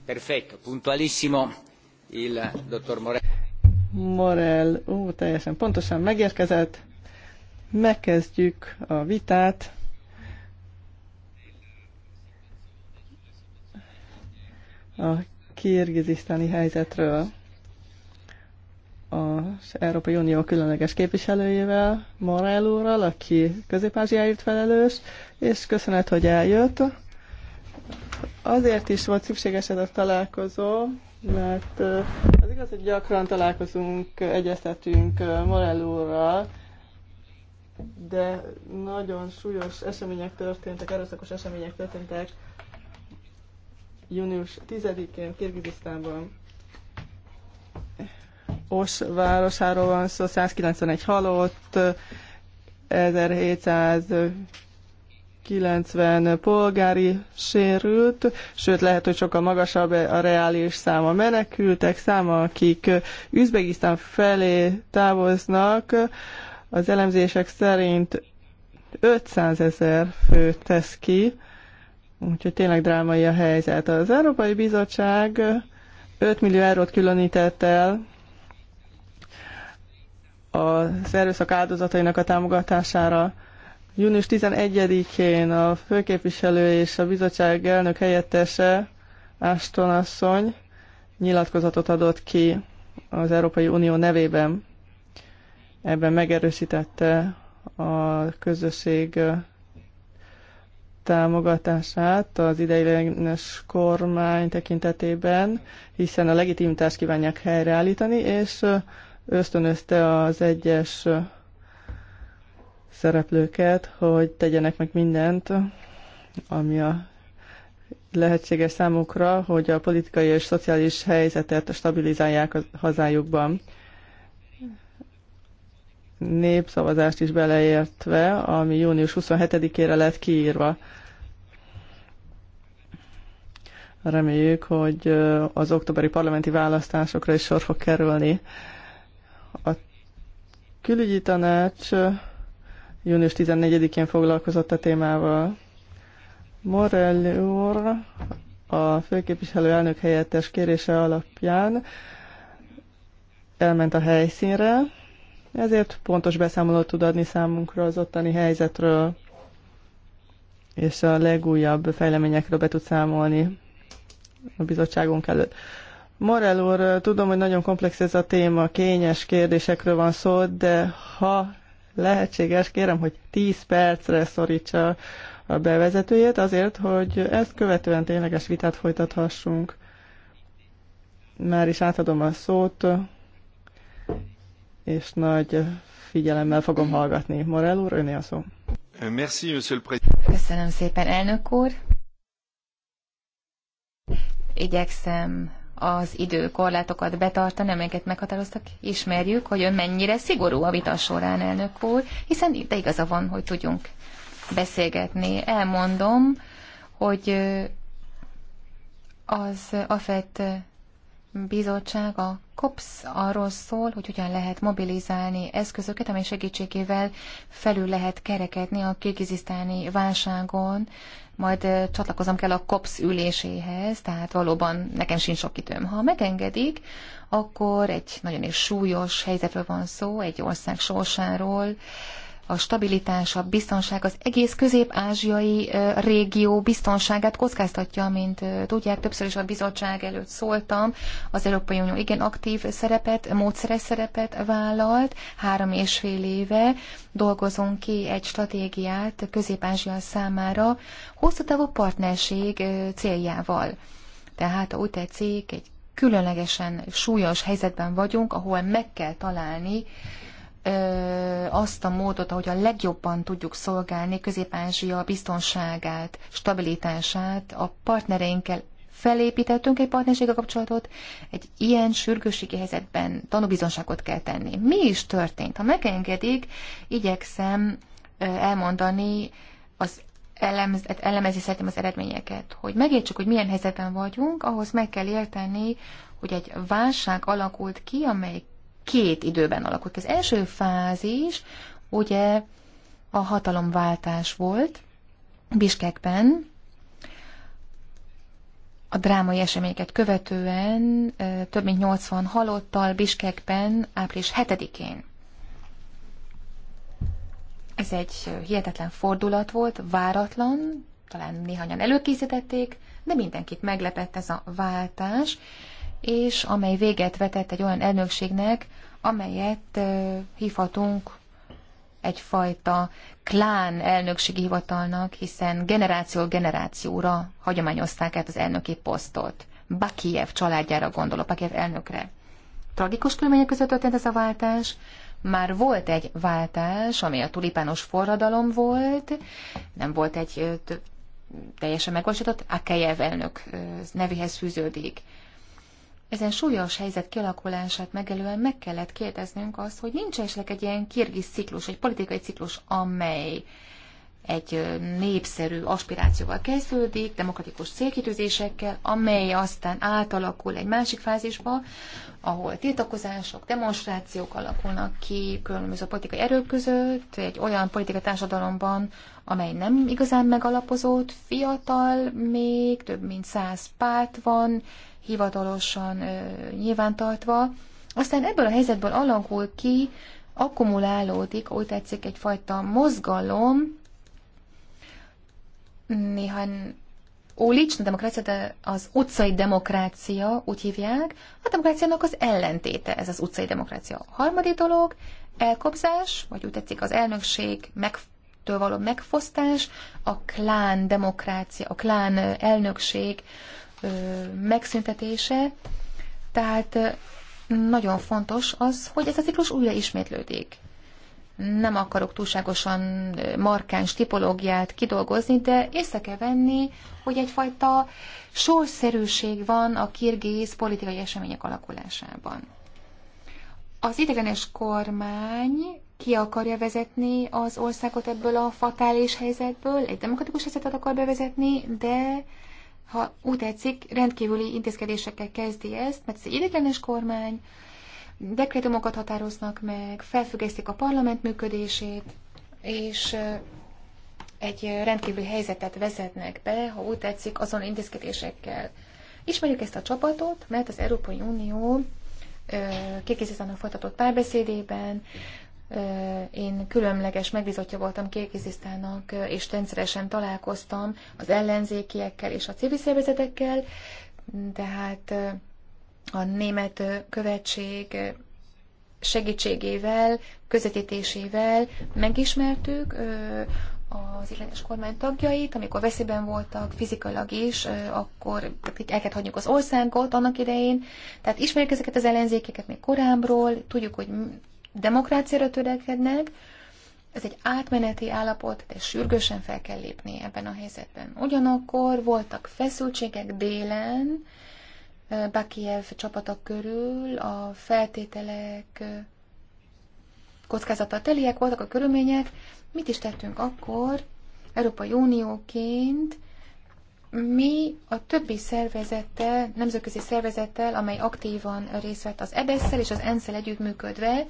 Perfetto, puntualissimo. Il dottor Morel. Morel, ú, teljesen pontosan megérkezett. Megkezdjük a vitát. A kirgizisztáni helyzetről az Európai Unió különleges képviselőjével, Morel úrral, aki közép felelős, és köszönet, hogy eljött. Azért is volt szükséges ez a találkozó, mert az igaz, hogy gyakran találkozunk, egyeztetünk Morellóval, de nagyon súlyos események történtek, erőszakos események történtek június 10-én Kirgizisztánban. Os városáról van szó, 191 halott, 1700 90 polgári sérült, sőt lehet, hogy sokkal magasabb a reális száma menekültek, száma, akik Üzbegisztán felé távoznak, az elemzések szerint 500 ezer fő tesz ki, úgyhogy tényleg drámai a helyzet. Az Európai Bizottság 5 millió eurót különített el az erőszak áldozatainak a támogatására. Június 11-én a főképviselő és a bizottság elnök helyettese Ashton asszony nyilatkozatot adott ki az Európai Unió nevében. Ebben megerősítette a közösség támogatását az ideiglenes kormány tekintetében, hiszen a legitimitást kívánják helyreállítani, és ösztönözte az egyes szereplőket, hogy tegyenek meg mindent, ami a lehetséges számukra, hogy a politikai és szociális helyzetet stabilizálják a hazájukban. Népszavazást is beleértve, ami június 27-ére lett kiírva. Reméljük, hogy az októberi parlamenti választásokra is sor fog kerülni. A külügyi tanács június 14-én foglalkozott a témával. Morelli úr a főképviselő elnök helyettes kérése alapján elment a helyszínre, ezért pontos beszámolót tud adni számunkra az ottani helyzetről, és a legújabb fejleményekről be tud számolni a bizottságunk előtt. Morel úr, tudom, hogy nagyon komplex ez a téma, kényes kérdésekről van szó, de ha lehetséges, kérem, hogy 10 percre szorítsa a bevezetőjét azért, hogy ezt követően tényleges vitát folytathassunk. Már is átadom a szót, és nagy figyelemmel fogom hallgatni. Morel úr, öné a szó. Merci, Köszönöm szépen, elnök úr. Igyekszem az időkorlátokat betartani, amelyeket meghatároztak, ismerjük, hogy ön mennyire szigorú a vita során, elnök úr, hiszen itt igaza van, hogy tudjunk beszélgetni. Elmondom, hogy az AFET bizottság, a COPS arról szól, hogy hogyan lehet mobilizálni eszközöket, amely segítségével felül lehet kerekedni a kirgizisztáni válságon, majd csatlakozom kell a COPS üléséhez, tehát valóban nekem sincs sok időm. Ha megengedik, akkor egy nagyon is súlyos helyzetről van szó, egy ország sorsáról, a stabilitás, a biztonság az egész közép-ázsiai régió biztonságát kockáztatja, mint tudják, többször is a bizottság előtt szóltam, az Európai Unió igen aktív szerepet, módszeres szerepet vállalt, három és fél éve dolgozunk ki egy stratégiát közép-ázsia számára, hosszú távú partnerség céljával. Tehát, ha úgy tetszik, egy különlegesen súlyos helyzetben vagyunk, ahol meg kell találni azt a módot, ahogy a legjobban tudjuk szolgálni Közép-Ázsia biztonságát, stabilitását, a partnereinkkel felépítettünk egy partnerségi kapcsolatot, egy ilyen sürgősségi helyzetben tanúbizonságot kell tenni. Mi is történt? Ha megengedik, igyekszem elmondani az elemez, elemezni szerintem az eredményeket. Hogy megértsük, hogy milyen helyzetben vagyunk, ahhoz meg kell érteni, hogy egy válság alakult ki, amely két időben alakult. Az első fázis ugye a hatalomváltás volt Biskekben, a drámai eseményeket követően több mint 80 halottal Biskekben április 7-én. Ez egy hihetetlen fordulat volt, váratlan, talán néhányan előkészítették, de mindenkit meglepett ez a váltás, és amely véget vetett egy olyan elnökségnek, amelyet hívhatunk egyfajta klán elnökségi hivatalnak, hiszen generáció generációra hagyományozták át az elnöki posztot. Bakiev családjára gondolok, Bakiev elnökre. Tragikus körülmények között történt ez a váltás. Már volt egy váltás, ami a tulipános forradalom volt, nem volt egy teljesen megvalósított, Akejev elnök nevéhez fűződik ezen súlyos helyzet kialakulását megelően meg kellett kérdeznünk azt, hogy nincs esetleg egy ilyen kirgis ciklus, egy politikai ciklus, amely egy népszerű aspirációval kezdődik, demokratikus célkitűzésekkel, amely aztán átalakul egy másik fázisba, ahol tiltakozások, demonstrációk alakulnak ki különböző politikai erők között, egy olyan politikai társadalomban, amely nem igazán megalapozott, fiatal még, több mint száz párt van, hivatalosan nyilvántartva. Aztán ebből a helyzetből alakul ki, akkumulálódik, úgy tetszik, egyfajta mozgalom, néhány Ólics, a demokrácia, de az utcai demokrácia, úgy hívják, a demokráciának az ellentéte, ez az utcai demokrácia. A harmadik dolog, elkobzás, vagy úgy tetszik az elnökség meg, való megfosztás, a klán demokrácia, a klán elnökség, megszüntetése, tehát nagyon fontos az, hogy ez a ciklus újra ismétlődik. Nem akarok túlságosan markáns tipológiát kidolgozni, de észre kell venni, hogy egyfajta sorszerűség van a kirgész politikai események alakulásában. Az idegenes kormány ki akarja vezetni az országot ebből a fatális helyzetből, egy demokratikus helyzetet akar bevezetni, de ha úgy tetszik, rendkívüli intézkedésekkel kezdi ezt, mert ez egy ideiglenes kormány, Dekretumokat határoznak meg, felfüggesztik a parlament működését, és egy rendkívüli helyzetet vezetnek be, ha úgy tetszik, azon intézkedésekkel. Ismerjük ezt a csapatot, mert az Európai Unió Kirgizisztánnal folytatott párbeszédében én különleges megbízottja voltam Kirgizisztának, és rendszeresen találkoztam az ellenzékiekkel és a civil szervezetekkel, tehát a német követség segítségével, közvetítésével megismertük az illetékes kormány tagjait, amikor veszélyben voltak fizikailag is, akkor el kellett hagyjuk az országot annak idején. Tehát ismerjük ezeket az ellenzékeket még korábbról, tudjuk, hogy demokráciára törekednek, ez egy átmeneti állapot, de sürgősen fel kell lépni ebben a helyzetben. Ugyanakkor voltak feszültségek délen, Bakiev csapata körül, a feltételek kockázata teliek voltak a körülmények. Mit is tettünk akkor? Európai Unióként mi a többi szervezettel, nemzetközi szervezettel, amely aktívan részt vett az EBS-szel e és az ENSZ-szel együttműködve,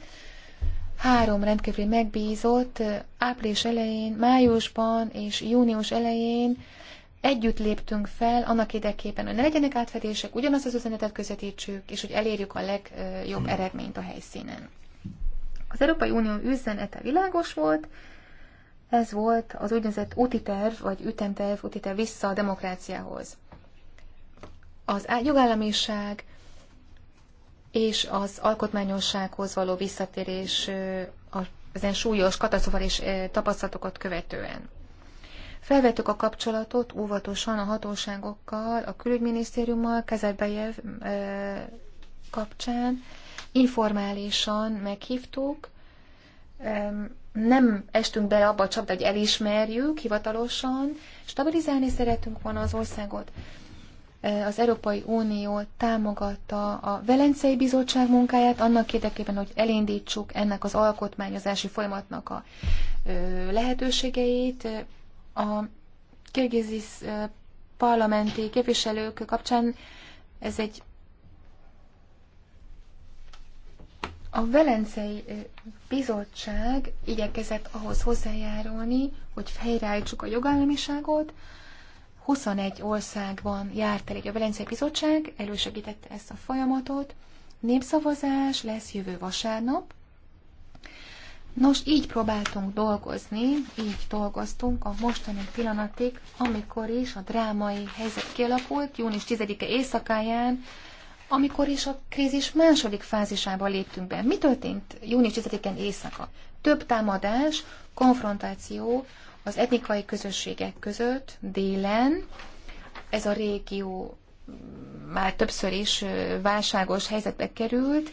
három rendkívüli megbízott április elején, májusban és június elején együtt léptünk fel annak érdekében, hogy ne legyenek átfedések, ugyanazt az üzenetet közvetítsük, és hogy elérjük a legjobb hmm. eredményt a helyszínen. Az Európai Unió üzenete világos volt, ez volt az úgynevezett úti terv, vagy ütemterv, úti terv vissza a demokráciához. Az jogállamiság, és az alkotmányossághoz való visszatérés az ilyen súlyos katasztrofális tapasztalatokat követően. Felvettük a kapcsolatot óvatosan a hatóságokkal, a külügyminisztériummal, Kezelbejev kapcsán, informálisan meghívtuk, nem estünk bele abba a csapda, hogy elismerjük hivatalosan, stabilizálni szeretünk volna az országot az Európai Unió támogatta a Velencei Bizottság munkáját annak érdekében, hogy elindítsuk ennek az alkotmányozási folyamatnak a lehetőségeit. A kirgizisz parlamenti képviselők kapcsán ez egy A Velencei Bizottság igyekezett ahhoz hozzájárulni, hogy fejreállítsuk a jogállamiságot, 21 országban járt el egy a Velencei Bizottság, elősegítette ezt a folyamatot. Népszavazás lesz jövő vasárnap. Nos, így próbáltunk dolgozni, így dolgoztunk a mostani pillanatig, amikor is a drámai helyzet kialakult, június 10-e éjszakáján, amikor is a krízis második fázisába léptünk be. Mi történt június 10-en éjszaka? Több támadás, konfrontáció, az etnikai közösségek között délen. Ez a régió mm, már többször is válságos helyzetbe került.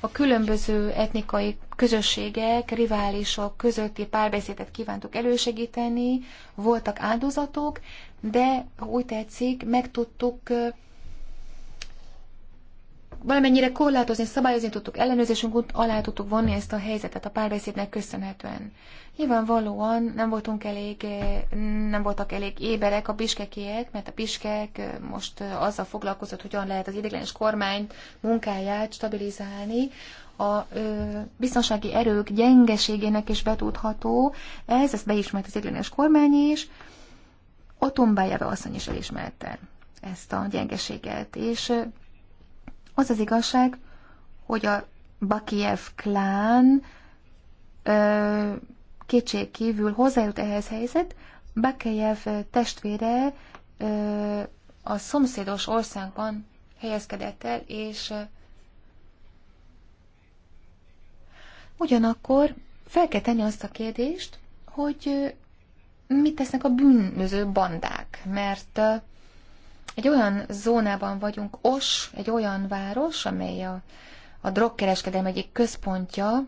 A különböző etnikai közösségek, riválisok közötti párbeszédet kívántuk elősegíteni, voltak áldozatok, de úgy tetszik, meg tudtuk valamennyire korlátozni, szabályozni tudtuk, ellenőrzésünk alá tudtuk vonni ezt a helyzetet a párbeszédnek köszönhetően. Nyilvánvalóan nem voltunk elég, eh, nem voltak elég éberek a biskekiek, mert a biskek eh, most eh, azzal foglalkozott, hogyan lehet az ideglenes kormány munkáját stabilizálni, a ö, biztonsági erők gyengeségének is betudható. Ez, ezt beismert az ideglenes kormány is. Otombájára asszony is elismerte ezt a gyengeséget, és az az igazság, hogy a Bakiev klán ö, kétség kívül hozzájut ehhez helyzet. Bakiev testvére ö, a szomszédos országban helyezkedett el, és ö, ugyanakkor fel kell tenni azt a kérdést, hogy ö, mit tesznek a bűnöző bandák, mert ö, egy olyan zónában vagyunk, Os, egy olyan város, amely a, a drogkereskedelem egyik központja,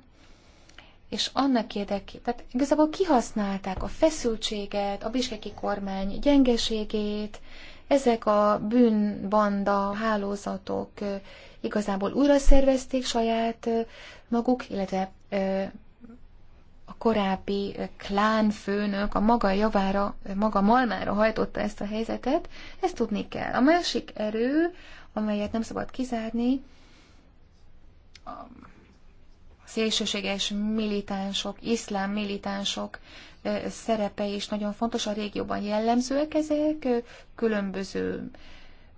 és annak érdekében, tehát igazából kihasználták a feszültséget, a biskeki kormány gyengeségét, ezek a bűnbanda hálózatok igazából újra szervezték saját maguk, illetve a korábbi főnök a maga javára, maga malmára hajtotta ezt a helyzetet, ezt tudni kell. A másik erő, amelyet nem szabad kizárni, a szélsőséges militánsok, iszlám militánsok szerepe is nagyon fontos, a régióban jellemzőek ezek, különböző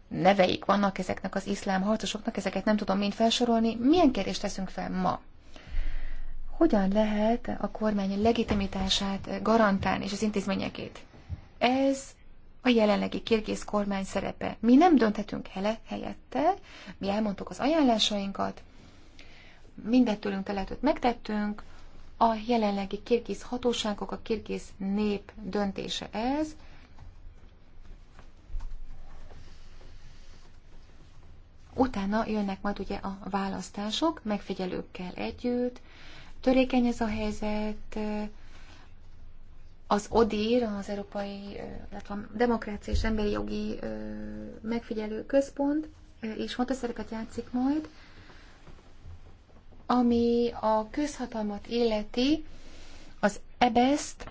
neveik vannak ezeknek az iszlám harcosoknak, ezeket nem tudom mind felsorolni. Milyen kérdést teszünk fel ma? hogyan lehet a kormány legitimitását garantálni és az intézményekét. Ez a jelenlegi kirgész kormány szerepe. Mi nem dönthetünk hele helyette, mi elmondtuk az ajánlásainkat, mindent tőlünk telhetőt megtettünk, a jelenlegi kirgész hatóságok, a kirgész nép döntése ez, Utána jönnek majd ugye a választások megfigyelőkkel együtt, Törékeny ez a helyzet, az ODIR, az Európai Demokrácia és Emberi Jogi Megfigyelő Központ is fontos szerepet játszik majd, ami a közhatalmat illeti, az EBESZ-t,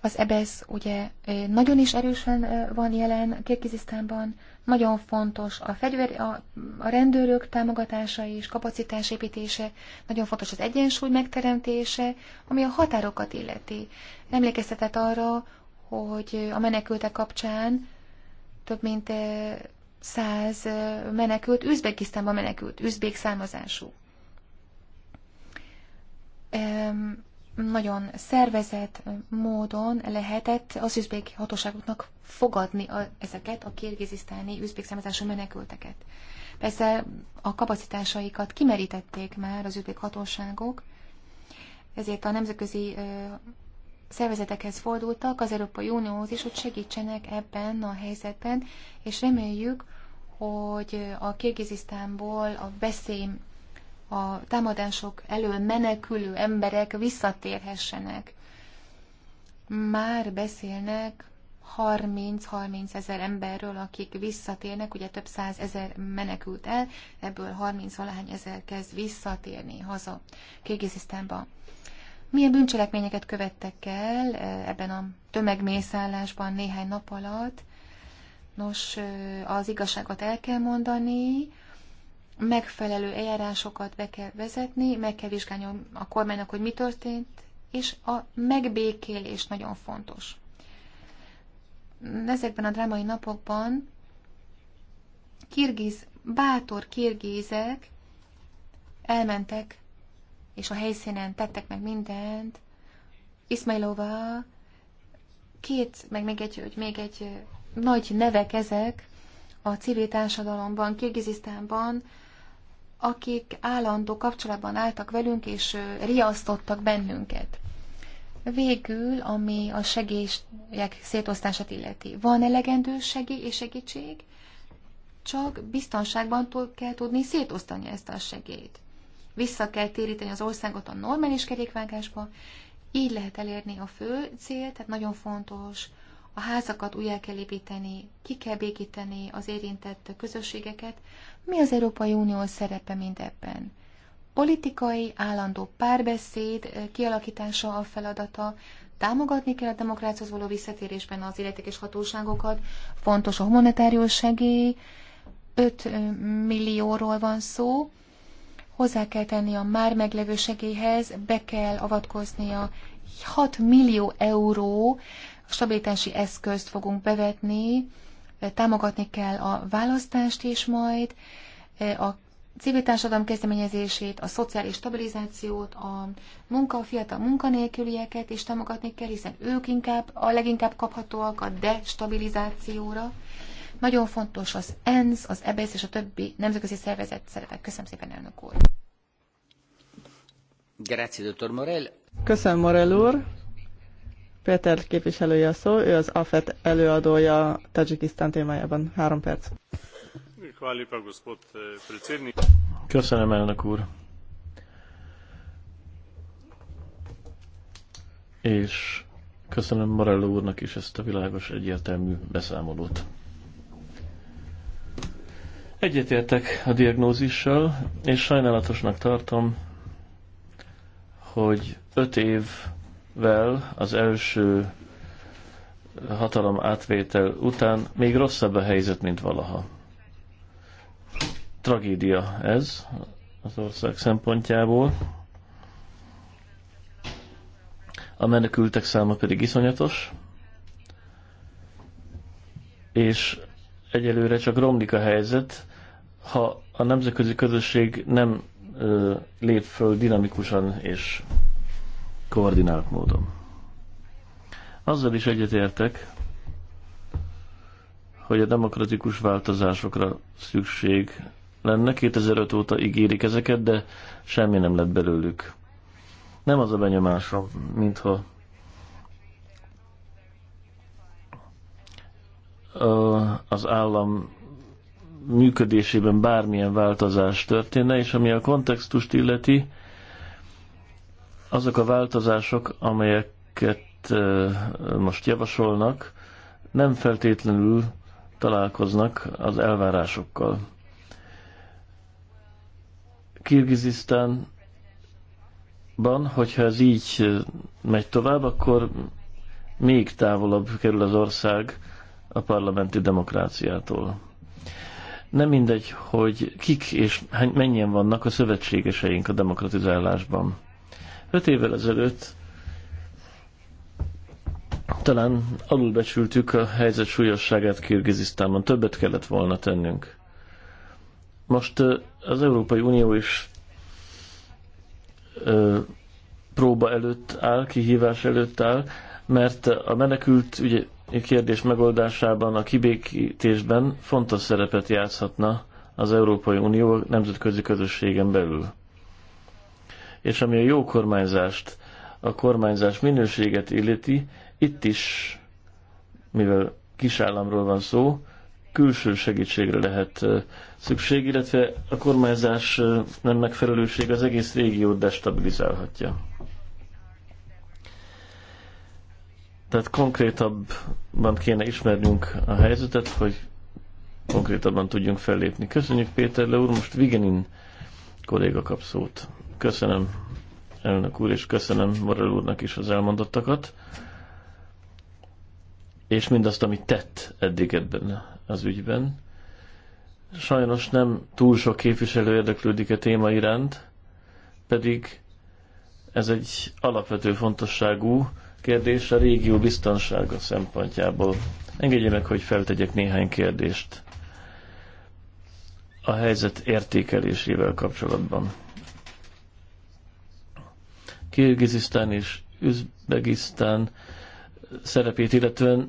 az EBESZ ugye nagyon is erősen van jelen Kirgizisztánban, nagyon fontos a, fegyver, a, a rendőrök támogatása és kapacitásépítése, nagyon fontos az egyensúly megteremtése, ami a határokat illeti. Emlékeztetett arra, hogy a menekültek kapcsán több mint eh, száz eh, menekült Üzbekisztánban menekült, üzbék származású nagyon szervezett módon lehetett az üzbék hatóságoknak fogadni a, ezeket a kirgizisztáni üzbék származású menekülteket. Persze a kapacitásaikat kimerítették már az üzbék hatóságok, ezért a nemzetközi ö, szervezetekhez fordultak, az Európai Unióhoz is, hogy segítsenek ebben a helyzetben, és reméljük, hogy a Kirgizisztánból a veszély a támadások elől menekülő emberek visszatérhessenek. Már beszélnek 30-30 ezer emberről, akik visszatérnek, ugye több száz ezer menekült el, ebből 30 valahány ezer kezd visszatérni haza Kirgizisztánba. Milyen bűncselekményeket követtek el eh, ebben a tömegmészállásban néhány nap alatt? Nos, eh, az igazságot el kell mondani, megfelelő eljárásokat be kell vezetni, meg kell vizsgálni a kormánynak, hogy mi történt, és a megbékélés nagyon fontos. Ezekben a drámai napokban kirgiz, bátor kirgízek elmentek, és a helyszínen tettek meg mindent. Ismailova, két, meg még egy, hogy még egy nagy nevek ezek a civil társadalomban, Kirgizisztánban, akik állandó kapcsolatban álltak velünk, és riasztottak bennünket. Végül, ami a segélyek szétosztását illeti. Van elegendő segély és segítség? Csak biztonságban kell tudni szétosztani ezt a segélyt. Vissza kell téríteni az országot a normális kerékvágásba, így lehet elérni a fő cél, tehát nagyon fontos, a házakat újjá kell építeni, ki kell békíteni az érintett közösségeket, mi az Európai Unió szerepe mindebben? Politikai, állandó párbeszéd eh, kialakítása a feladata, támogatni kell a demokráciához való visszatérésben az és hatóságokat, fontos a humanitárius segély, 5 eh, millióról van szó, hozzá kell tenni a már meglevő segélyhez, be kell avatkoznia 6 millió euró stabilitási eszközt fogunk bevetni, támogatni kell a választást is majd, a civil társadalom kezdeményezését, a szociális stabilizációt, a munka, a fiatal munkanélkülieket is támogatni kell, hiszen ők inkább a leginkább kaphatóak a destabilizációra. Nagyon fontos az ENSZ, az EBSZ e és a többi nemzetközi szervezet szeretek. Köszönöm szépen, elnök úr! Grazie, dottor Köszönöm, Morel úr! Péter képviselője a szó, ő az AFET előadója Tajikisztán témájában. Három perc. Köszönöm, elnök úr. És köszönöm Morello úrnak is ezt a világos, egyértelmű beszámolót. Egyetértek a diagnózissal, és sajnálatosnak tartom, hogy öt év vel az első hatalom átvétel után még rosszabb a helyzet, mint valaha. Tragédia ez az ország szempontjából. A menekültek száma pedig iszonyatos, és egyelőre csak romlik a helyzet, ha a nemzetközi közösség nem ö, lép föl dinamikusan és koordinált módon. Azzal is egyetértek, hogy a demokratikus változásokra szükség lenne. 2005 óta ígérik ezeket, de semmi nem lett belőlük. Nem az a benyomásom, mintha az állam működésében bármilyen változás történne, és ami a kontextust illeti, azok a változások, amelyeket most javasolnak, nem feltétlenül találkoznak az elvárásokkal. Kirgizisztánban, hogyha ez így megy tovább, akkor még távolabb kerül az ország a parlamenti demokráciától. Nem mindegy, hogy kik és mennyien vannak a szövetségeseink a demokratizálásban. Öt évvel ezelőtt talán alulbecsültük a helyzet súlyosságát Kirgizisztánban. Többet kellett volna tennünk. Most az Európai Unió is ö, próba előtt áll, kihívás előtt áll, mert a menekült ugye, kérdés megoldásában, a kibékítésben fontos szerepet játszhatna az Európai Unió nemzetközi közösségen belül és ami a jó kormányzást, a kormányzás minőséget illeti, itt is, mivel kisállamról van szó, külső segítségre lehet szükség, illetve a kormányzás nem megfelelőség az egész régiót destabilizálhatja. Tehát konkrétabban kéne ismernünk a helyzetet, hogy konkrétabban tudjunk fellépni. Köszönjük Péter Le úr, most Vigenin kolléga kap szót. Köszönöm, elnök úr, és köszönöm Morel úrnak is az elmondottakat, és mindazt, amit tett eddig ebben az ügyben. Sajnos nem túl sok képviselő érdeklődik a téma iránt, pedig ez egy alapvető fontosságú kérdés a régió biztonsága szempontjából. Engedje meg, hogy feltegyek néhány kérdést a helyzet értékelésével kapcsolatban. Kirgizisztán és Üzbegisztán szerepét, illetően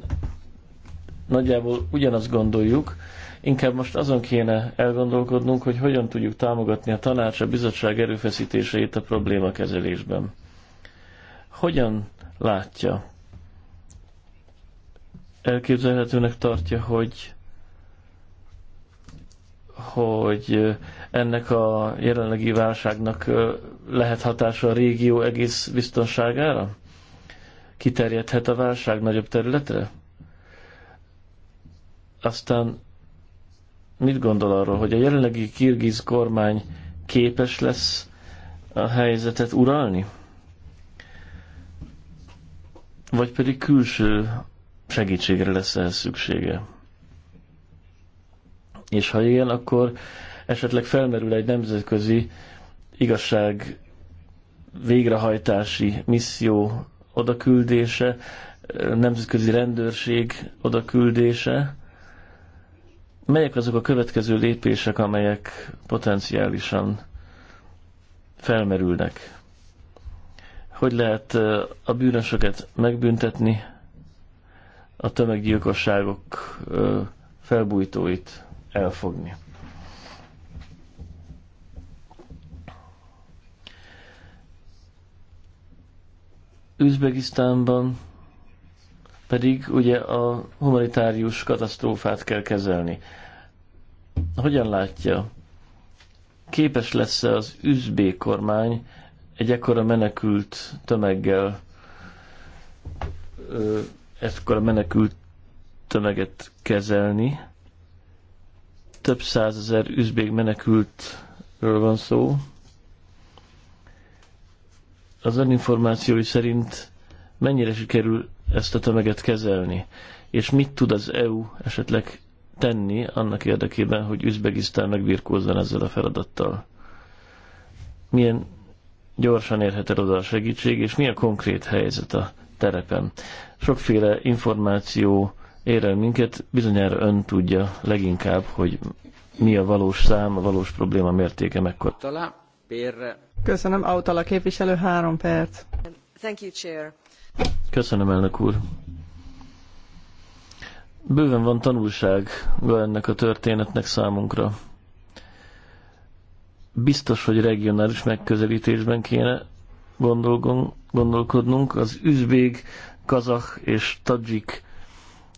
nagyjából ugyanazt gondoljuk, inkább most azon kéne elgondolkodnunk, hogy hogyan tudjuk támogatni a tanács, a bizottság erőfeszítéseit a probléma kezelésben. Hogyan látja? Elképzelhetőnek tartja, hogy hogy ennek a jelenlegi válságnak lehet hatása a régió egész biztonságára? Kiterjedhet a válság nagyobb területre? Aztán mit gondol arról, hogy a jelenlegi kirgiz kormány képes lesz a helyzetet uralni? Vagy pedig külső segítségre lesz ehhez szüksége? És ha ilyen, akkor esetleg felmerül egy nemzetközi igazság végrehajtási misszió odaküldése, nemzetközi rendőrség odaküldése. Melyek azok a következő lépések, amelyek potenciálisan felmerülnek? Hogy lehet a bűnösöket megbüntetni, a tömeggyilkosságok felbújtóit elfogni? Üzbegisztánban pedig ugye a humanitárius katasztrófát kell kezelni. Hogyan látja, képes lesz -e az üzbék kormány egy ekkora menekült tömeggel, ekkora menekült tömeget kezelni? Több százezer üzbék menekültről van szó, az információi szerint mennyire sikerül ezt a tömeget kezelni, és mit tud az EU esetleg tenni annak érdekében, hogy Üzbegisztán megbirkózzon ezzel a feladattal. Milyen gyorsan érhet el oda a segítség, és mi a konkrét helyzet a terepen. Sokféle információ ér el minket, bizonyára ön tudja leginkább, hogy mi a valós szám, a valós probléma mértéke mekkora. Köszönöm, Autala képviselő, három perc. Thank you, Chair. Köszönöm, elnök úr. Bőven van tanulság ennek a történetnek számunkra. Biztos, hogy regionális megközelítésben kéne gondolkodnunk. Az üzbég, kazah és tadzsik,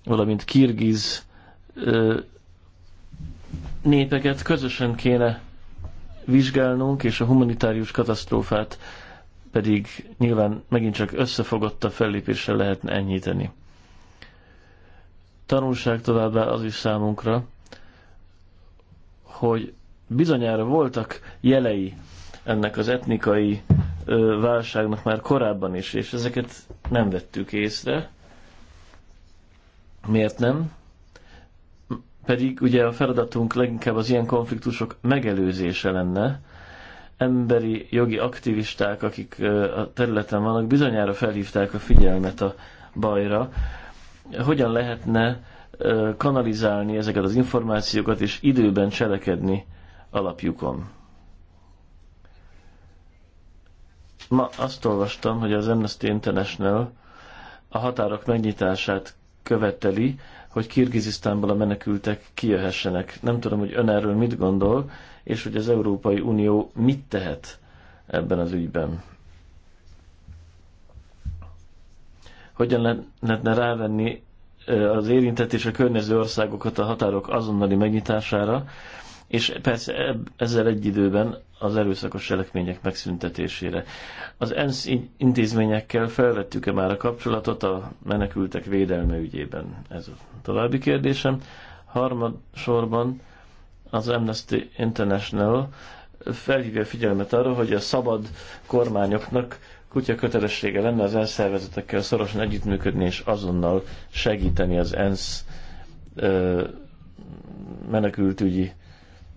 valamint kirgiz népeket közösen kéne vizsgálnunk, és a humanitárius katasztrófát pedig nyilván megint csak összefogott a fellépéssel lehetne enyhíteni. Tanulság továbbá az is számunkra, hogy bizonyára voltak jelei ennek az etnikai ö, válságnak már korábban is, és ezeket nem vettük észre. Miért nem? pedig ugye a feladatunk leginkább az ilyen konfliktusok megelőzése lenne. Emberi jogi aktivisták, akik a területen vannak, bizonyára felhívták a figyelmet a bajra. Hogyan lehetne kanalizálni ezeket az információkat és időben cselekedni alapjukon? Ma azt olvastam, hogy az Amnesty International a határok megnyitását követeli hogy Kirgizisztánból a menekültek kijöhessenek. Nem tudom, hogy ön erről mit gondol, és hogy az Európai Unió mit tehet ebben az ügyben. Hogyan lehetne rávenni az érintett és a környező országokat a határok azonnali megnyitására, és persze ezzel egy időben az erőszakos cselekmények megszüntetésére. Az ENSZ intézményekkel felvettük-e már a kapcsolatot a menekültek védelme ügyében? Ez a további kérdésem. Harmadsorban az Amnesty International felhívja figyelmet arra, hogy a szabad kormányoknak kutya kötelessége lenne az ENSZ szervezetekkel szorosan együttműködni és azonnal segíteni az ENSZ ö, menekültügyi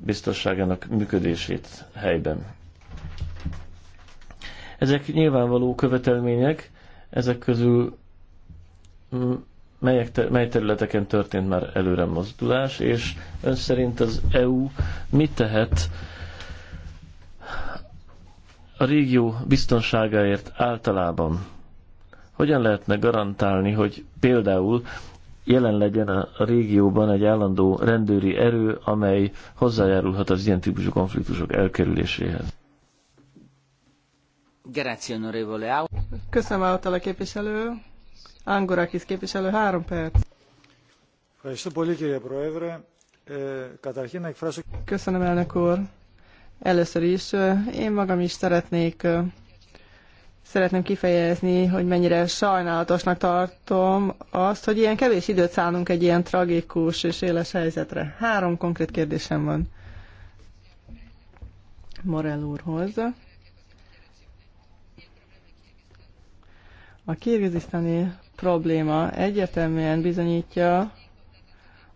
biztonságának működését helyben. Ezek nyilvánvaló követelmények, ezek közül melyek mely területeken történt már előre mozdulás, és ön szerint az EU mit tehet a régió biztonságáért általában? Hogyan lehetne garantálni, hogy például jelen legyen a régióban egy állandó rendőri erő, amely hozzájárulhat az ilyen típusú konfliktusok elkerüléséhez. Köszönöm a képviselő. Angorakis képviselő, három perc. Köszönöm elnök úr. Először is én magam is szeretnék szeretném kifejezni, hogy mennyire sajnálatosnak tartom azt, hogy ilyen kevés időt szánunk egy ilyen tragikus és éles helyzetre. Három konkrét kérdésem van Morell úrhoz. A kirgizisztani probléma egyértelműen bizonyítja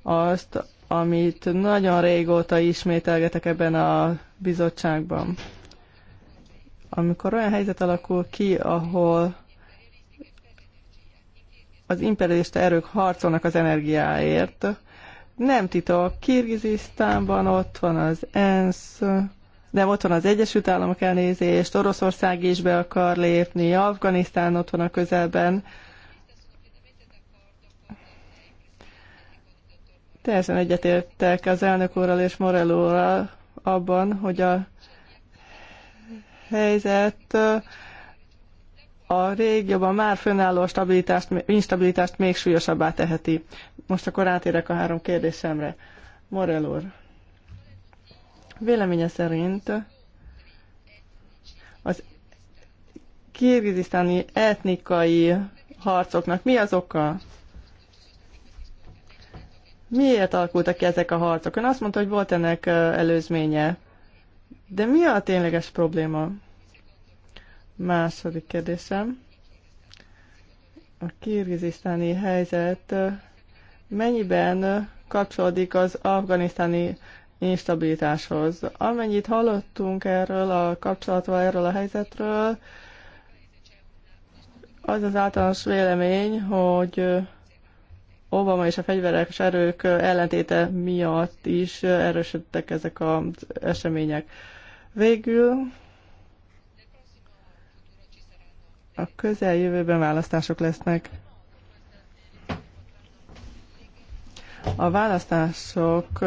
azt, amit nagyon régóta ismételgetek ebben a bizottságban amikor olyan helyzet alakul ki, ahol az imperialista erők harcolnak az energiáért, nem titok, Kirgizisztánban ott van az ENSZ, nem, ott van az Egyesült Államok elnézést, Oroszország is be akar lépni, Afganisztán ott van a közelben. Teljesen egyetértek az elnök úrral és Morellóral abban, hogy a helyzet a régióban már fönnálló stabilitást, instabilitást még súlyosabbá teheti. Most akkor átérek a három kérdésemre. Morel úr, véleménye szerint az kirgizisztáni etnikai harcoknak mi az oka? Miért alakultak ki ezek a harcok? Ön azt mondta, hogy volt ennek előzménye. De mi a tényleges probléma? Második kérdésem. A kirgizisztáni helyzet mennyiben kapcsolódik az afganisztáni instabilitáshoz? Amennyit hallottunk erről a kapcsolatva erről a helyzetről, az az általános vélemény, hogy Obama és a fegyveres erők ellentéte miatt is erősödtek ezek az események. Végül a közeljövőben választások lesznek. A választások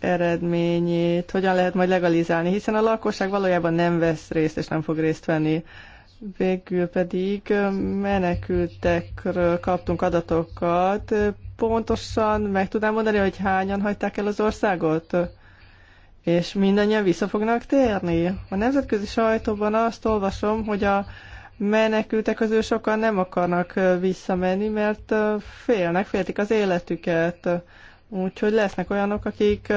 eredményét hogyan lehet majd legalizálni, hiszen a lakosság valójában nem vesz részt és nem fog részt venni Végül pedig menekültekről kaptunk adatokat. Pontosan meg tudnám mondani, hogy hányan hagyták el az országot? És mindannyian vissza fognak térni. A nemzetközi sajtóban azt olvasom, hogy a menekültek közül sokan nem akarnak visszamenni, mert félnek, féltik az életüket. Úgyhogy lesznek olyanok, akik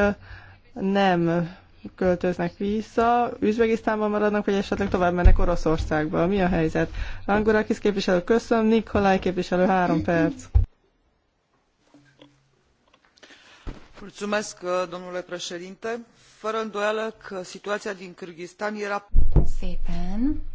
nem költöznek vissza, Üzbegisztánban maradnak, vagy esetleg tovább mennek Oroszországba. Mi a helyzet? Angurakis képviselő, köszönöm. Nikolaj képviselő, három perc. Mulțumesc, domnule președinte. Fără îndoială că situația din Kyrgyzstan era... Szépen.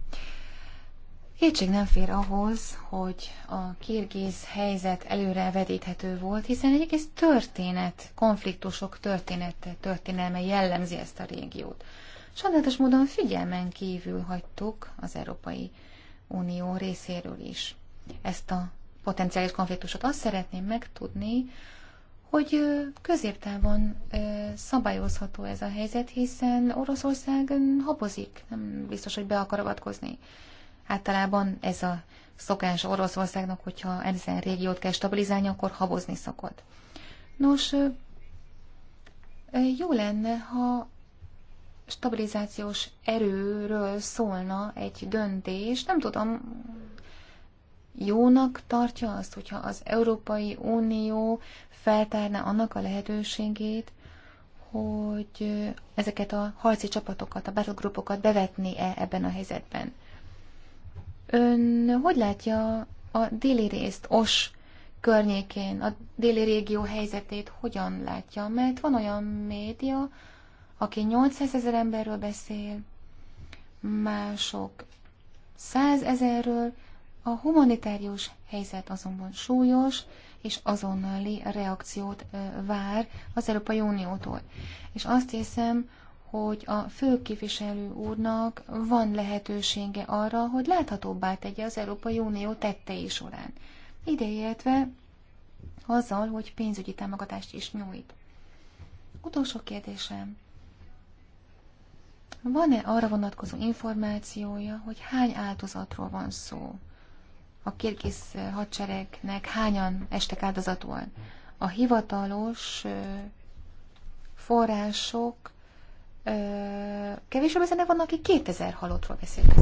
Kétség nem fér ahhoz, hogy a kirgiz helyzet előre vedíthető volt, hiszen egy egész történet, konfliktusok története, történelme jellemzi ezt a régiót. Sajnálatos módon figyelmen kívül hagytuk az Európai Unió részéről is ezt a potenciális konfliktusot. Azt szeretném megtudni, hogy középtávon szabályozható ez a helyzet, hiszen Oroszország habozik, nem biztos, hogy be akar avatkozni. Általában ez a szokás Oroszországnak, hogyha ezen régiót kell stabilizálni, akkor habozni szokott. Nos, jó lenne, ha stabilizációs erőről szólna egy döntés. Nem tudom, jónak tartja azt, hogyha az Európai Unió feltárna annak a lehetőségét, hogy ezeket a harci csapatokat, a battlegroupokat bevetni-e ebben a helyzetben. Ön hogy látja a déli részt, Os környékén, a déli régió helyzetét hogyan látja? Mert van olyan média, aki 800 ezer emberről beszél, mások 100 ezerről, a humanitárius helyzet azonban súlyos, és azonnali reakciót vár az Európai Uniótól. És azt hiszem, hogy a főképviselő úrnak van lehetősége arra, hogy láthatóbbá tegye az Európai Unió tettei során, ideértve azzal, hogy pénzügyi támogatást is nyújt. Utolsó kérdésem. Van-e arra vonatkozó információja, hogy hány áldozatról van szó? A kirgiz hadseregnek hányan estek áldozatul? A hivatalos források kevésbé ezenek vannak, akik 2000 halottról beszélnek.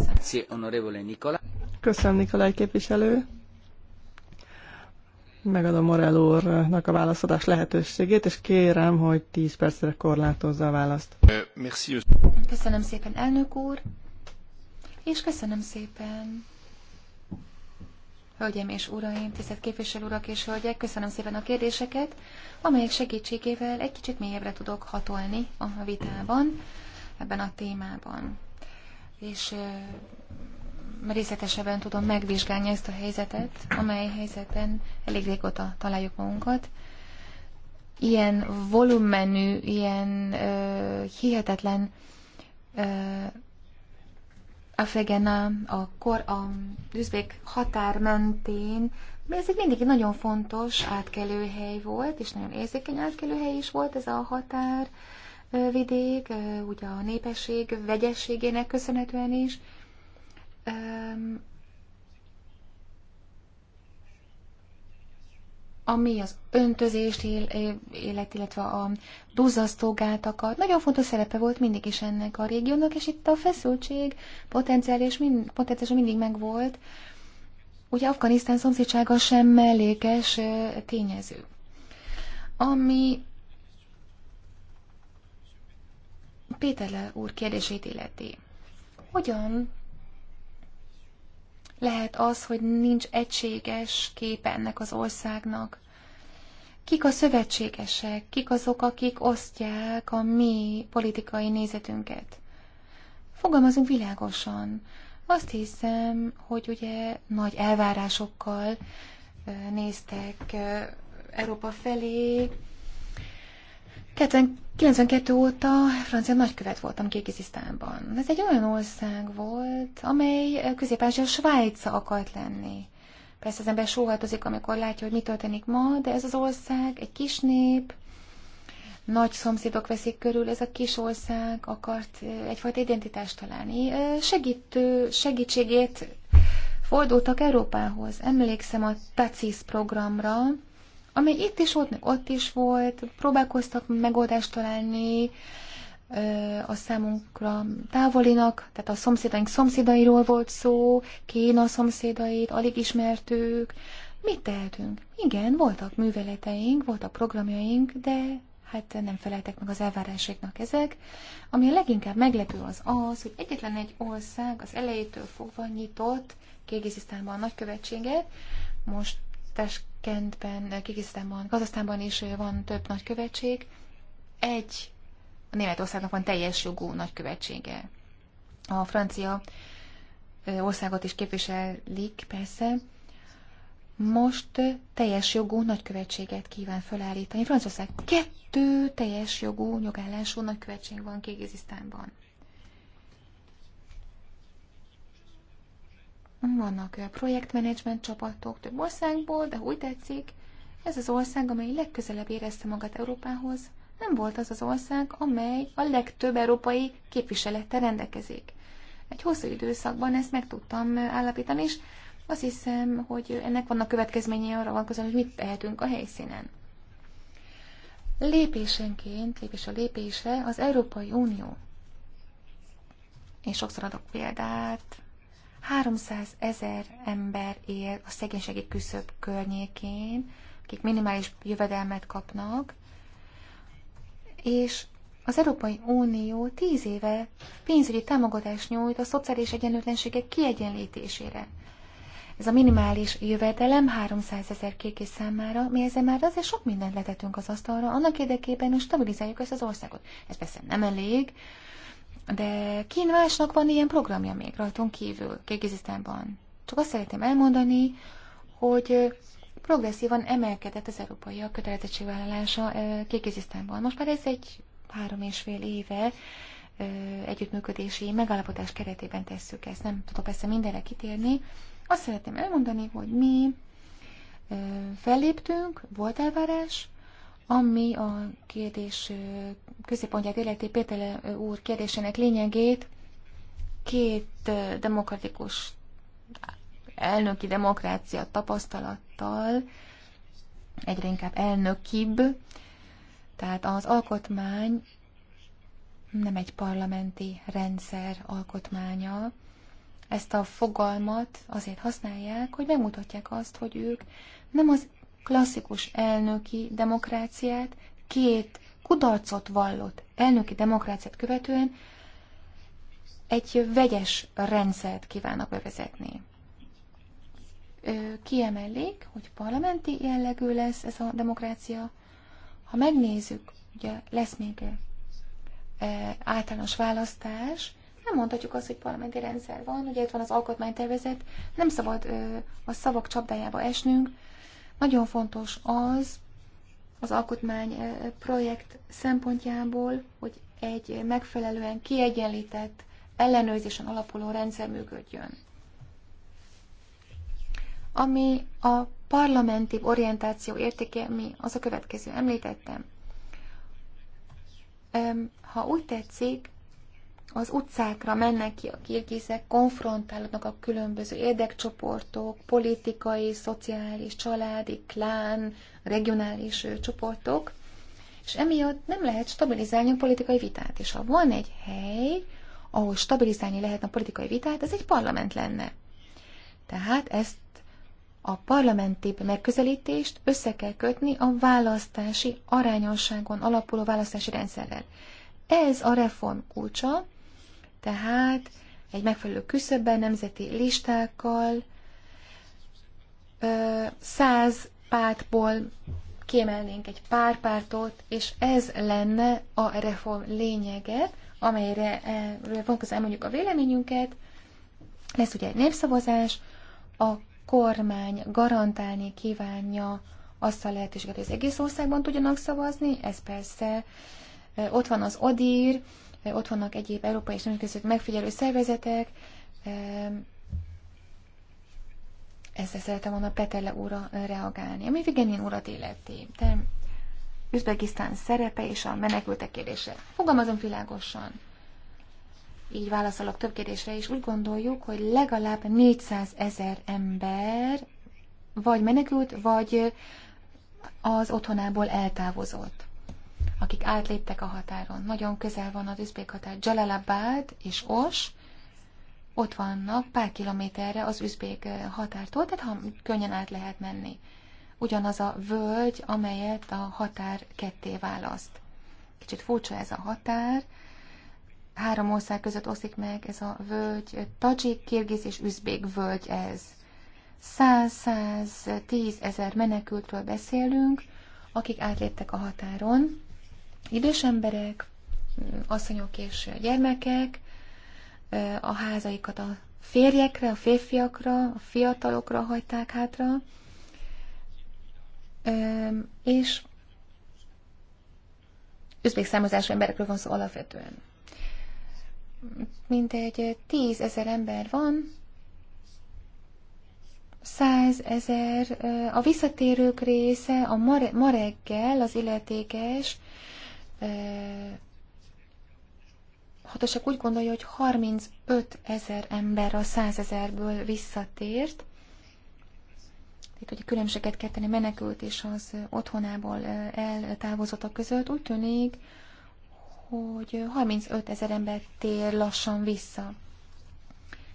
Köszönöm, Nikolaj képviselő. Megadom Morel úrnak a válaszadás lehetőségét, és kérem, hogy 10 percre korlátozza a választ. Köszönöm szépen, elnök úr, és köszönöm szépen Hölgyeim és uraim, tisztelt képviselő urak és hölgyek, köszönöm szépen a kérdéseket, amelyek segítségével egy kicsit mélyebbre tudok hatolni a vitában, ebben a témában. És részletesebben tudom megvizsgálni ezt a helyzetet, amely helyzetben elég régóta találjuk magunkat. Ilyen volumenű, ilyen ö, hihetetlen ö, a Afegen a, kor, a üzbék határ mentén, ez egy mindig egy nagyon fontos átkelőhely volt, és nagyon érzékeny átkelőhely is volt ez a határ vidék, ugye a népesség vegyességének köszönhetően is ami az öntözést élet, illetve a duzzasztó gátakat. Nagyon fontos szerepe volt mindig is ennek a régiónak, és itt a feszültség potenciális, mind, potenciális mindig megvolt. Ugye Afganisztán szomszédsága sem mellékes tényező. Ami Péter úr kérdését illeti. Hogyan lehet az, hogy nincs egységes képe ennek az országnak. Kik a szövetségesek, kik azok, akik osztják a mi politikai nézetünket? Fogalmazunk világosan. Azt hiszem, hogy ugye nagy elvárásokkal néztek Európa felé, 92 óta francia nagykövet voltam Kirgizisztánban. Ez egy olyan ország volt, amely közép a Svájc akart lenni. Persze az ember sóhajtozik, amikor látja, hogy mi történik ma, de ez az ország egy kis nép, nagy szomszédok veszik körül, ez a kis ország akart egyfajta identitást találni. Segítő, segítségét fordultak Európához. Emlékszem a TACIS programra, ami itt is volt, meg ott is volt, próbálkoztak megoldást találni a számunkra távolinak, tehát a szomszédaink szomszédairól volt szó, kéna szomszédait, alig ismertük. Mit tehetünk? Igen, voltak műveleteink, voltak programjaink, de hát nem feleltek meg az elvárásoknak ezek. Ami a leginkább meglepő az az, hogy egyetlen egy ország az elejétől fogva nyitott Kirgizisztánban a nagykövetséget, most Teskentben, Kikisztánban, Kazasztánban is van több nagykövetség. Egy a Németországnak van teljes jogú nagykövetsége. A francia országot is képviselik, persze. Most teljes jogú nagykövetséget kíván felállítani. Franciaország kettő teljes jogú, nyugállású nagykövetség van Kégizisztánban. Vannak eh, projektmenedzsment csapatok több országból, de úgy tetszik, ez az ország, amely legközelebb érezte magát Európához, nem volt az az ország, amely a legtöbb európai képviselettel rendelkezik. Egy hosszú időszakban ezt meg tudtam eh, állapítani, és azt hiszem, hogy ennek vannak következményei arra közön, hogy mit tehetünk a helyszínen. Lépésenként, lépés a lépésre az Európai Unió, és sokszor adok példát, 300 ezer ember él a szegénységi küszöb környékén, akik minimális jövedelmet kapnak, és az Európai Unió tíz éve pénzügyi támogatást nyújt a szociális egyenlőtlenségek kiegyenlítésére. Ez a minimális jövedelem 300 ezer kéki számára, mi ezzel már azért sok mindent letettünk az asztalra, annak érdekében, hogy stabilizáljuk ezt az országot. Ez persze nem elég, de kín másnak van ilyen programja még rajtunk kívül, Kirgizisztánban. Csak azt szeretném elmondani, hogy progresszívan emelkedett az a kötelezettségvállalása Kirgizisztánban. Most már ez egy három és fél éve együttműködési megállapodás keretében tesszük ezt. Nem tudok persze mindenre kitérni. Azt szeretném elmondani, hogy mi felléptünk, volt elvárás, ami a kérdés középpontját illeti Péter úr kérdésének lényegét, két demokratikus elnöki demokrácia tapasztalattal, egyre inkább elnökibb, tehát az alkotmány nem egy parlamenti rendszer alkotmánya. Ezt a fogalmat azért használják, hogy megmutatják azt, hogy ők nem az klasszikus elnöki demokráciát, két kudarcot vallott elnöki demokráciát követően egy vegyes rendszert kívánnak bevezetni. Kiemelik, hogy parlamenti jellegű lesz ez a demokrácia. Ha megnézzük, ugye lesz még általános választás, nem mondhatjuk azt, hogy parlamenti rendszer van, ugye itt van az alkotmánytervezet, nem szabad a szavak csapdájába esnünk, nagyon fontos az, az alkotmány eh, projekt szempontjából, hogy egy megfelelően kiegyenlített, ellenőrzésen alapuló rendszer működjön. Ami a parlamenti orientáció értéke, mi az a következő, említettem. Ha úgy tetszik, az utcákra mennek ki a kirgizek, konfrontálódnak a különböző érdekcsoportok, politikai, szociális, családi, klán, regionális csoportok, és emiatt nem lehet stabilizálni a politikai vitát. És ha van egy hely, ahol stabilizálni lehetne a politikai vitát, ez egy parlament lenne. Tehát ezt a parlamenti megközelítést össze kell kötni a választási arányosságon alapuló választási rendszerrel. Ez a reform kulcsa, tehát egy megfelelő küszöbben, nemzeti listákkal, száz pártból kiemelnénk egy pár pártot, és ez lenne a reform lényege, amelyre eh, vonatkozóan mondjuk a véleményünket. Lesz ugye egy népszavazás, a kormány garantálni kívánja azt a lehetőséget, hogy az egész országban tudjanak szavazni, ez persze eh, ott van az ODIR, ott vannak egyéb európai és nemzetközi megfigyelő szervezetek. Ezt szeretem volna Petele úra reagálni. Ami Vigenin urat illeti, de Üzbegisztán szerepe és a menekültek kérdése. Fogalmazom világosan. Így válaszolok több kérdésre is. Úgy gondoljuk, hogy legalább 400 ezer ember vagy menekült, vagy az otthonából eltávozott akik átléptek a határon. Nagyon közel van az üzbék határ. Jalalabad és Os, ott vannak pár kilométerre az üzbék határtól, tehát ha könnyen át lehet menni. Ugyanaz a völgy, amelyet a határ ketté választ. Kicsit furcsa ez a határ. Három ország között oszik meg ez a völgy. Tajik, Kirgiz és üzbék völgy ez. 100-110 ezer menekültről beszélünk, akik átléptek a határon, idős emberek, asszonyok és gyermekek, a házaikat a férjekre, a férfiakra, a fiatalokra hagyták hátra, és üzbék származású emberekről van szó alapvetően. Mintegy tízezer ember van, százezer, a visszatérők része a ma reggel az illetékes hatóság úgy gondolja, hogy 35 ezer ember a 100 ezerből visszatért. Itt ugye különbséget kell tenni menekült és az otthonából eltávozottak között. Úgy tűnik, hogy 35 ezer ember tér lassan vissza.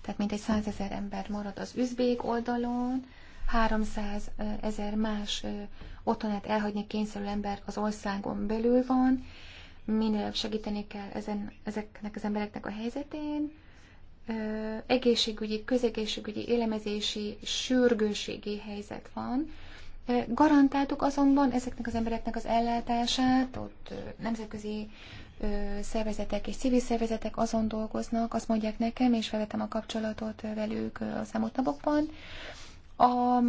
Tehát mintegy 100 ezer ember marad az üzbék oldalon, 300 ezer más otthonát elhagyni kényszerű ember az országon belül van, minél segíteni kell ezen, ezeknek az embereknek a helyzetén. Egészségügyi, közegészségügyi, élemezési, sürgőségi helyzet van. Garantáltuk azonban ezeknek az embereknek az ellátását, ott nemzetközi szervezetek és civil szervezetek azon dolgoznak, azt mondják nekem, és felvettem a kapcsolatot velük az elmúlt napokban, a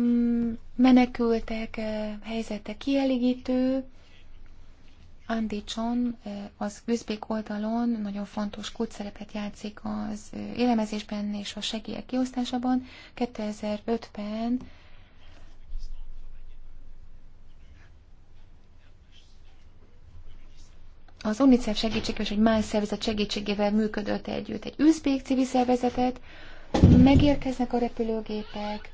menekültek eh, helyzete kielégítő. Andicson eh, az üzbék oldalon nagyon fontos kutszerepet játszik az eh, élemezésben és a segélyek kiosztásában. 2005-ben az UNICEF segítségével és egy más szervezet segítségével működött együtt egy üzbék civil szervezetet, megérkeznek a repülőgépek,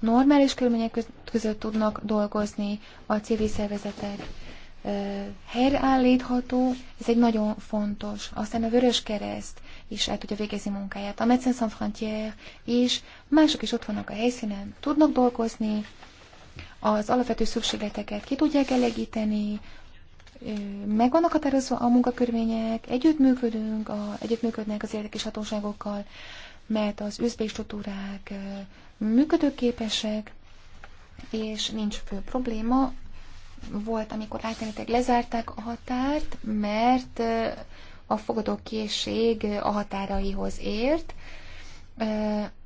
normális körülmények között tudnak dolgozni, a civil szervezetek helyreállítható, ez egy nagyon fontos. Aztán a Vörös Kereszt is el tudja végezni munkáját. A Médecins Sans Frontières is, mások is ott vannak a helyszínen, tudnak dolgozni, az alapvető szükségleteket ki tudják elégíteni, meg vannak határozva a munkakörvények, együttműködünk, a, együttműködnek az érdekes hatóságokkal, mert az üzbék struktúrák működőképesek, és nincs fő probléma. Volt, amikor átmenetileg lezárták a határt, mert a fogadókészség a határaihoz ért,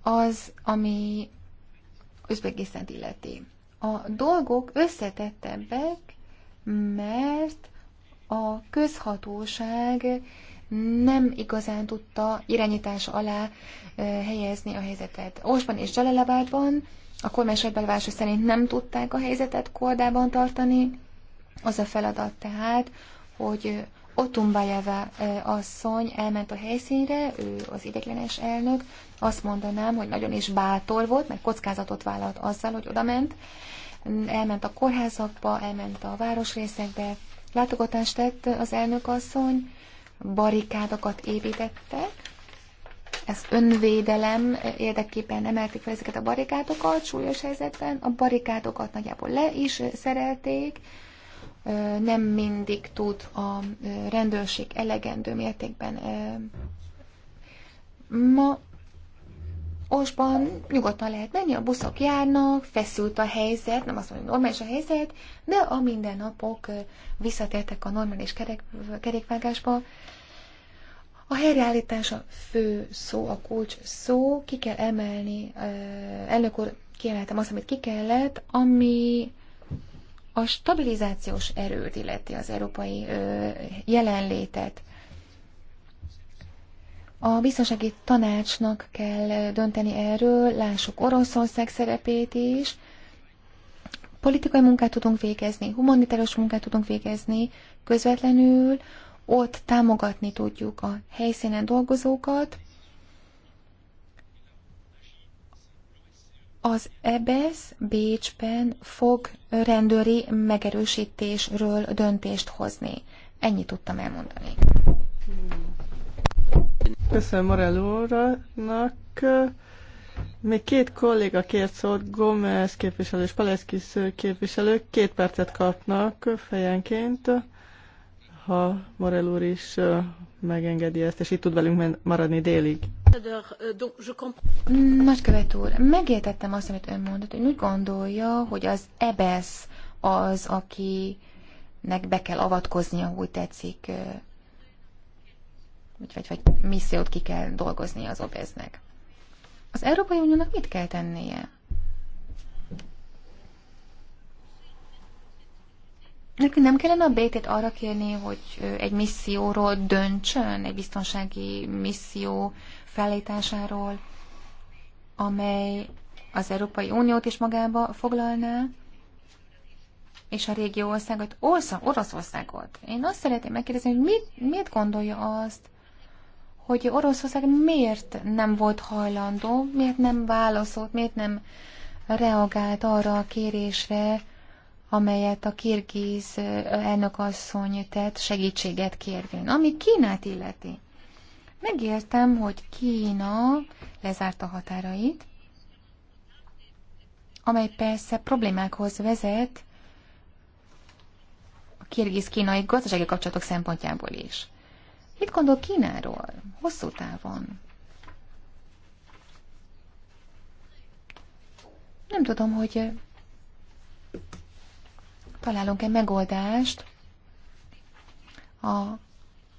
az, ami Üzbegisztánt illeti. A dolgok összetettebbek, mert a közhatóság nem igazán tudta irányítás alá helyezni a helyzetet. Ósban és Jalalabadban a kormányzat belvása szerint nem tudták a helyzetet kordában tartani. Az a feladat tehát, hogy Otumbájeve asszony elment a helyszínre, ő az ideglenes elnök, azt mondanám, hogy nagyon is bátor volt, mert kockázatot vállalt azzal, hogy odament. Elment a kórházakba, elment a városrészekbe, látogatást tett az elnök asszony, barikádokat építettek, ez önvédelem érdekében emelték fel ezeket a barikádokat, súlyos helyzetben, a barikádokat nagyjából le is szerelték, nem mindig tud a rendőrség elegendő mértékben. Ma Osban nyugodtan lehet menni, a buszok járnak, feszült a helyzet, nem azt mondom, hogy normális a helyzet, de a mindennapok visszatértek a normális kerek, kerékvágásba. A helyreállítás a fő szó, a kulcs szó, ki kell emelni, elnök úr, kiemeltem azt, amit ki kellett, ami a stabilizációs erőt illeti az európai jelenlétet. A biztonsági tanácsnak kell dönteni erről, lássuk Oroszország szerepét is. Politikai munkát tudunk végezni, humanitárius munkát tudunk végezni közvetlenül, ott támogatni tudjuk a helyszínen dolgozókat. Az EBESZ Bécsben fog rendőri megerősítésről döntést hozni. Ennyit tudtam elmondani. Köszönöm Morello úrnak. Még két kolléga kért szót, Gomez képviselő és Paleszki képviselő, két percet kapnak fejenként ha Morel úr is megengedi ezt, és itt tud velünk maradni délig. Nagykövet úr, megértettem azt, amit ön mondott, hogy úgy gondolja, hogy az EBESZ az, akinek be kell avatkoznia, úgy tetszik, vagy, vagy, vagy missziót ki kell dolgozni az obeznek. Az Európai Uniónak mit kell tennie? Nekünk nem kellene a BT-t arra kérni, hogy egy misszióról döntsön, egy biztonsági misszió felállításáról, amely az Európai Uniót is magába foglalná, és a régió országot, Orszor, Oroszországot. Én azt szeretném megkérdezni, hogy mit, mit gondolja azt, hogy Oroszország miért nem volt hajlandó, miért nem válaszolt, miért nem reagált arra a kérésre, amelyet a kirgiz elnökasszony tett segítséget kérvén. Ami Kínát illeti. Megértem, hogy Kína lezárta határait, amely persze problémákhoz vezet a kirgiz-kínai gazdasági kapcsolatok szempontjából is. Mit gondol Kínáról hosszú távon? Nem tudom, hogy találunk egy megoldást a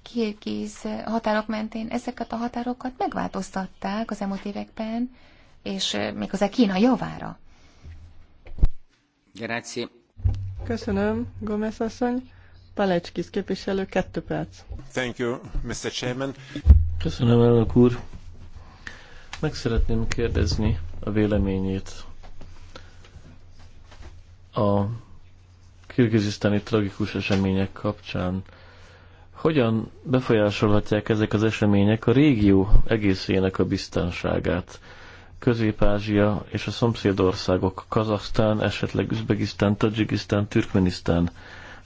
kirgiz határok mentén. Ezeket a határokat megváltoztatták az elmúlt években, és eh, méghozzá Kína javára. Grazie. Köszönöm, Gomez asszony. Palecskis képviselő, kettő perc. Thank you, Mr. Chairman. Köszönöm, elnök úr. Meg szeretném kérdezni a véleményét a kirgizisztáni tragikus események kapcsán. Hogyan befolyásolhatják ezek az események a régió egészének a biztonságát? Közép-Ázsia és a szomszédországok, Kazaksztán, esetleg Üzbegisztán, Tajikisztán, Türkmenisztán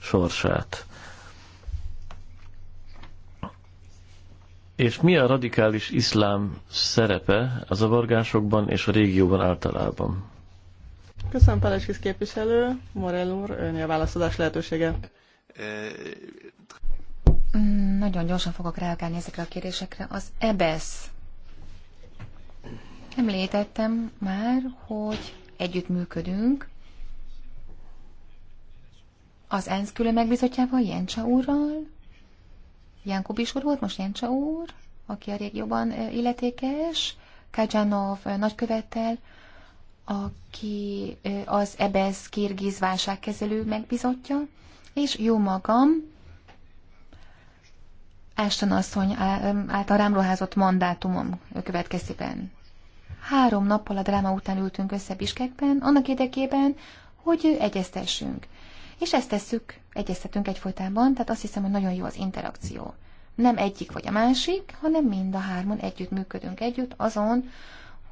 sorsát. És mi a radikális iszlám szerepe a avargásokban és a régióban általában? Köszönöm, Paleskis képviselő. Morell úr, ön a válaszadás lehetősége. Nagyon gyorsan fogok reagálni ezekre a kérdésekre. Az EBESZ. Említettem már, hogy együttműködünk az ENSZ külön megbizotjával, Jencsa úrral. Jánkubis úr volt most Jencsa úr, aki a régióban eh, illetékes, Kajanov eh, nagykövettel, aki az EBSZ kirgiz válságkezelő megbizotja, és jó magam, Ashton asszony által rám ruházott mandátumom következtében. Három nappal a dráma után ültünk össze Biskekben, annak érdekében, hogy egyeztessünk. És ezt tesszük, egyeztetünk egyfolytában, tehát azt hiszem, hogy nagyon jó az interakció. Nem egyik vagy a másik, hanem mind a hárman együtt működünk együtt azon,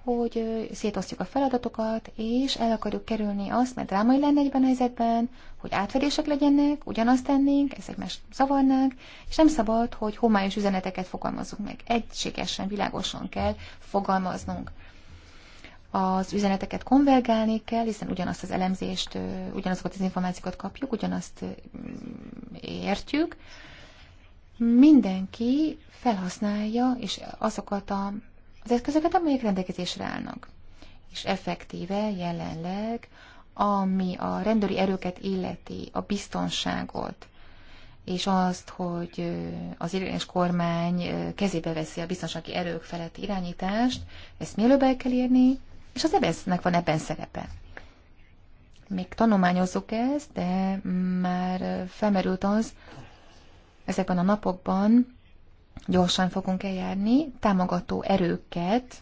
hogy szétosztjuk a feladatokat, és el akarjuk kerülni azt, mert drámai lenne egyben a helyzetben, hogy átfedések legyenek, ugyanazt tennénk, ezt egymást zavarnánk, és nem szabad, hogy homályos üzeneteket fogalmazunk meg. Egységesen, világosan kell fogalmaznunk. Az üzeneteket konvergálni kell, hiszen ugyanazt az elemzést, ugyanazokat az információkat kapjuk, ugyanazt értjük. Mindenki felhasználja, és azokat a az eszközöket, amelyek rendelkezésre állnak. És effektíve jelenleg, ami a rendőri erőket illeti, a biztonságot, és azt, hogy az irányos kormány kezébe veszi a biztonsági erők felett irányítást, ezt mielőbb el kell érni, és az EBSZ-nek van ebben szerepe. Még tanulmányozzuk ezt, de már felmerült az ezekben a napokban, gyorsan fogunk eljárni, támogató erőket,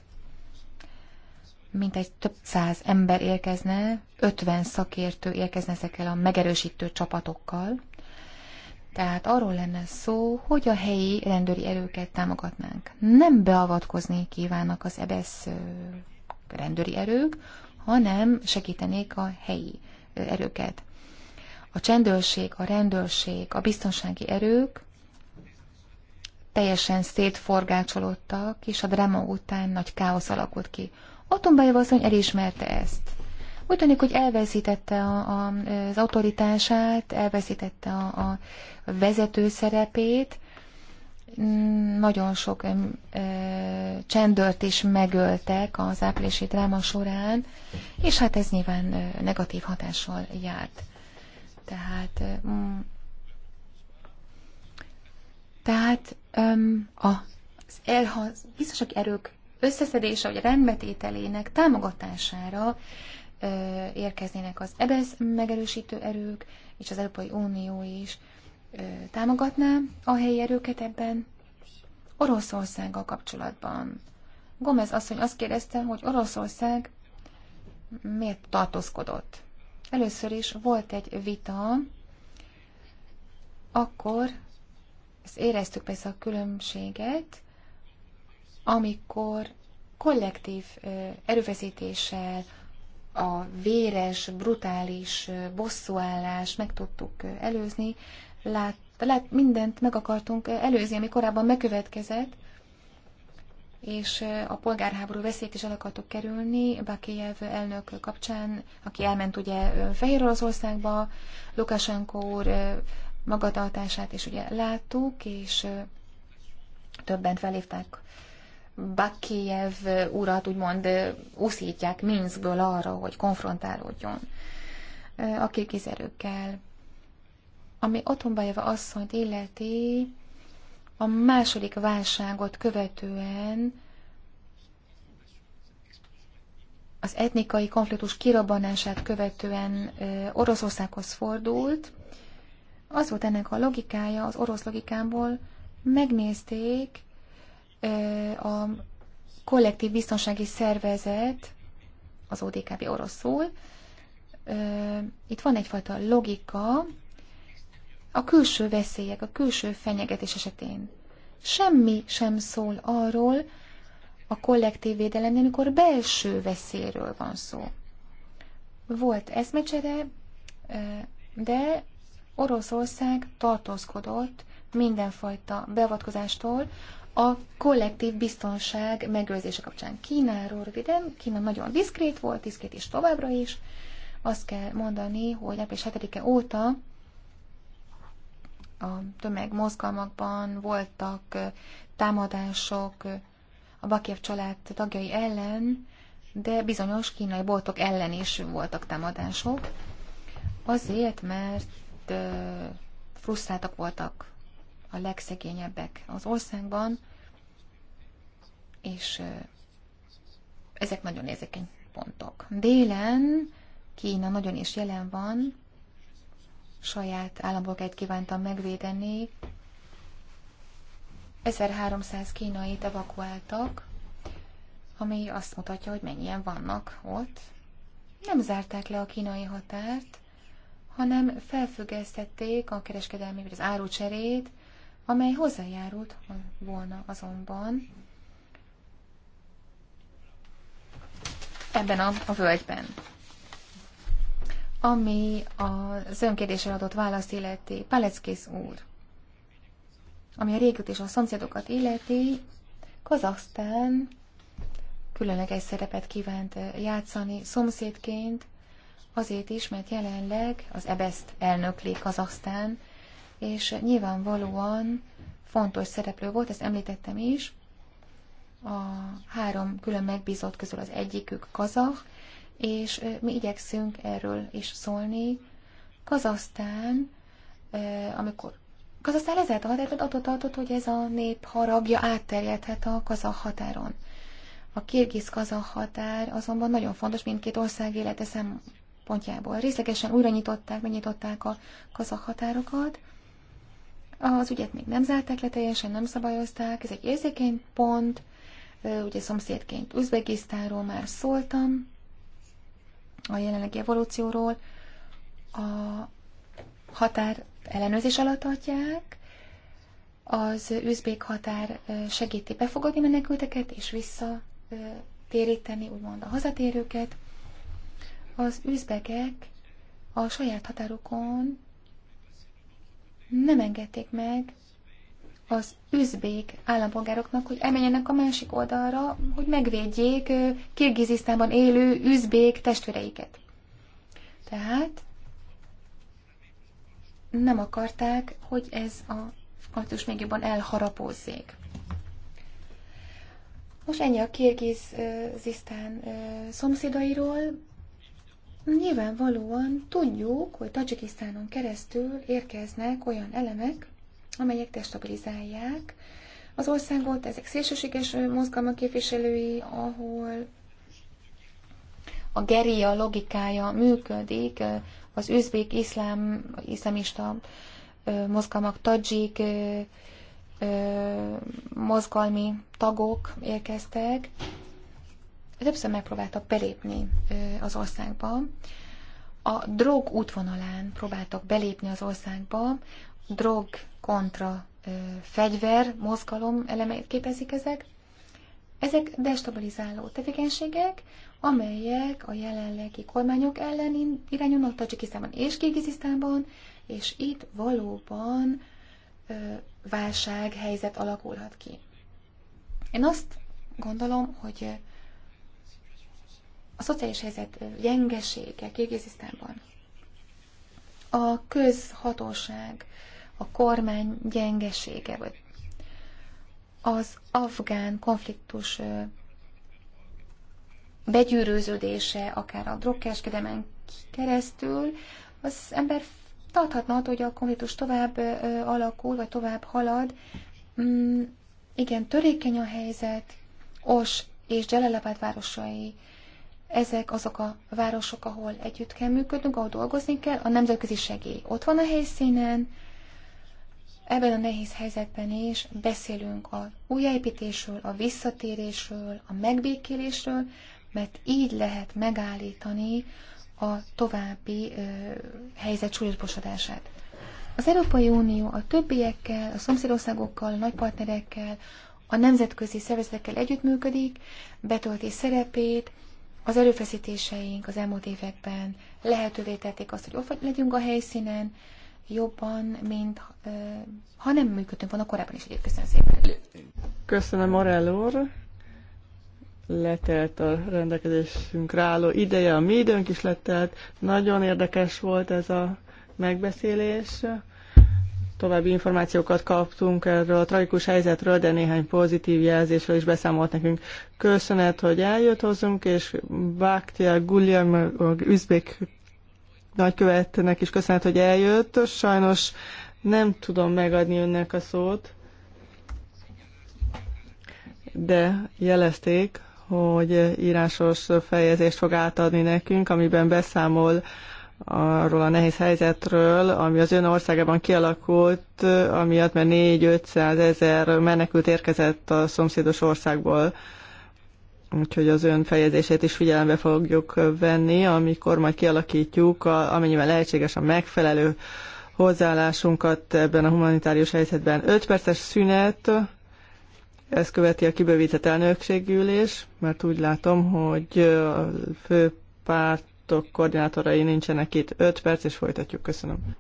mint egy több száz ember érkezne, 50 szakértő érkezne ezekkel a megerősítő csapatokkal. Tehát arról lenne szó, hogy a helyi rendőri erőket támogatnánk. Nem beavatkozni kívánnak az EBSZ e rendőri erők, hanem segítenék a helyi erőket. A csendőrség, a rendőrség, a biztonsági erők teljesen szétforgácsolódtak, és a dráma után nagy káosz alakult ki. Otombájeva asszony elismerte ezt. Úgy tűnik, hogy elveszítette a, a, az autoritását, elveszítette a, a vezető szerepét, nagyon sok ö, ö, csendőrt is megöltek az áprilisi dráma során, és hát ez nyilván ö, negatív hatással járt. Tehát, ö, tehát öm, az elhaz, biztosak erők összeszedése vagy rendbetételének támogatására ö, érkeznének az EBSZ e megerősítő erők, és az Európai Unió is ö, támogatná a helyi erőket ebben Oroszországgal kapcsolatban. Gomez asszony azt kérdezte, hogy Oroszország miért tartózkodott. Először is volt egy vita, akkor ezt éreztük persze a különbséget, amikor kollektív erőfeszítéssel a véres, brutális bosszúállás meg tudtuk előzni, lát, lát, mindent meg akartunk előzni, ami korábban megkövetkezett, és a polgárháború veszélyt is el akartuk kerülni. Bakijev elnök kapcsán, aki elment ugye Fehér Oroszországba, Lukashenko úr magatartását is ugye láttuk, és többen felhívták Bakiev urat úgymond úszítják Minskből arra, hogy konfrontálódjon a kékizerőkkel. Ami Otombajeva asszonyt illeti, a második válságot követően az etnikai konfliktus kirobbanását követően Oroszországhoz fordult, az volt ennek a logikája, az orosz logikámból megnézték a kollektív biztonsági szervezet, az ODKB oroszul. Itt van egyfajta logika a külső veszélyek, a külső fenyegetés esetén. Semmi sem szól arról a kollektív védelemnél, amikor belső veszélyről van szó. Volt eszmecsere, de Oroszország tartózkodott mindenfajta beavatkozástól a kollektív biztonság megőrzése kapcsán. Kínáról röviden, Kína nagyon diszkrét volt, diszkrét is továbbra is. Azt kell mondani, hogy április 7-e óta a tömegmozgalmakban voltak támadások a Bakiev család tagjai ellen, de bizonyos kínai boltok ellen is voltak támadások. Azért, mert frusztráltak voltak a legszegényebbek az országban, és ezek nagyon érzékeny pontok. Délen Kína nagyon is jelen van, saját állampolgáit kívánta megvédeni. 1300 kínait evakuáltak, ami azt mutatja, hogy mennyien vannak ott. Nem zárták le a kínai határt, hanem felfüggesztették a kereskedelmi vagy az árucserét, amely hozzájárult volna azonban ebben a, a völgyben. Ami az önkérdésre adott választ illeti, Paleckész úr, ami a régiót és a szomszédokat illeti, Kazaksztán különleges szerepet kívánt játszani szomszédként, Azért is, mert jelenleg az EBESZT elnökli Kazaksztán, és nyilvánvalóan fontos szereplő volt, ezt említettem is, a három külön megbízott közül az egyikük kazah, és mi igyekszünk erről is szólni. Kazasztán, amikor Kazasztán lezárt a határt, adott attól hogy ez a nép haragja átterjedhet a kazah határon. A kirgiz kazah határ azonban nagyon fontos mindkét ország élete szem, pontjából. Részlegesen újra nyitották, megnyitották a kazak határokat. Az ügyet még nem zárták le teljesen, nem szabályozták, ez egy érzékeny pont. Ugye szomszédként Uzbekisztánról már szóltam, a jelenlegi evolúcióról. A határ ellenőrzés alatt adják, az üzbék határ segíti befogadni menekülteket és visszatéríteni, úgymond a hazatérőket az üzbegek a saját határokon nem engedték meg az üzbék állampolgároknak, hogy elmenjenek a másik oldalra, hogy megvédjék Kirgizisztánban élő üzbék testvéreiket. Tehát nem akarták, hogy ez a konfliktus még jobban elharapozzék. Most ennyi a Kirgizisztán szomszédairól. Nyilvánvalóan tudjuk, hogy Tajikisztánon keresztül érkeznek olyan elemek, amelyek destabilizálják az országot, ezek szélsőséges mozgalmak képviselői, ahol a geria logikája működik, az üzbék iszlám, iszlamista mozgalmak, tadzsik mozgalmi tagok érkeztek, többször megpróbáltak belépni az országba. A drog útvonalán próbáltak belépni az országba, drog kontra fegyver, mozgalom elemeit képezik ezek. Ezek destabilizáló tevékenységek, amelyek a jelenlegi kormányok ellen irányulnak Tajikisztánban és Kirgizisztánban, és itt valóban válsághelyzet alakulhat ki. Én azt gondolom, hogy a szociális helyzet gyengesége Kirgizisztánban, a közhatóság, a kormány gyengesége, vagy az afgán konfliktus begyűrőződése, akár a drogkereskedemen keresztül, az ember tarthatna attól, hogy a konfliktus tovább alakul, vagy tovább halad. Mm, igen, törékeny a helyzet, Os és Jalalabad városai ezek azok a városok, ahol együtt kell működnünk, ahol dolgozni kell. A nemzetközi segély ott van a helyszínen. Ebben a nehéz helyzetben is beszélünk a újjáépítésről, a visszatérésről, a megbékélésről, mert így lehet megállítani a további ö, helyzet súlyosbosodását. Az Európai Unió a többiekkel, a szomszédországokkal, a nagypartnerekkel, a nemzetközi szervezetekkel együttműködik, betölti szerepét, az erőfeszítéseink az elmúlt években lehetővé tették azt, hogy ott legyünk a helyszínen, jobban, mint ha nem működtünk volna korábban is egyébként. Köszönöm szépen. Köszönöm, Morell úr. Letelt a rendelkezésünkre álló ideje, a mi időnk is letelt. Nagyon érdekes volt ez a megbeszélés. További információkat kaptunk erről a tragikus helyzetről, de néhány pozitív jelzésről is beszámolt nekünk. Köszönet, hogy eljött hozzunk, és Báktia Gulyam, üzbék nagykövetnek is köszönet, hogy eljött. Sajnos nem tudom megadni önnek a szót, de jelezték, hogy írásos fejezést fog átadni nekünk, amiben beszámol arról a nehéz helyzetről, ami az ön országában kialakult, amiatt mert 4-500 ezer menekült érkezett a szomszédos országból. Úgyhogy az ön fejezését is figyelembe fogjuk venni, amikor majd kialakítjuk, a, amennyiben lehetséges a megfelelő hozzáállásunkat ebben a humanitárius helyzetben. 5 perces szünet, ez követi a kibővített elnökségülés, mert úgy látom, hogy a fő párt koordinátorai nincsenek itt. 5 perc, és folytatjuk. Köszönöm.